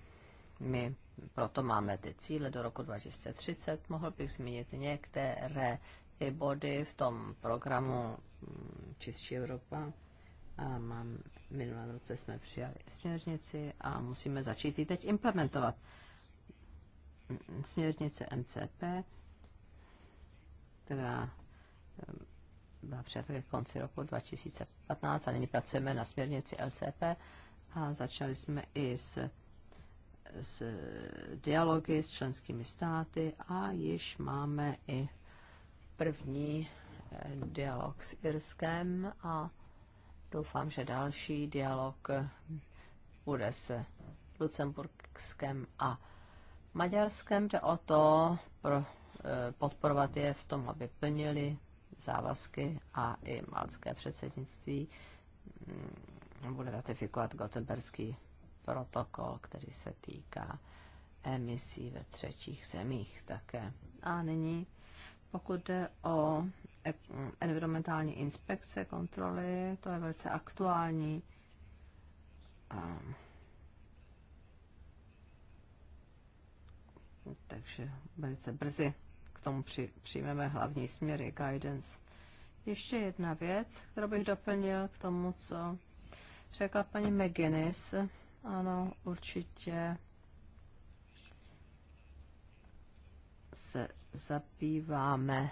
my proto máme ty cíle do roku 2030. Mohl bych zmínit některé i body v tom programu mm, Čistší Evropa. A mám, minulém roce jsme přijali směrnici a musíme začít ji teď implementovat. Mm, směrnice MCP, která mm, byla přijata ke konci roku 2015 a nyní pracujeme na směrnici LCP a začali jsme i s, s dialogy s členskými státy a již máme i první eh, dialog s Irskem a doufám, že další dialog eh, bude s Lucemburskem a Maďarskem. Jde o to pro, eh, podporovat je v tom, aby plnili závazky a i malcké předsednictví mm, bude ratifikovat Gotemberský protokol, který se týká emisí ve třetích zemích také. A nyní pokud jde o environmentální inspekce, kontroly, to je velice aktuální. Takže velice brzy k tomu při, přijmeme hlavní směry guidance. Ještě jedna věc, kterou bych doplnil k tomu, co řekla paní McGinnis. Ano, určitě se zabýváme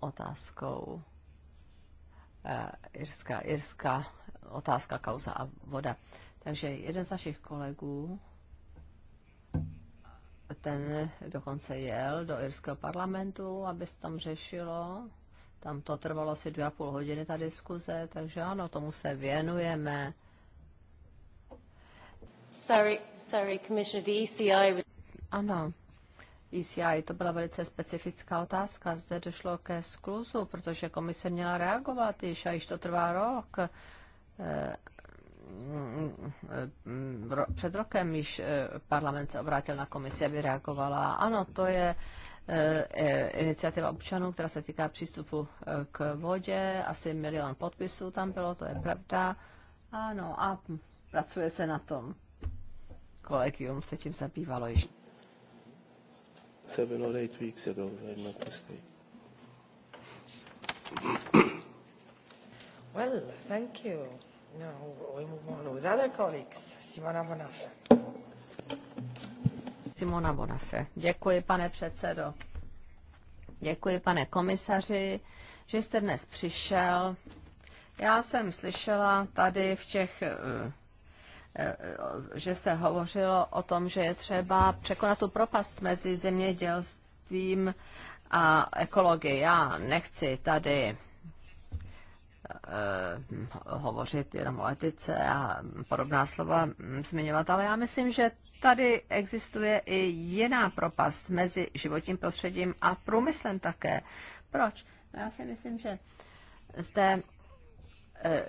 otázkou irská eh, irská otázka kauza a voda. Takže jeden z našich kolegů, ten dokonce jel do irského parlamentu, aby se tam řešilo. Tam to trvalo asi dvě a půl hodiny, ta diskuze, takže ano, tomu se věnujeme. Sorry, sorry, Commissioner, the ECI... Ano, ECI to byla velice specifická otázka. Zde došlo ke skluzu, protože komise měla reagovat již a již to trvá rok. Eh, mm, před rokem již eh, parlament se obrátil na komisi, aby reagovala. Ano, to je eh, iniciativa občanů, která se týká přístupu k vodě. Asi milion podpisů tam bylo, to je pravda. Ano, a pracuje se na tom. Kolegium se tím zabývalo již seven or eight weeks ago, if I'm not mistaken. well, thank you. Now we move on with other colleagues. Simona Bonafé. Simona Bonafé. Děkuji, pane předsedo. Děkuji, pane komisaři, že jste dnes přišel. Já jsem slyšela tady v těch eh, Eh, že se hovořilo o tom, že je třeba překonat tu propast mezi zemědělstvím a ekologii. Já nechci tady eh, hovořit jenom o etice a podobná slova zmiňovat, ale já myslím, že tady existuje i jiná propast mezi životním prostředím a průmyslem také. Proč? No já si myslím, že zde eh,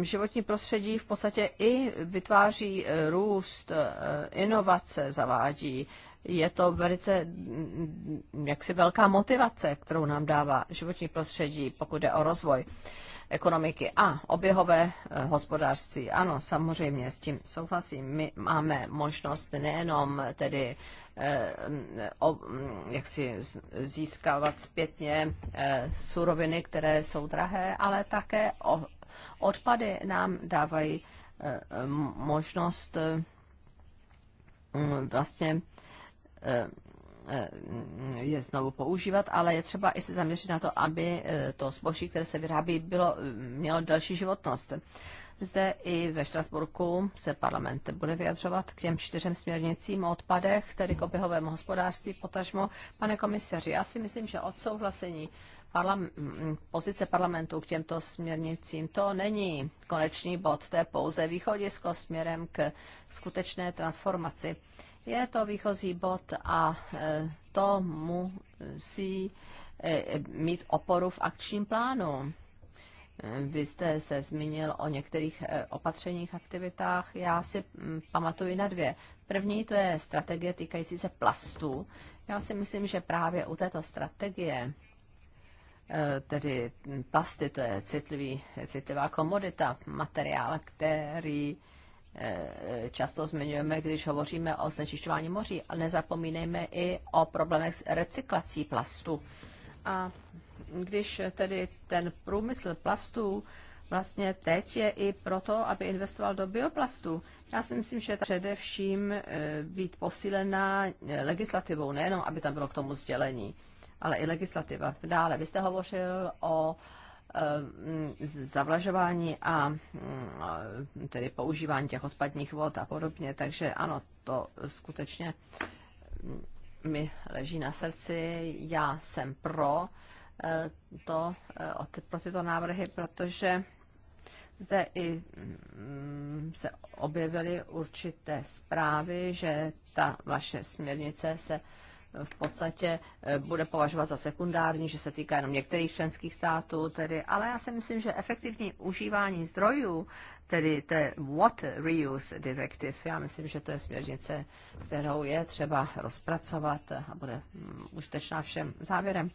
životní prostředí v podstatě i vytváří eh, růst, eh, inovace zavádí. Je to velice mm, jaksi velká motivace, kterou nám dává životní prostředí, pokud jde o rozvoj ekonomiky a oběhové eh, hospodářství. Ano, samozřejmě s tím souhlasím. My máme možnost nejenom tedy mm, mm, jak si získávat zpětně suroviny, které jsou drahé, ale také Odpady nám dávají eh, možnost eh, vlastně eh, je znovu používat, ale je třeba i se zaměřit na to, aby to zboží, které se vyrábí, bylo, mělo další životnost. Zde i ve Štrasburku se parlament bude vyjadřovat k těm čtyřem směrnicím o odpadech, tedy k oběhovému hospodářství, potažmo. Pane komisaři, já si myslím, že odsouhlasení parlam, pozice parlamentu k těmto směrnicím, to není konečný bod, to je pouze východisko směrem k skutečné transformaci. Je to výchozí bod a e, to musí e, mít oporu v akčním plánu. Vy jste se zmínil o některých e, opatřeních, aktivitách. Já si mm, pamatuju na dvě. První to je strategie týkající se plastů. Já si myslím, že právě u této strategie Eh, tedy plasty, to je citlivý, citlivá komodita, materiál, který eh, často zmiňujeme, když hovoříme o znečišťování moří, ale nezapomínejme i o problémech s recyklací plastu. A když tedy ten průmysl plastů vlastně teď je i proto, aby investoval do bioplastu. Já si myslím, že především eh, být posílená legislativou, nejenom aby tam bylo k tomu sdělení ale i legislativa. Dále, vy jste hovořil o eh, zavlažování a mm, tedy používání těch odpadních vod a podobně. Takže ano, to skutečně mm, mi leží na srdci. Já jsem pro eh, to, eh, pro tyto návrhy, protože zde i mm, se objevily určité zprávy, že ta vaše směrnice se v podstatě eh, bude považovat za sekundární, že se týká jenom některých členských států, tedy, ale já si myslím, že efektivní užívání zdrojů, tedy té Water Reuse Directive, já myslím, že to je směrnice, kterou je třeba rozpracovat a bude mm, užitečná všem závěrem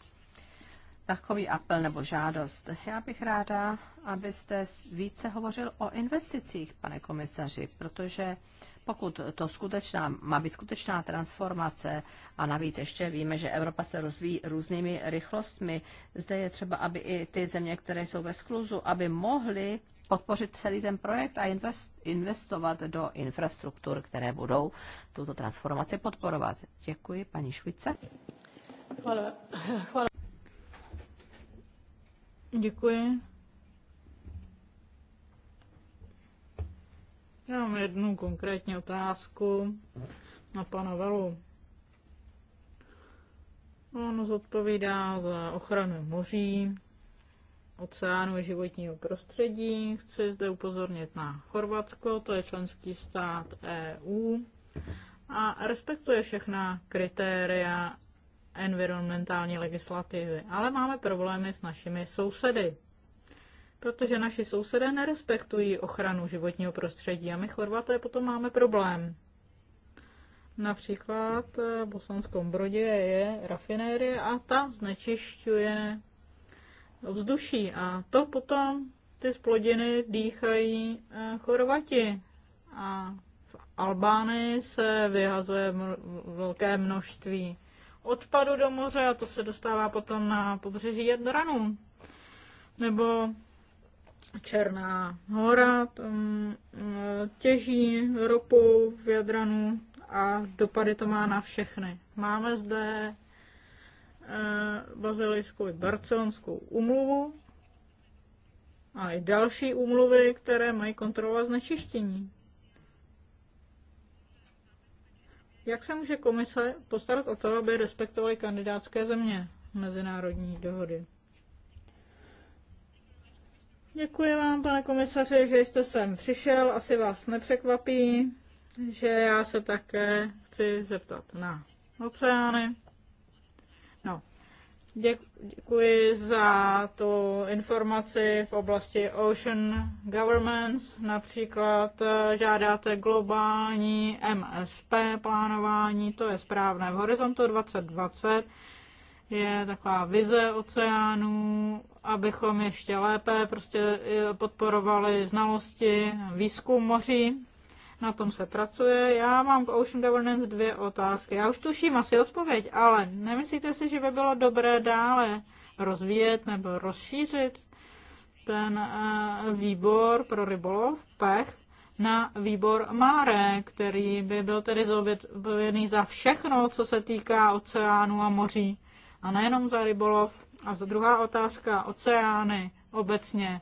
takový apel nebo žádost. Já bych ráda, abyste více hovořil o investicích, pane komisaři, protože pokud to skutečná, má být skutečná transformace a navíc ještě víme, že Evropa se rozvíjí různými rychlostmi, zde je třeba, aby i ty země, které jsou ve skluzu, aby mohly podpořit celý ten projekt a invest, investovat do infrastruktur, které budou tuto transformaci podporovat. Děkuji, paní Švice. Hvala. Hvala. Děkuji. Já mám jednu konkrétní otázku na pana Velu. On zodpovídá za ochranu moří, oceánu a životního prostředí. Chci zde upozornit na Chorvatsko, to je členský stát EU a respektuje všechna kritéria environmentální legislativy, ale máme problémy s našimi sousedy. Protože naši sousedé nerespektují ochranu životního prostředí a my Chorvaté potom máme problém. Například eh, v Bosanskom Brodě je rafinérie a ta znečišťuje vzduší a to potom ty splodiny dýchají eh, Chorvati. A v Albánii se vyhazuje velké množství odpadu do moře a to se dostává potom na pobřeží Jadranu. Nebo Černá hora tam eh, těží ropu v Jadranu a dopady to má na všechny. Máme zde eh, bazilijskou i barcelonskou umluvu a i další umluvy, které mají kontrolovat znečištění. Jak se může komise postarat o to, aby respektovaly kandidátské země mezinárodní dohody? Děkuji vám, pane komisaři, že jste sem přišel. Asi vás nepřekvapí, že já se také chci zeptat na oceány. Děkuji za tu informaci v oblasti Ocean Governments. Například eh, žádáte globální MSP plánování, to je správné. V Horizontu 2020 je taková vize oceánů, abychom ještě lépe prostě eh, podporovali znalosti, výzkum moří na tom se pracuje. Já mám k Ocean Governance dvě otázky. Já už tuším asi odpověď, ale nemyslíte si, že by bylo dobré dále rozvíjet nebo rozšířit ten eh, výbor pro rybolov, PECH, na výbor Máre, který by byl tedy zodpovědný za všechno, co se týká oceánu a moří, a nejenom za rybolov. A za druhá otázka, oceány obecně.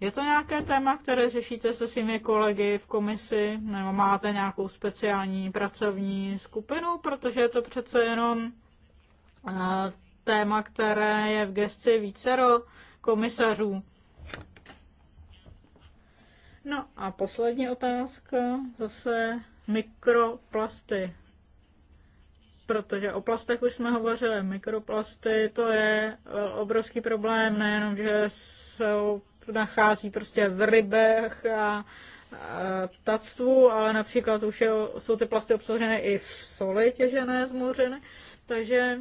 Je to nějaké téma, které řešíte se svými kolegy v komisi, nebo máte nějakou speciální pracovní skupinu, protože je to přece jenom eh, téma, které je v gesci vícero komisařů. No a poslední otázka, zase mikroplasty. Protože o plastech už jsme hovořili, mikroplasty to je eh, obrovský problém, nejenom, že jsou nachází prostě v rybech a, ptactvu, tactvu, ale například už je, jsou ty plasty obsažené i v soli těžené z mořiny. Takže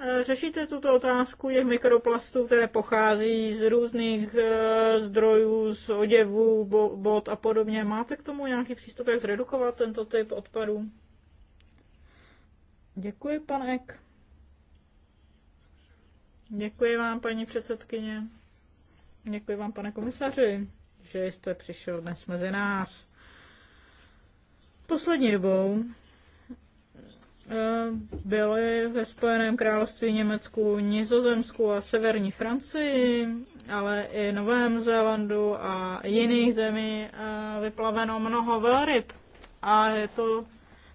e, Řešíte tuto otázku těch mikroplastů, které pochází z různých e, zdrojů, z oděvů, bod a podobně. Máte k tomu nějaký přístup, jak zredukovat tento typ odpadů? Děkuji, pan Děkuji vám, paní předsedkyně. Děkuji vám, pane komisaři, že jste přišel dnes mezi nás. Poslední dobou eh, byly ve Spojeném království Německu, Nizozemsku a severní Francii, ale i Novém Zélandu a jiných zemí eh, vyplaveno mnoho velryb. A je to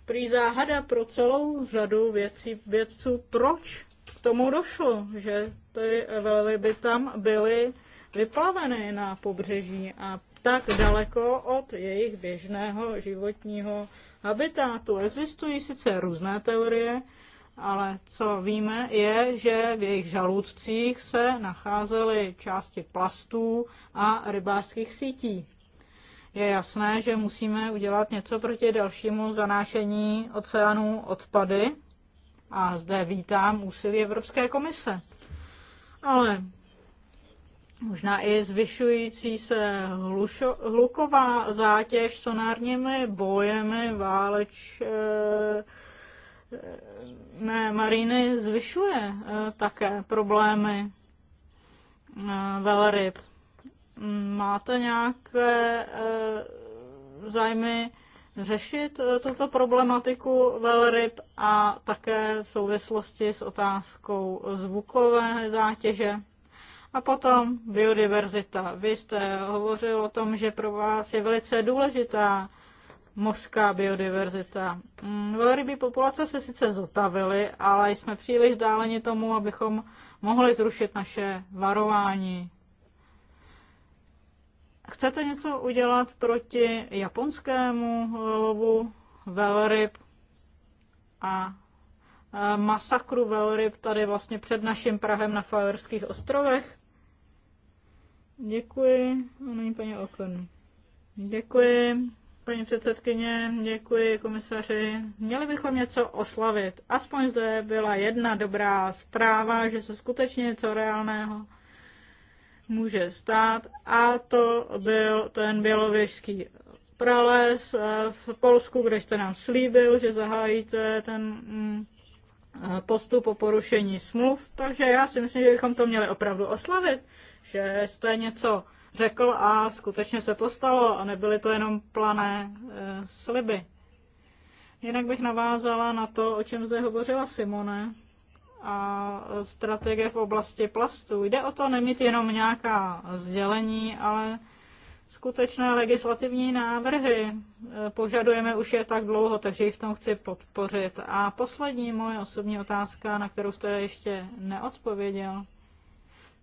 prý záhada pro celou řadu věcí, vědců, proč k tomu došlo, že ty velryby tam byly vyplavené na pobřeží a tak daleko od jejich běžného životního habitátu. Existují sice různé teorie, ale co víme je, že v jejich žaludcích se nacházely části plastů a rybářských sítí. Je jasné, že musíme udělat něco proti dalšímu zanášení oceánů odpady a zde vítám úsilí Evropské komise. Ale možná i zvyšující se hlušo, hluková zátěž sonárními bojemi váleč eh, ne, mariny zvyšuje eh, také problémy eh, velryb. Máte nějaké zájmy řešit tuto problematiku velryb a také v souvislosti s otázkou zvukové zátěže? A potom biodiverzita. Vy jste hovořil o tom, že pro vás je velice důležitá mořská biodiverzita. Mm, Velrybí populace se sice zotavily, ale jsme příliš dáleni tomu, abychom mohli zrušit naše varování. Chcete něco udělat proti japonskému lovu velryb a masakru velryb tady vlastně před naším Prahem na Fajerských ostrovech? Děkuji. ano, není paní Okon. Děkuji. Paní předsedkyně, děkuji komisaři. Měli bychom něco oslavit. Aspoň zde byla jedna dobrá zpráva, že se skutečně něco reálného může stát. A to byl ten bělověžský prales eh, v Polsku, kde jste nám slíbil, že zahájíte ten mm, eh, postup o porušení smluv. Takže já si myslím, že bychom to měli opravdu oslavit že jste něco řekl a skutečně se to stalo a nebyly to jenom plané eh, sliby. Jinak bych navázala na to, o čem zde hovořila Simone a strategie v oblasti plastů. Jde o to nemít jenom nějaká sdělení, ale skutečné legislativní návrhy eh, požadujeme už je tak dlouho, takže ji v tom chci podpořit. A poslední moje osobní otázka, na kterou jste ještě neodpověděl.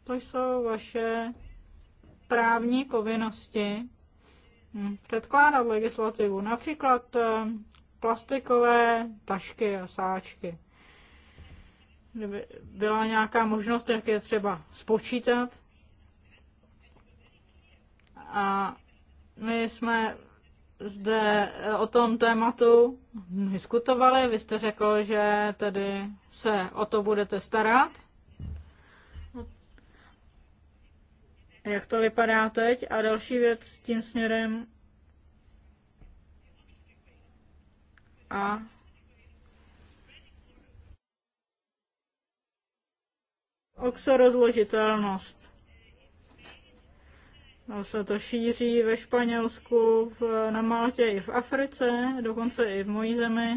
To jsou vaše právní povinnosti předkládat legislativu, například eh, plastikové tašky a sáčky. Kdyby byla nějaká možnost, jak je třeba spočítat. A my jsme zde eh, o tom tématu diskutovali. Vy jste řekl, že tedy se o to budete starat, jak to vypadá teď. A další věc s tím směrem a oxorozložitelnost. No, se to šíří ve Španělsku, v, na Maltě i v Africe, dokonce i v mojí zemi.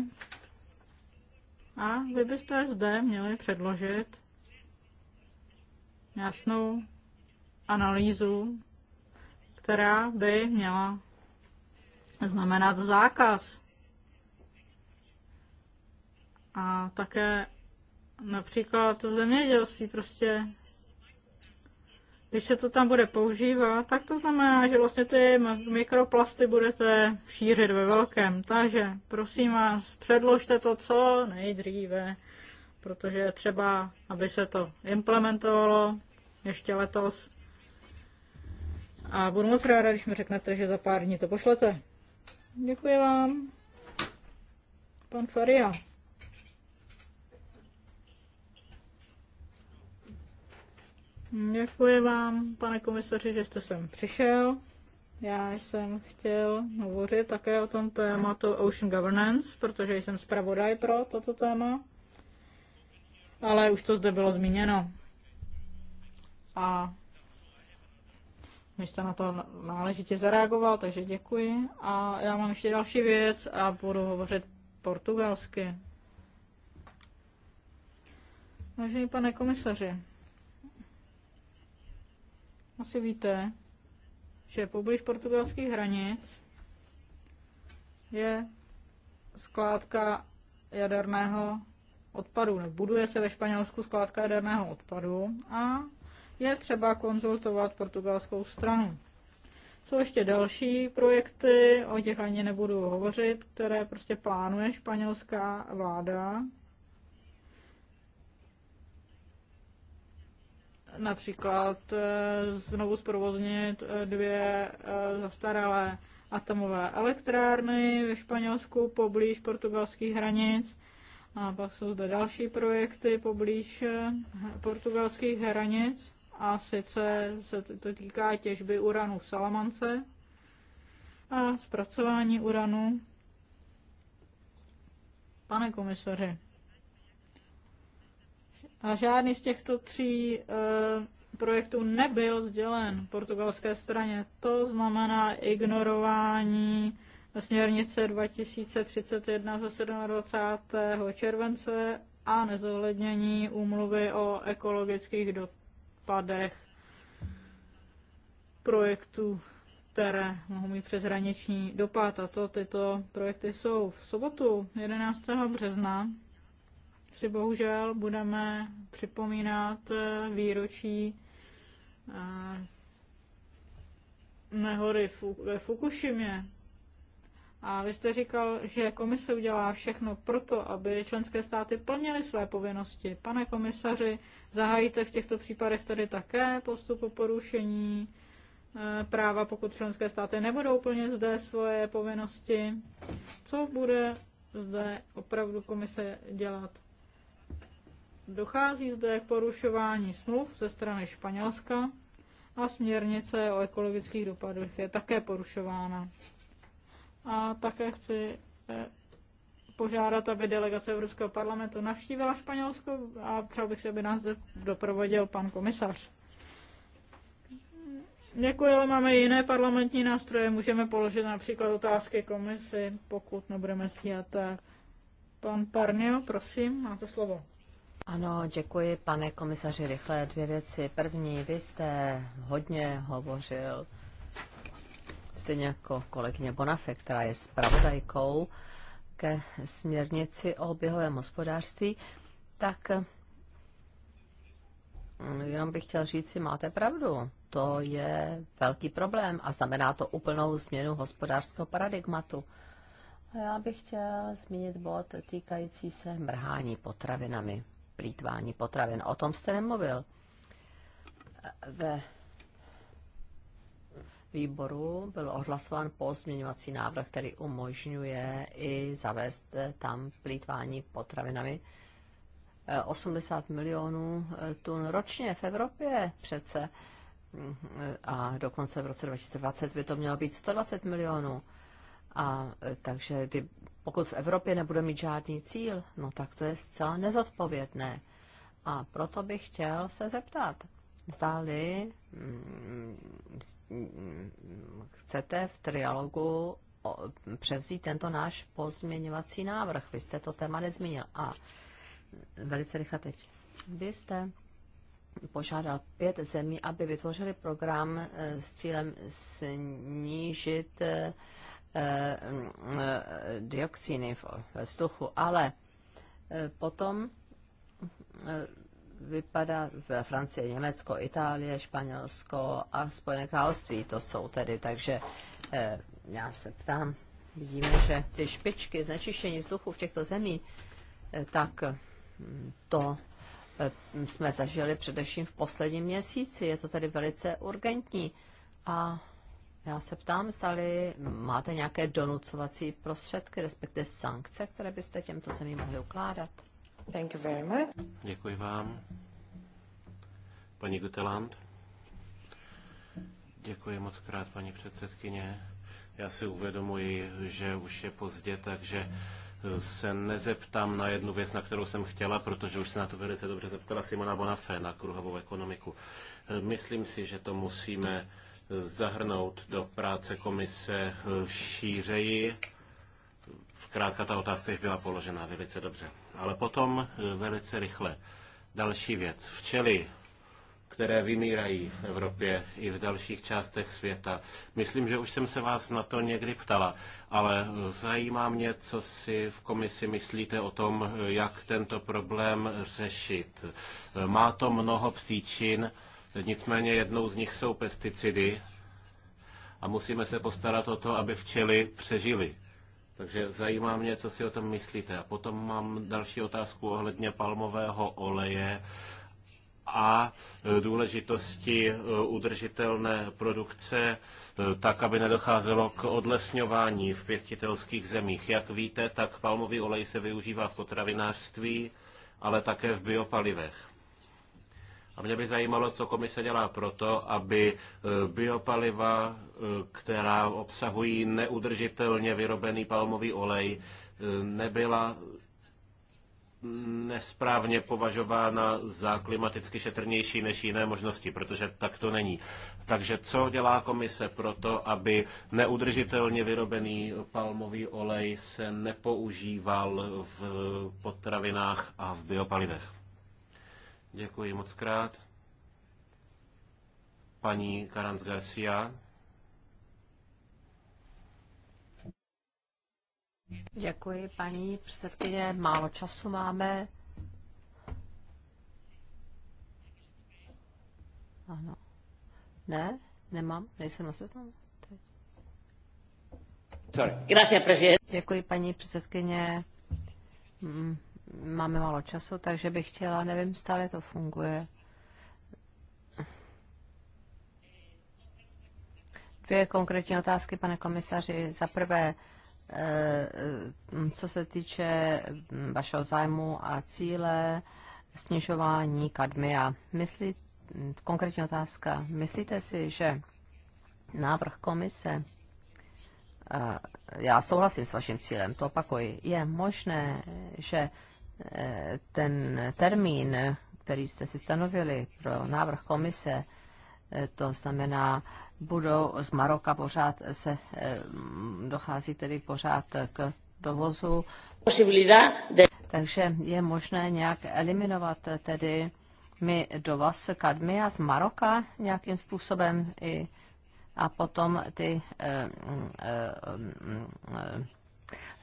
A vy byste zde měli předložit jasnou analýzu, která by měla znamenat zákaz. A také například v zemědělství prostě, když se to tam bude používat, tak to znamená, že vlastně ty mikroplasty budete šířit ve velkém. Takže prosím vás, předložte to co nejdříve, protože třeba, aby se to implementovalo ještě letos. A budu moc ráda, když mi řeknete, že za pár dní to pošlete. Děkuji vám. Pan Faria. Děkuji vám, pane komisaři, že jste sem přišel. Já jsem chtěl hovořit také o tom tématu Ocean Governance, protože jsem zpravodaj pro toto téma, ale už to zde bylo zmíněno. A vy jste na to náležitě zareagoval, takže děkuji. A já mám ještě další věc a budu hovořit portugalsky. Vážený pane komisaři, asi víte, že poblíž portugalských hranic je skládka jaderného odpadu. Buduje se ve Španělsku skládka jaderného odpadu a je třeba konzultovat portugalskou stranu. Jsou ještě další projekty, o těch ani nebudu hovořit, které prostě plánuje španělská vláda. Například eh, znovu zprovoznit eh, dvě eh, zastaralé atomové elektrárny ve Španělsku poblíž portugalských hranic. A pak jsou zde další projekty poblíž portugalských hranic a sice se to týká těžby uranu v Salamance a zpracování uranu. Pane komisaři, a žádný z těchto tří e, projektů nebyl sdělen portugalské straně. To znamená ignorování směrnice 2031 ze 27. července a nezohlednění úmluvy o ekologických dotazích případech projektů, které mohou mít přeshraniční dopad. A to tyto projekty jsou v sobotu 11. března. Si bohužel budeme připomínat eh, výročí eh, nehody ve Fukušimě, a vy jste říkal, že komise udělá všechno proto, aby členské státy plnily své povinnosti. Pane komisaři, zahájíte v těchto případech tedy také postup o porušení eh, práva, pokud členské státy nebudou plnit zde svoje povinnosti. Co bude zde opravdu komise dělat? Dochází zde k porušování smluv ze strany Španělska a směrnice o ekologických dopadech je také porušována. A také chci eh, požádat, aby delegace Evropského parlamentu navštívila Španělsko a přál bych si, aby nás zde doprovodil pan komisař. Děkuji, ale máme jiné parlamentní nástroje. Můžeme položit například otázky komisi, pokud nebudeme stíhat. Pan Parnio, prosím, máte slovo. Ano, děkuji, pane komisaři, rychle dvě věci. První, vy jste hodně hovořil stejně jako kolegyně Bonafé, která je zpravodajkou ke směrnici o oběhovém hospodářství, tak mm, jenom bych chtěl říct si, máte pravdu, to je velký problém a znamená to úplnou změnu hospodářského paradigmatu. A já bych chtěl zmínit bod týkající se mrhání potravinami, plítvání potravin. O tom jste nemluvil ve výboru byl ohlasován pozměňovací návrh, který umožňuje i zavést tam plítvání potravinami. 80 eh, milionů eh, tun ročně v Evropě přece mm, eh, a dokonce v roce 2020 by to mělo být 120 milionů. A takže kdy, pokud v Evropě nebude mít žádný cíl, no tak to je zcela nezodpovědné. A proto bych chtěl se zeptat, zdali mm, chcete v trialogu převzít tento náš pozměňovací návrh. Vy jste to téma nezmínil. A velice rychle teď. Vy jste požádal pět zemí, aby vytvořili program eh, s cílem snížit eh, eh, dioxiny ve vzduchu, ale potom vypadá ve Francii, Německo, Itálie, Španělsko a Spojené království. To jsou tedy, takže eh, já se ptám, vidíme, že ty špičky znečištění vzduchu v těchto zemí, eh, tak hm, to eh, jsme zažili především v posledním měsíci. Je to tedy velice urgentní. A já se ptám, zdali máte nějaké donucovací prostředky, respektive sankce, které byste těmto zemím mohli ukládat. Thank you very much. Děkuji vám. Paní Guteland. Děkuji moc krát, paní předsedkyně. Já si uvědomuji, že už je pozdě, takže eh, se nezeptám na jednu věc, na kterou jsem chtěla, protože už se na to velice dobře zeptala Simona Bonafé na kruhovou ekonomiku. Eh, myslím si, že to musíme eh, zahrnout do práce komise šířeji. Zkrátka ta otázka již byla položena velice dobře. Ale potom velice rychle. Další věc. Včely které vymírají v Evropě i v dalších částech světa. Myslím, že už jsem se vás na to někdy ptala, ale zajímá mě, co si v komisi myslíte o tom, jak tento problém řešit. Má to mnoho příčin, nicméně jednou z nich jsou pesticidy a musíme se postarat o to, aby včely přežily. Takže zajímá mě, co si o tom myslíte. A potom mám další otázku ohledně palmového oleje a e, důležitosti e, udržitelné produkce, e, tak aby nedocházelo k odlesňování v pěstitelských zemích. Jak víte, tak palmový olej se využívá v potravinářství, ale také v biopalivech. A mě by zajímalo, co komise dělá proto, aby biopaliva, která obsahují neudržitelně vyrobený palmový olej, nebyla nesprávně považována za klimaticky šetrnější než jiné možnosti, protože tak to není. Takže co dělá komise pro to, aby neudržitelně vyrobený palmový olej se nepoužíval v potravinách a v biopalivech? Děkuji moc krát. Paní Karanz Garcia. Děkuji, paní předsedkyně. Málo času máme. Ano. Ne, nemám, nejsem na seznamu. Děkuji, paní předsedkyně. Mm, máme málo času, takže bych chtěla, nevím, stále to funguje. Dvě konkrétní otázky, pane komisaři. Za prvé, Eh, co se týče mm, vašeho zájmu a cíle snižování kadmia. Myslí, konkrétní otázka, myslíte si, že návrh komise, eh, já souhlasím s vaším cílem, to opakuji, je možné, že eh, ten termín, který jste si stanovili pro návrh komise, to znamená, budou z Maroka pořád se eh, dochází tedy pořád k dovozu. Takže je možné nějak eliminovat tedy mi dovaz kadmia z Maroka nějakým způsobem i a potom ty eh, eh,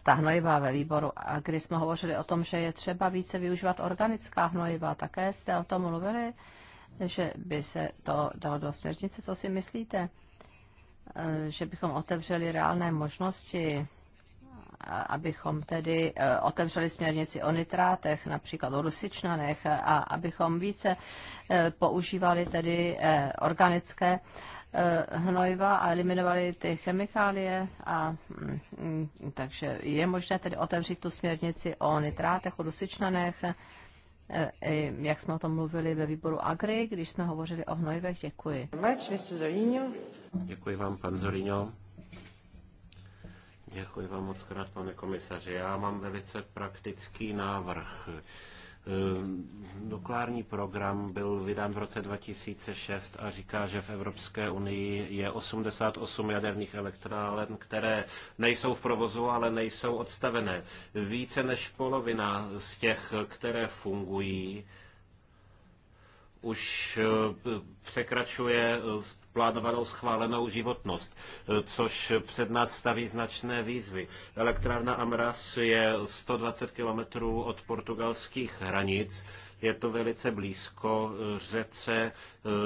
ta hnojiva ve výboru. A když jsme hovořili o tom, že je třeba více využívat organická hnojiva, také jste o tom mluvili že by se to dalo do směrnice. Co si myslíte? Eh, že bychom otevřeli reálné možnosti, eh, abychom tedy eh, otevřeli směrnici o nitrátech, například o rusičnanech, a abychom více používali tedy organické hnojiva a eliminovali ty chemikálie. A, mm, mm, takže je možné tedy otevřít tu směrnici o nitrátech, o dusičnanech E, e, jak jsme o tom mluvili ve výboru Agri, když jsme hovořili o hnojivech. Děkuji. Děkuji vám, pan Zorino. Děkuji vám moc krát, pane komisaři. Já mám velice praktický návrh. Ehm, nukleární program byl vydán v roce 2006 a říká, že v Evropské unii je 88 jaderných elektráren, které nejsou v provozu, ale nejsou odstavené. Více než polovina z těch, které fungují, už eh, překračuje eh, plánovanou schválenou životnost, eh, což před nás staví značné výzvy. Elektrárna Amras je 120 kilometrů od portugalských hranic je to velice blízko eh, řece, eh,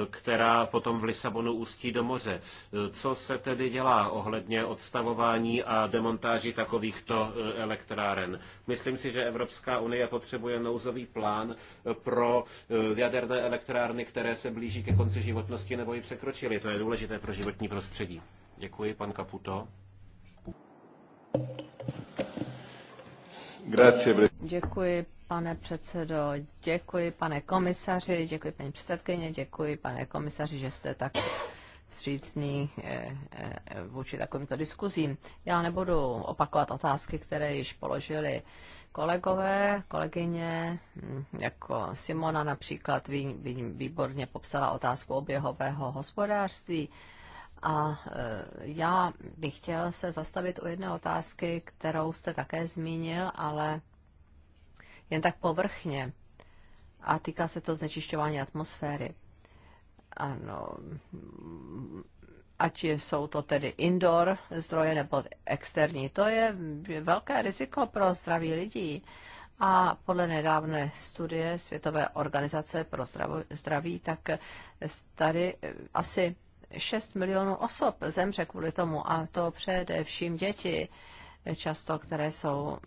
která potom v Lisabonu ústí do moře. Eh, co se tedy dělá ohledně odstavování a demontáži takovýchto elektráren? Myslím si, že Evropská unie potřebuje nouzový plán pro jaderné elektrárny, které se blíží ke konci životnosti nebo ji překročily. To je důležité pro životní prostředí. Děkuji, pan Kaputo. Děkuji, pane předsedo, děkuji, pane komisaři, děkuji, paní předsedkyně, děkuji, pane komisaři, že jste tak vstřícný eh, eh, vůči takovýmto diskuzím. Já nebudu opakovat otázky, které již položili kolegové, kolegyně, hm, jako Simona například výborně popsala otázku oběhového hospodářství. A eh, já bych chtěl se zastavit u jedné otázky, kterou jste také zmínil, ale jen tak povrchně. A týká se to znečišťování atmosféry. Ano, ať jsou to tedy indoor zdroje nebo externí, to je velké riziko pro zdraví lidí. A podle nedávné studie Světové organizace pro zdraví, tak tady asi 6 milionů osob zemře kvůli tomu, a to především děti, často které jsou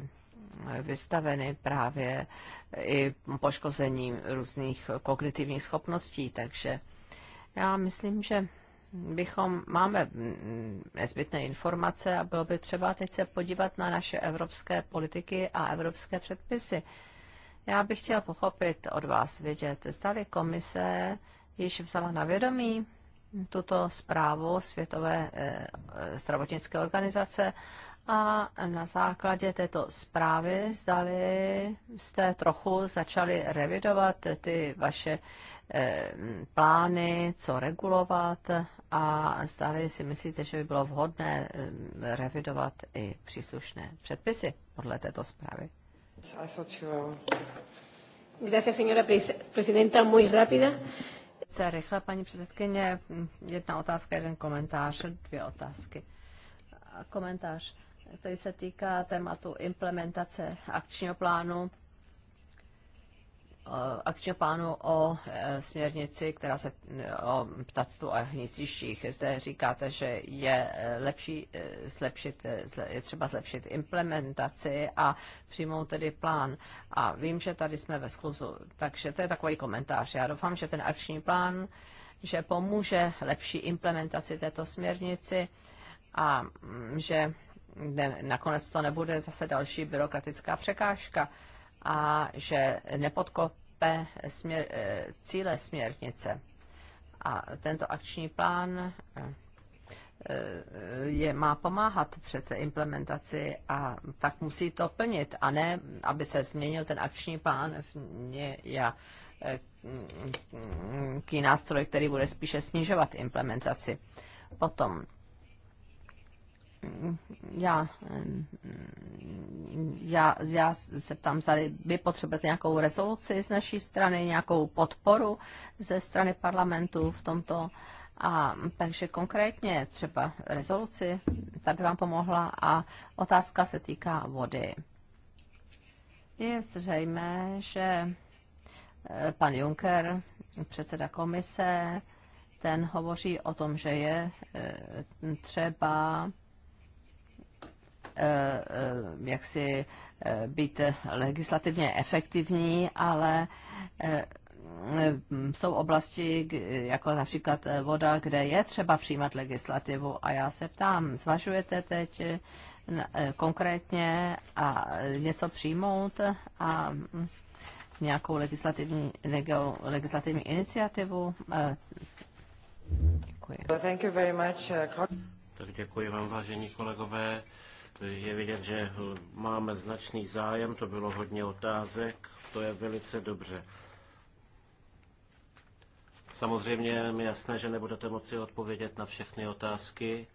vystaveny právě i poškozením různých kognitivních schopností. Takže já myslím, že bychom, máme nezbytné informace a bylo by třeba teď se podívat na naše evropské politiky a evropské předpisy. Já bych chtěla pochopit od vás vědět, zdali komise již vzala na vědomí tuto zprávu Světové eh, zdravotnické organizace a na základě této zprávy zdali jste trochu začali revidovat ty vaše e, plány, co regulovat a zdali si myslíte, že by bylo vhodné e, revidovat i příslušné předpisy podle této zprávy. Gracias, señora presidenta. Muy rápida. Se rychle, paní předsedkyně. Jedna otázka, jeden komentář, dvě otázky. Komentář který se týká tématu implementace akčního plánu akčního plánu o e, směrnici, která se o ptactvu a hnízdištích. Zde říkáte, že je e, lepší e, zlepšit, je třeba zlepšit implementaci a přijmout tedy plán. A vím, že tady jsme ve skluzu, takže to je takový komentář. Já doufám, že ten akční plán, že pomůže lepší implementaci této směrnici a že ne, nakonec to nebude zase další byrokratická překážka a že nepodkope směr, eh, cíle směrnice. A tento akční plán eh, eh, je, má pomáhat přece implementaci a tak musí to plnit a ne, aby se změnil ten akční plán v k nástroj, který bude spíše snižovat implementaci. Potom já, já, já se ptám, zda vy potřebujete nějakou rezoluci z naší strany, nějakou podporu ze strany parlamentu v tomto. A takže konkrétně třeba rezoluci, ta by vám pomohla. A otázka se týká vody. Je zřejmé, že eh, pan Juncker, předseda komise, ten hovoří o tom, že je eh, třeba Eh, eh, jaksi eh, být legislativně efektivní, ale jsou oblasti, jako například voda, kde je třeba přijímat legislativu. A já se ptám, zvažujete teď konkrétně a něco přijmout a hm, nějakou legislativní, legislativní iniciativu? Děkuji. Thank you very much. Tak děkuji vám, vážení kolegové. Je vidět, že máme značný zájem, to bylo hodně otázek, to je velice dobře. Samozřejmě je mi jasné, že nebudete moci odpovědět na všechny otázky,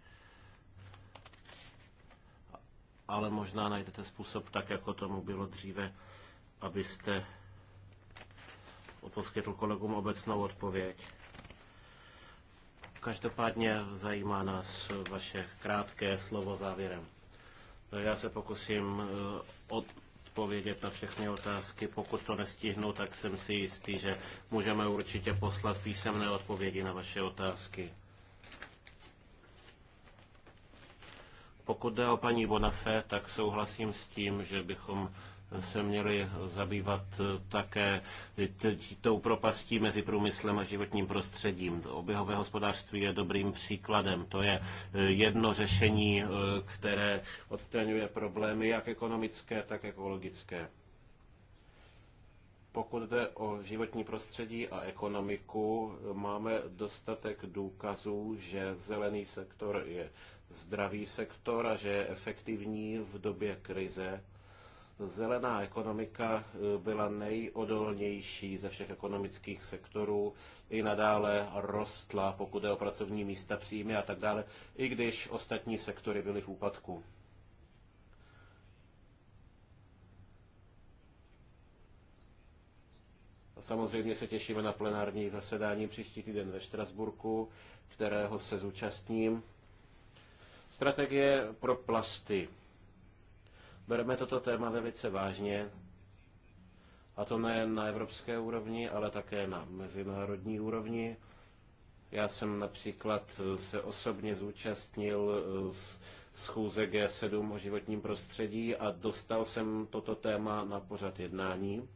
ale možná najdete způsob tak, jako tomu bylo dříve, abyste poskytl kolegům obecnou odpověď. Každopádně zajímá nás vaše krátké slovo závěrem. No, já se pokusím eh, odpovědět na všechny otázky. Pokud to nestihnu, tak jsem si jistý, že můžeme určitě poslat písemné odpovědi na vaše otázky. Pokud jde o paní Bonafé, tak souhlasím s tím, že bychom se měli zabývat také tou propastí mezi průmyslem a životním prostředím. Oběhové hospodářství je dobrým příkladem. To je eh, jedno řešení, eh, které odstraňuje problémy jak ekonomické, tak ekologické. Pokud jde o životní prostředí a ekonomiku, máme dostatek důkazů, že zelený sektor je zdravý sektor a že je efektivní v době krize Zelená ekonomika eh, byla nejodolnější ze všech ekonomických sektorů, i nadále rostla, pokud je o pracovní místa, příjmy a tak dále, i když ostatní sektory byly v úpadku. Samozřejmě se těšíme na plenární zasedání příští týden ve Štrasburku, kterého se zúčastním. Strategie pro plasty. Bereme toto téma velice vážně, a to nejen na evropské úrovni, ale také na mezinárodní úrovni. Já jsem například se osobně zúčastnil eh, schůze G7 o životním prostředí a dostal jsem toto téma na pořad jednání.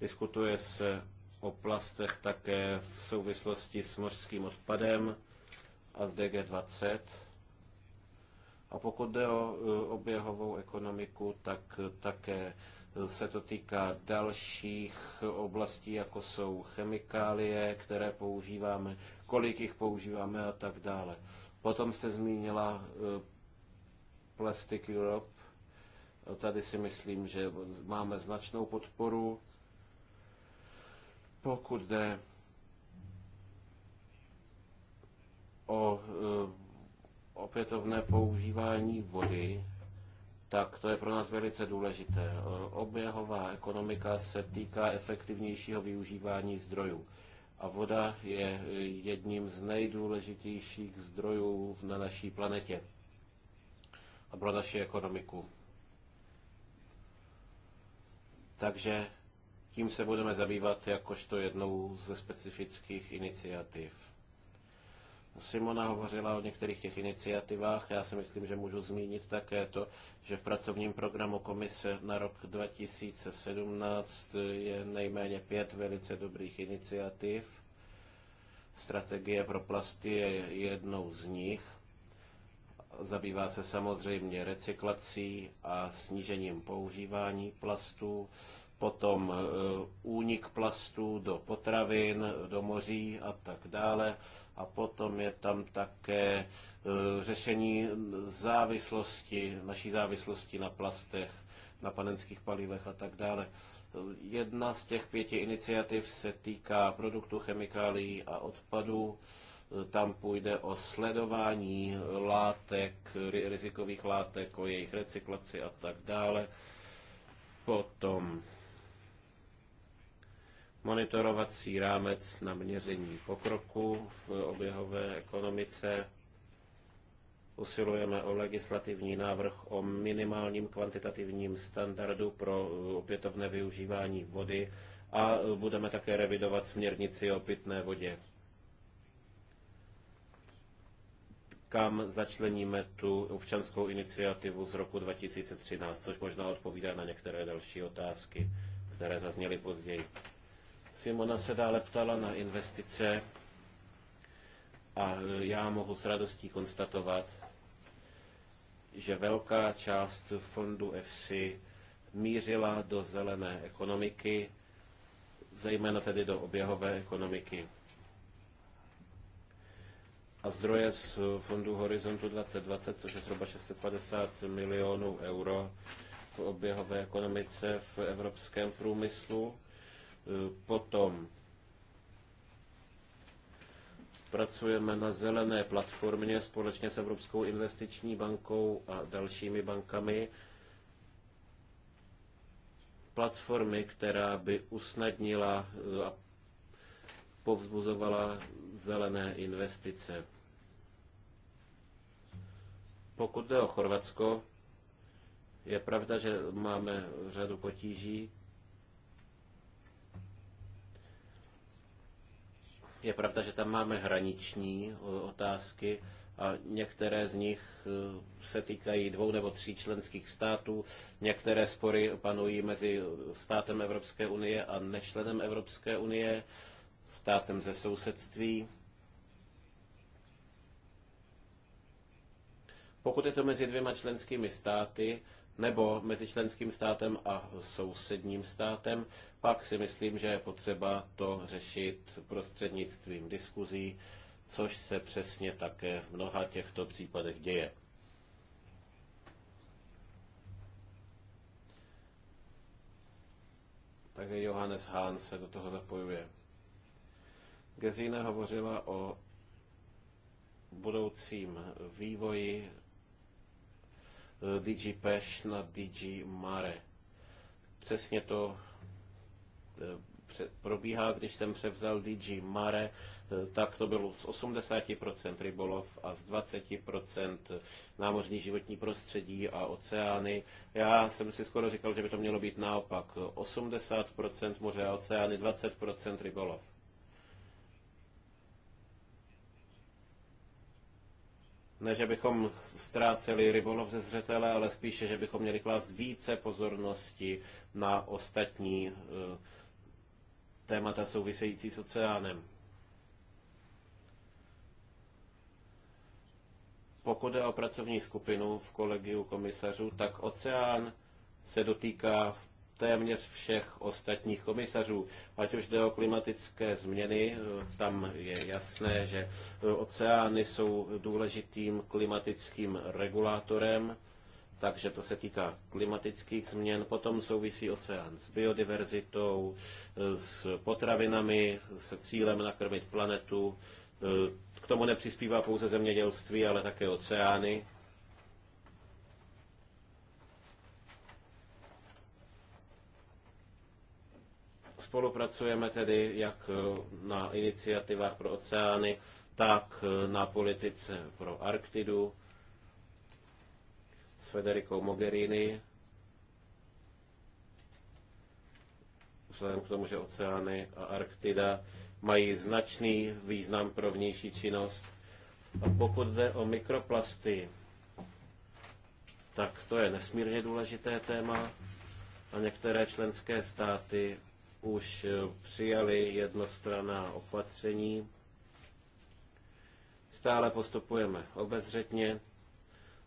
Diskutuje se o plastech také v souvislosti s mořským odpadem a s DG20. A pokud jde o e, oběhovou ekonomiku, tak e, také e, se to týká dalších oblastí, jako jsou chemikálie, které používáme, kolik jich používáme a tak dále. Potom se zmínila Plastic Europe. Tady si myslím, že máme značnou podporu. Pokud jde o opětovné používání vody, tak to je pro nás velice důležité. Oběhová ekonomika se týká efektivnějšího využívání zdrojů. A voda je jedním z nejdůležitějších zdrojů na naší planetě a pro naši ekonomiku. Takže tím se budeme zabývat jakožto jednou ze specifických iniciativ. Simona hovořila o některých těch iniciativách. Já si myslím, že můžu zmínit také to, že v pracovním programu komise na rok 2017 je nejméně pět velice dobrých iniciativ. Strategie pro plasty je jednou z nich. Zabývá se samozřejmě recyklací a snížením používání plastů potom e, únik plastů do potravin, do moří a tak dále. A potom je tam také e, řešení závislosti, naší závislosti na plastech, na panenských palivech a tak dále. Jedna z těch pěti iniciativ se týká produktů, chemikálií a odpadů. E, tam půjde o sledování látek, rizikových látek, o jejich recyklaci a tak dále. Potom monitorovací rámec na měření pokroku v oběhové ekonomice. Usilujeme o legislativní návrh o minimálním kvantitativním standardu pro opětovné využívání vody a budeme také revidovat směrnici o pitné vodě. kam začleníme tu občanskou iniciativu z roku 2013, což možná odpovídá na některé další otázky, které zazněly později. Simona se dále ptala na investice a já mohu s radostí konstatovat, že velká část fondu FC mířila do zelené ekonomiky, zejména tedy do oběhové ekonomiky. A zdroje z fondu Horizontu 2020, což je zhruba 650 milionů euro v oběhové ekonomice v evropském průmyslu, Eh, potom pracujeme na zelené platformě společně s Evropskou investiční bankou a dalšími bankami. Platformy, která by usnadnila eh, a povzbuzovala zelené investice. Pokud jde o Chorvatsko, je pravda, že máme řadu potíží, Je pravda, že tam máme hraniční e, otázky a některé z nich e, se týkají dvou nebo tří členských států. Některé spory panují mezi státem Evropské unie a nečlenem Evropské unie, státem ze sousedství. Pokud je to mezi dvěma členskými státy, nebo mezi členským státem a sousedním státem, pak si myslím, že je potřeba to řešit prostřednictvím diskuzí, což se přesně také v mnoha těchto případech děje. Takže Johannes Hahn se do toho zapojuje. Gezina hovořila o budoucím vývoji eh, DG na DG Mare. Přesně to Eh, probíhá, když jsem převzal DG Mare, eh, tak to bylo z 80% rybolov a z 20% námořní životní prostředí a oceány. Já jsem si skoro říkal, že by to mělo být naopak. 80% moře a oceány, 20% rybolov. Ne, že bychom ztráceli rybolov ze zřetele, ale spíše, že bychom měli klást více pozornosti na ostatní eh, témata související s oceánem. Pokud je o pracovní skupinu v kolegiu komisařů, tak oceán se dotýká téměř všech ostatních komisařů. Ať už jde o klimatické změny, tam je jasné, že oceány jsou důležitým klimatickým regulátorem takže to se týká klimatických změn, potom souvisí oceán s biodiverzitou, s potravinami, s cílem nakrmit planetu. E, k tomu nepřispívá pouze zemědělství, ale také oceány. Spolupracujeme tedy jak na iniciativách pro oceány, tak na politice pro Arktidu s Federikou Mogherini. Vzhledem k tomu, že oceány a Arktida mají značný význam pro vnější činnost. A pokud jde o mikroplasty, tak to je nesmírně důležité téma a některé členské státy už přijali jednostranná opatření. Stále postupujeme obezřetně.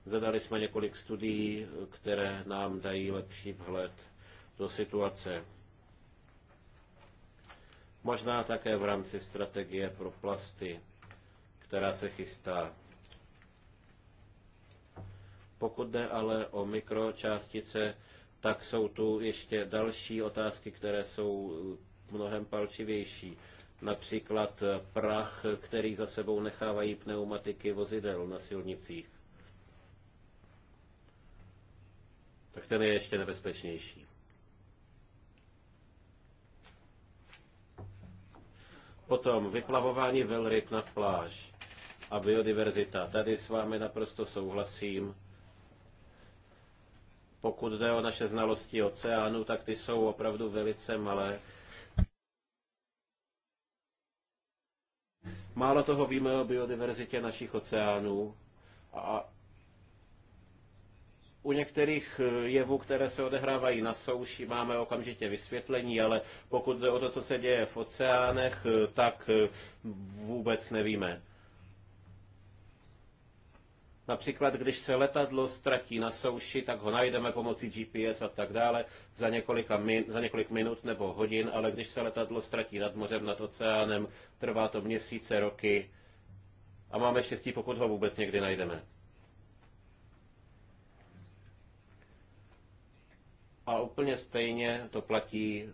Zadali jsme několik studií, které nám dají lepší vhled do situace. Možná také v rámci strategie pro plasty, která se chystá. Pokud jde ale o mikročástice, tak jsou tu ještě další otázky, které jsou mnohem palčivější. Například prach, který za sebou nechávají pneumatiky vozidel na silnicích. tak ten je ještě nebezpečnější. Potom vyplavování velryb na pláž a biodiverzita. Tady s vámi naprosto souhlasím. Pokud jde o naše znalosti oceánu, tak ty jsou opravdu velice malé. Málo toho víme o biodiverzitě našich oceánů a u některých eh, jevů, které se odehrávají na souši, máme okamžitě vysvětlení, ale pokud jde o to, co se děje v oceánech, eh, tak eh, vůbec nevíme. Například, když se letadlo ztratí na souši, tak ho najdeme pomocí GPS a tak dále za, několika min, za několik minut nebo hodin, ale když se letadlo ztratí nad mořem, nad oceánem, trvá to měsíce, roky a máme štěstí, pokud ho vůbec někdy najdeme. A úplně stejně to platí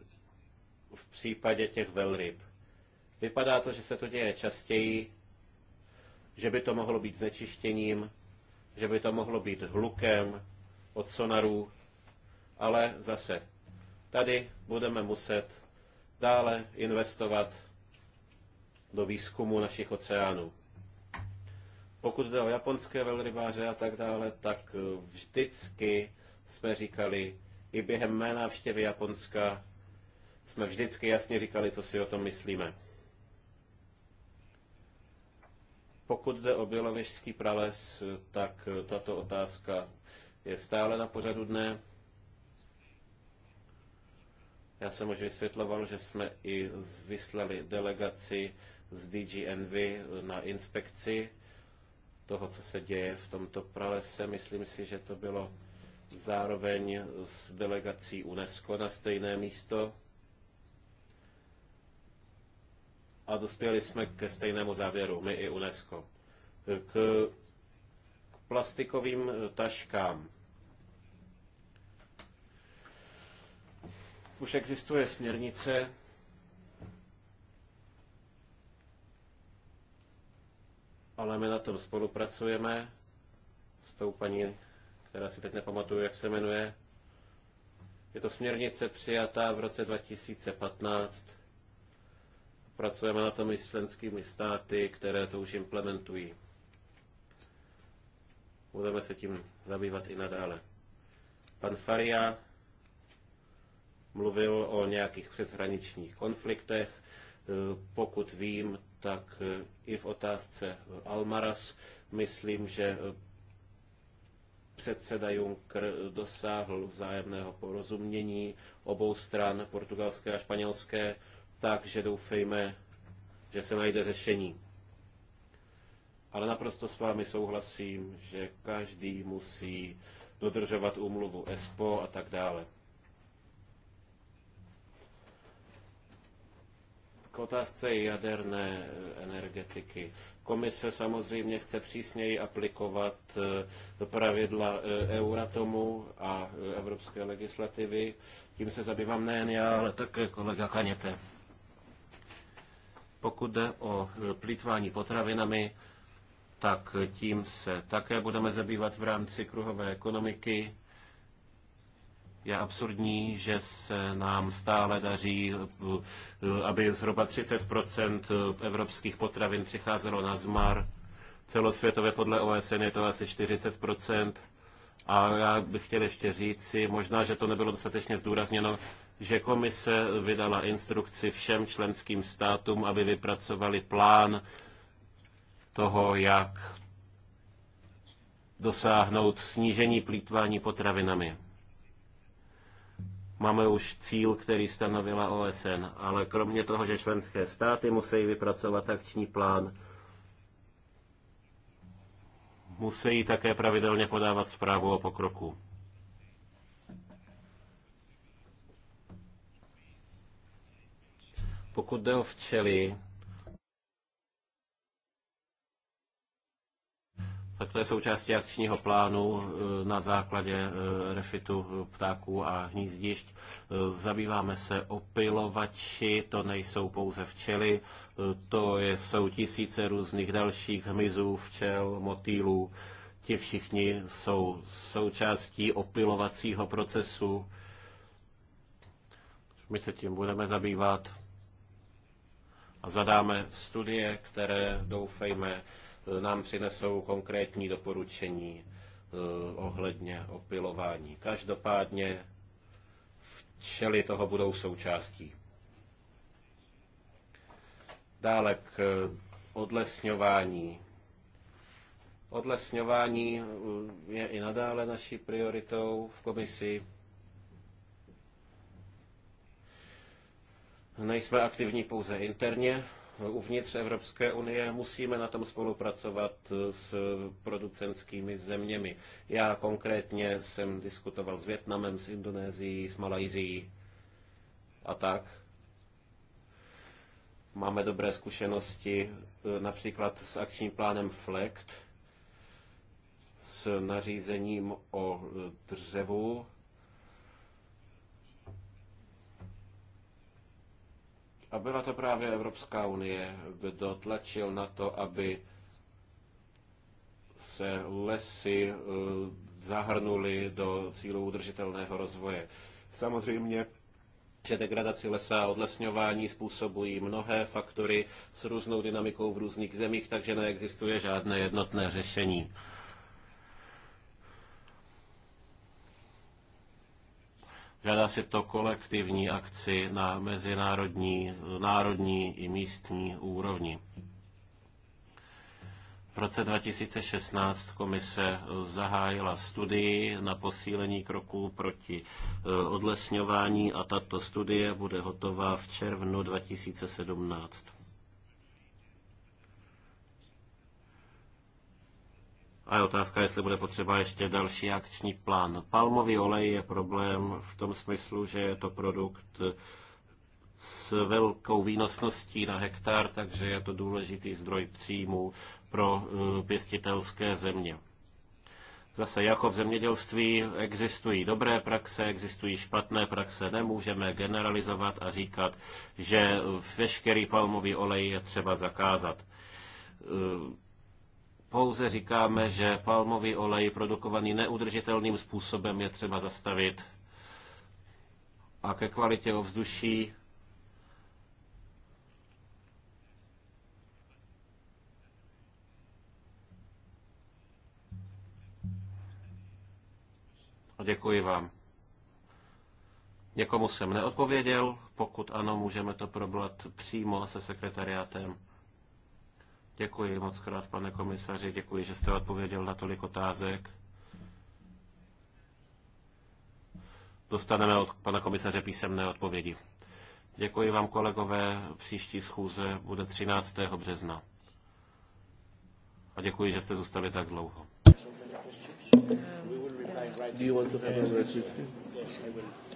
v případě těch velryb. Vypadá to, že se to děje častěji, že by to mohlo být znečištěním, že by to mohlo být hlukem od sonarů, ale zase tady budeme muset dále investovat do výzkumu našich oceánů. Pokud jde o japonské velrybáře a tak dále, tak vždycky jsme říkali, i během mé návštěvy Japonska jsme vždycky jasně říkali, co si o tom myslíme. Pokud jde o bělovežský prales, tak tato otázka je stále na pořadu dne. Já jsem už vysvětloval, že jsme i vyslali delegaci z DG Envy na inspekci toho, co se děje v tomto pralese. Myslím si, že to bylo zároveň s delegací UNESCO na stejné místo a dospěli jsme ke stejnému závěru, my i UNESCO. K, k plastikovým taškám. Už existuje směrnice, ale my na tom spolupracujeme s tou paní která si teď nepamatuju, jak se jmenuje. Je to směrnice přijatá v roce 2015. Pracujeme na tom i s členskými státy, které to už implementují. Budeme se tím zabývat i nadále. Pan Faria mluvil o nějakých přeshraničních konfliktech. Pokud vím, tak i v otázce Almaras myslím, že předseda Juncker dosáhl vzájemného porozumění obou stran, portugalské a španělské, takže doufejme, že se najde řešení. Ale naprosto s vámi souhlasím, že každý musí dodržovat úmluvu ESPO a tak dále. K otázce jaderné eh, energetiky. Komise samozřejmě chce přísněji aplikovat eh, pravidla eh, Euratomu a evropské legislativy. Tím se zabývám nejen já, ale také kolega Kaněte. Pokud jde o plýtvání potravinami, tak tím se také budeme zabývat v rámci kruhové ekonomiky je absurdní, že se nám stále daří, aby zhruba 30 evropských potravin přicházelo na zmar. Celosvětové podle OSN je to asi 40 a já bych chtěl ještě říci, možná, že to nebylo dostatečně zdůrazněno, že komise vydala instrukci všem členským státům, aby vypracovali plán toho, jak dosáhnout snížení plítvání potravinami. Máme už cíl, který stanovila OSN, ale kromě toho, že členské státy musí vypracovat akční plán, musí také pravidelně podávat zprávu o pokroku. Pokud jde o včely, tak to je součástí akčního plánu eh, na základě eh, refitu eh, ptáků a hnízdišť. Zabýváme se opilovači, to nejsou pouze včely, to je, jsou tisíce různých dalších hmyzů, včel, motýlů. Ti všichni jsou součástí opilovacího procesu. My se tím budeme zabývat a zadáme studie, které doufejme, nám přinesou konkrétní doporučení eh, ohledně opilování. Každopádně včely toho budou součástí. Dále k eh, odlesňování. Odlesňování eh, je i nadále naší prioritou v komisi. Nejsme aktivní pouze interně, uvnitř Evropské unie, musíme na tom spolupracovat s producentskými zeměmi. Já konkrétně jsem diskutoval s Větnamem, s Indonésií, s Malajzií a tak. Máme dobré zkušenosti eh, například s akčním plánem FLECT, s nařízením o eh, dřevu, A byla to právě Evropská unie, kdo tlačil na to, aby se lesy eh, zahrnuly do cílu udržitelného rozvoje. Samozřejmě že degradaci lesa a odlesňování způsobují mnohé faktory s různou dynamikou v různých zemích, takže neexistuje žádné jednotné řešení. Žádá si to kolektivní akci na mezinárodní, národní i místní úrovni. V roce 2016 komise zahájila studii na posílení kroků proti e, odlesňování a tato studie bude hotová v červnu 2017. A je otázka, jestli bude potřeba ještě další akční plán. Palmový olej je problém v tom smyslu, že je to produkt s velkou výnosností na hektar, takže je to důležitý zdroj příjmu pro eh, pěstitelské země. Zase jako v zemědělství existují dobré praxe, existují špatné praxe, nemůžeme generalizovat a říkat, že veškerý palmový olej je třeba zakázat eh, pouze říkáme, že palmový olej produkovaný neudržitelným způsobem je třeba zastavit a ke kvalitě ovzduší Děkuji vám. Někomu jsem neodpověděl, pokud ano, můžeme to probrat přímo se sekretariátem. Děkuji moc krát, pane komisaři, děkuji, že jste odpověděl na tolik otázek. Dostaneme od pana komisaře písemné odpovědi. Děkuji vám, kolegové. Příští schůze bude 13. března. A děkuji, že jste zůstali tak dlouho. Do you want to have a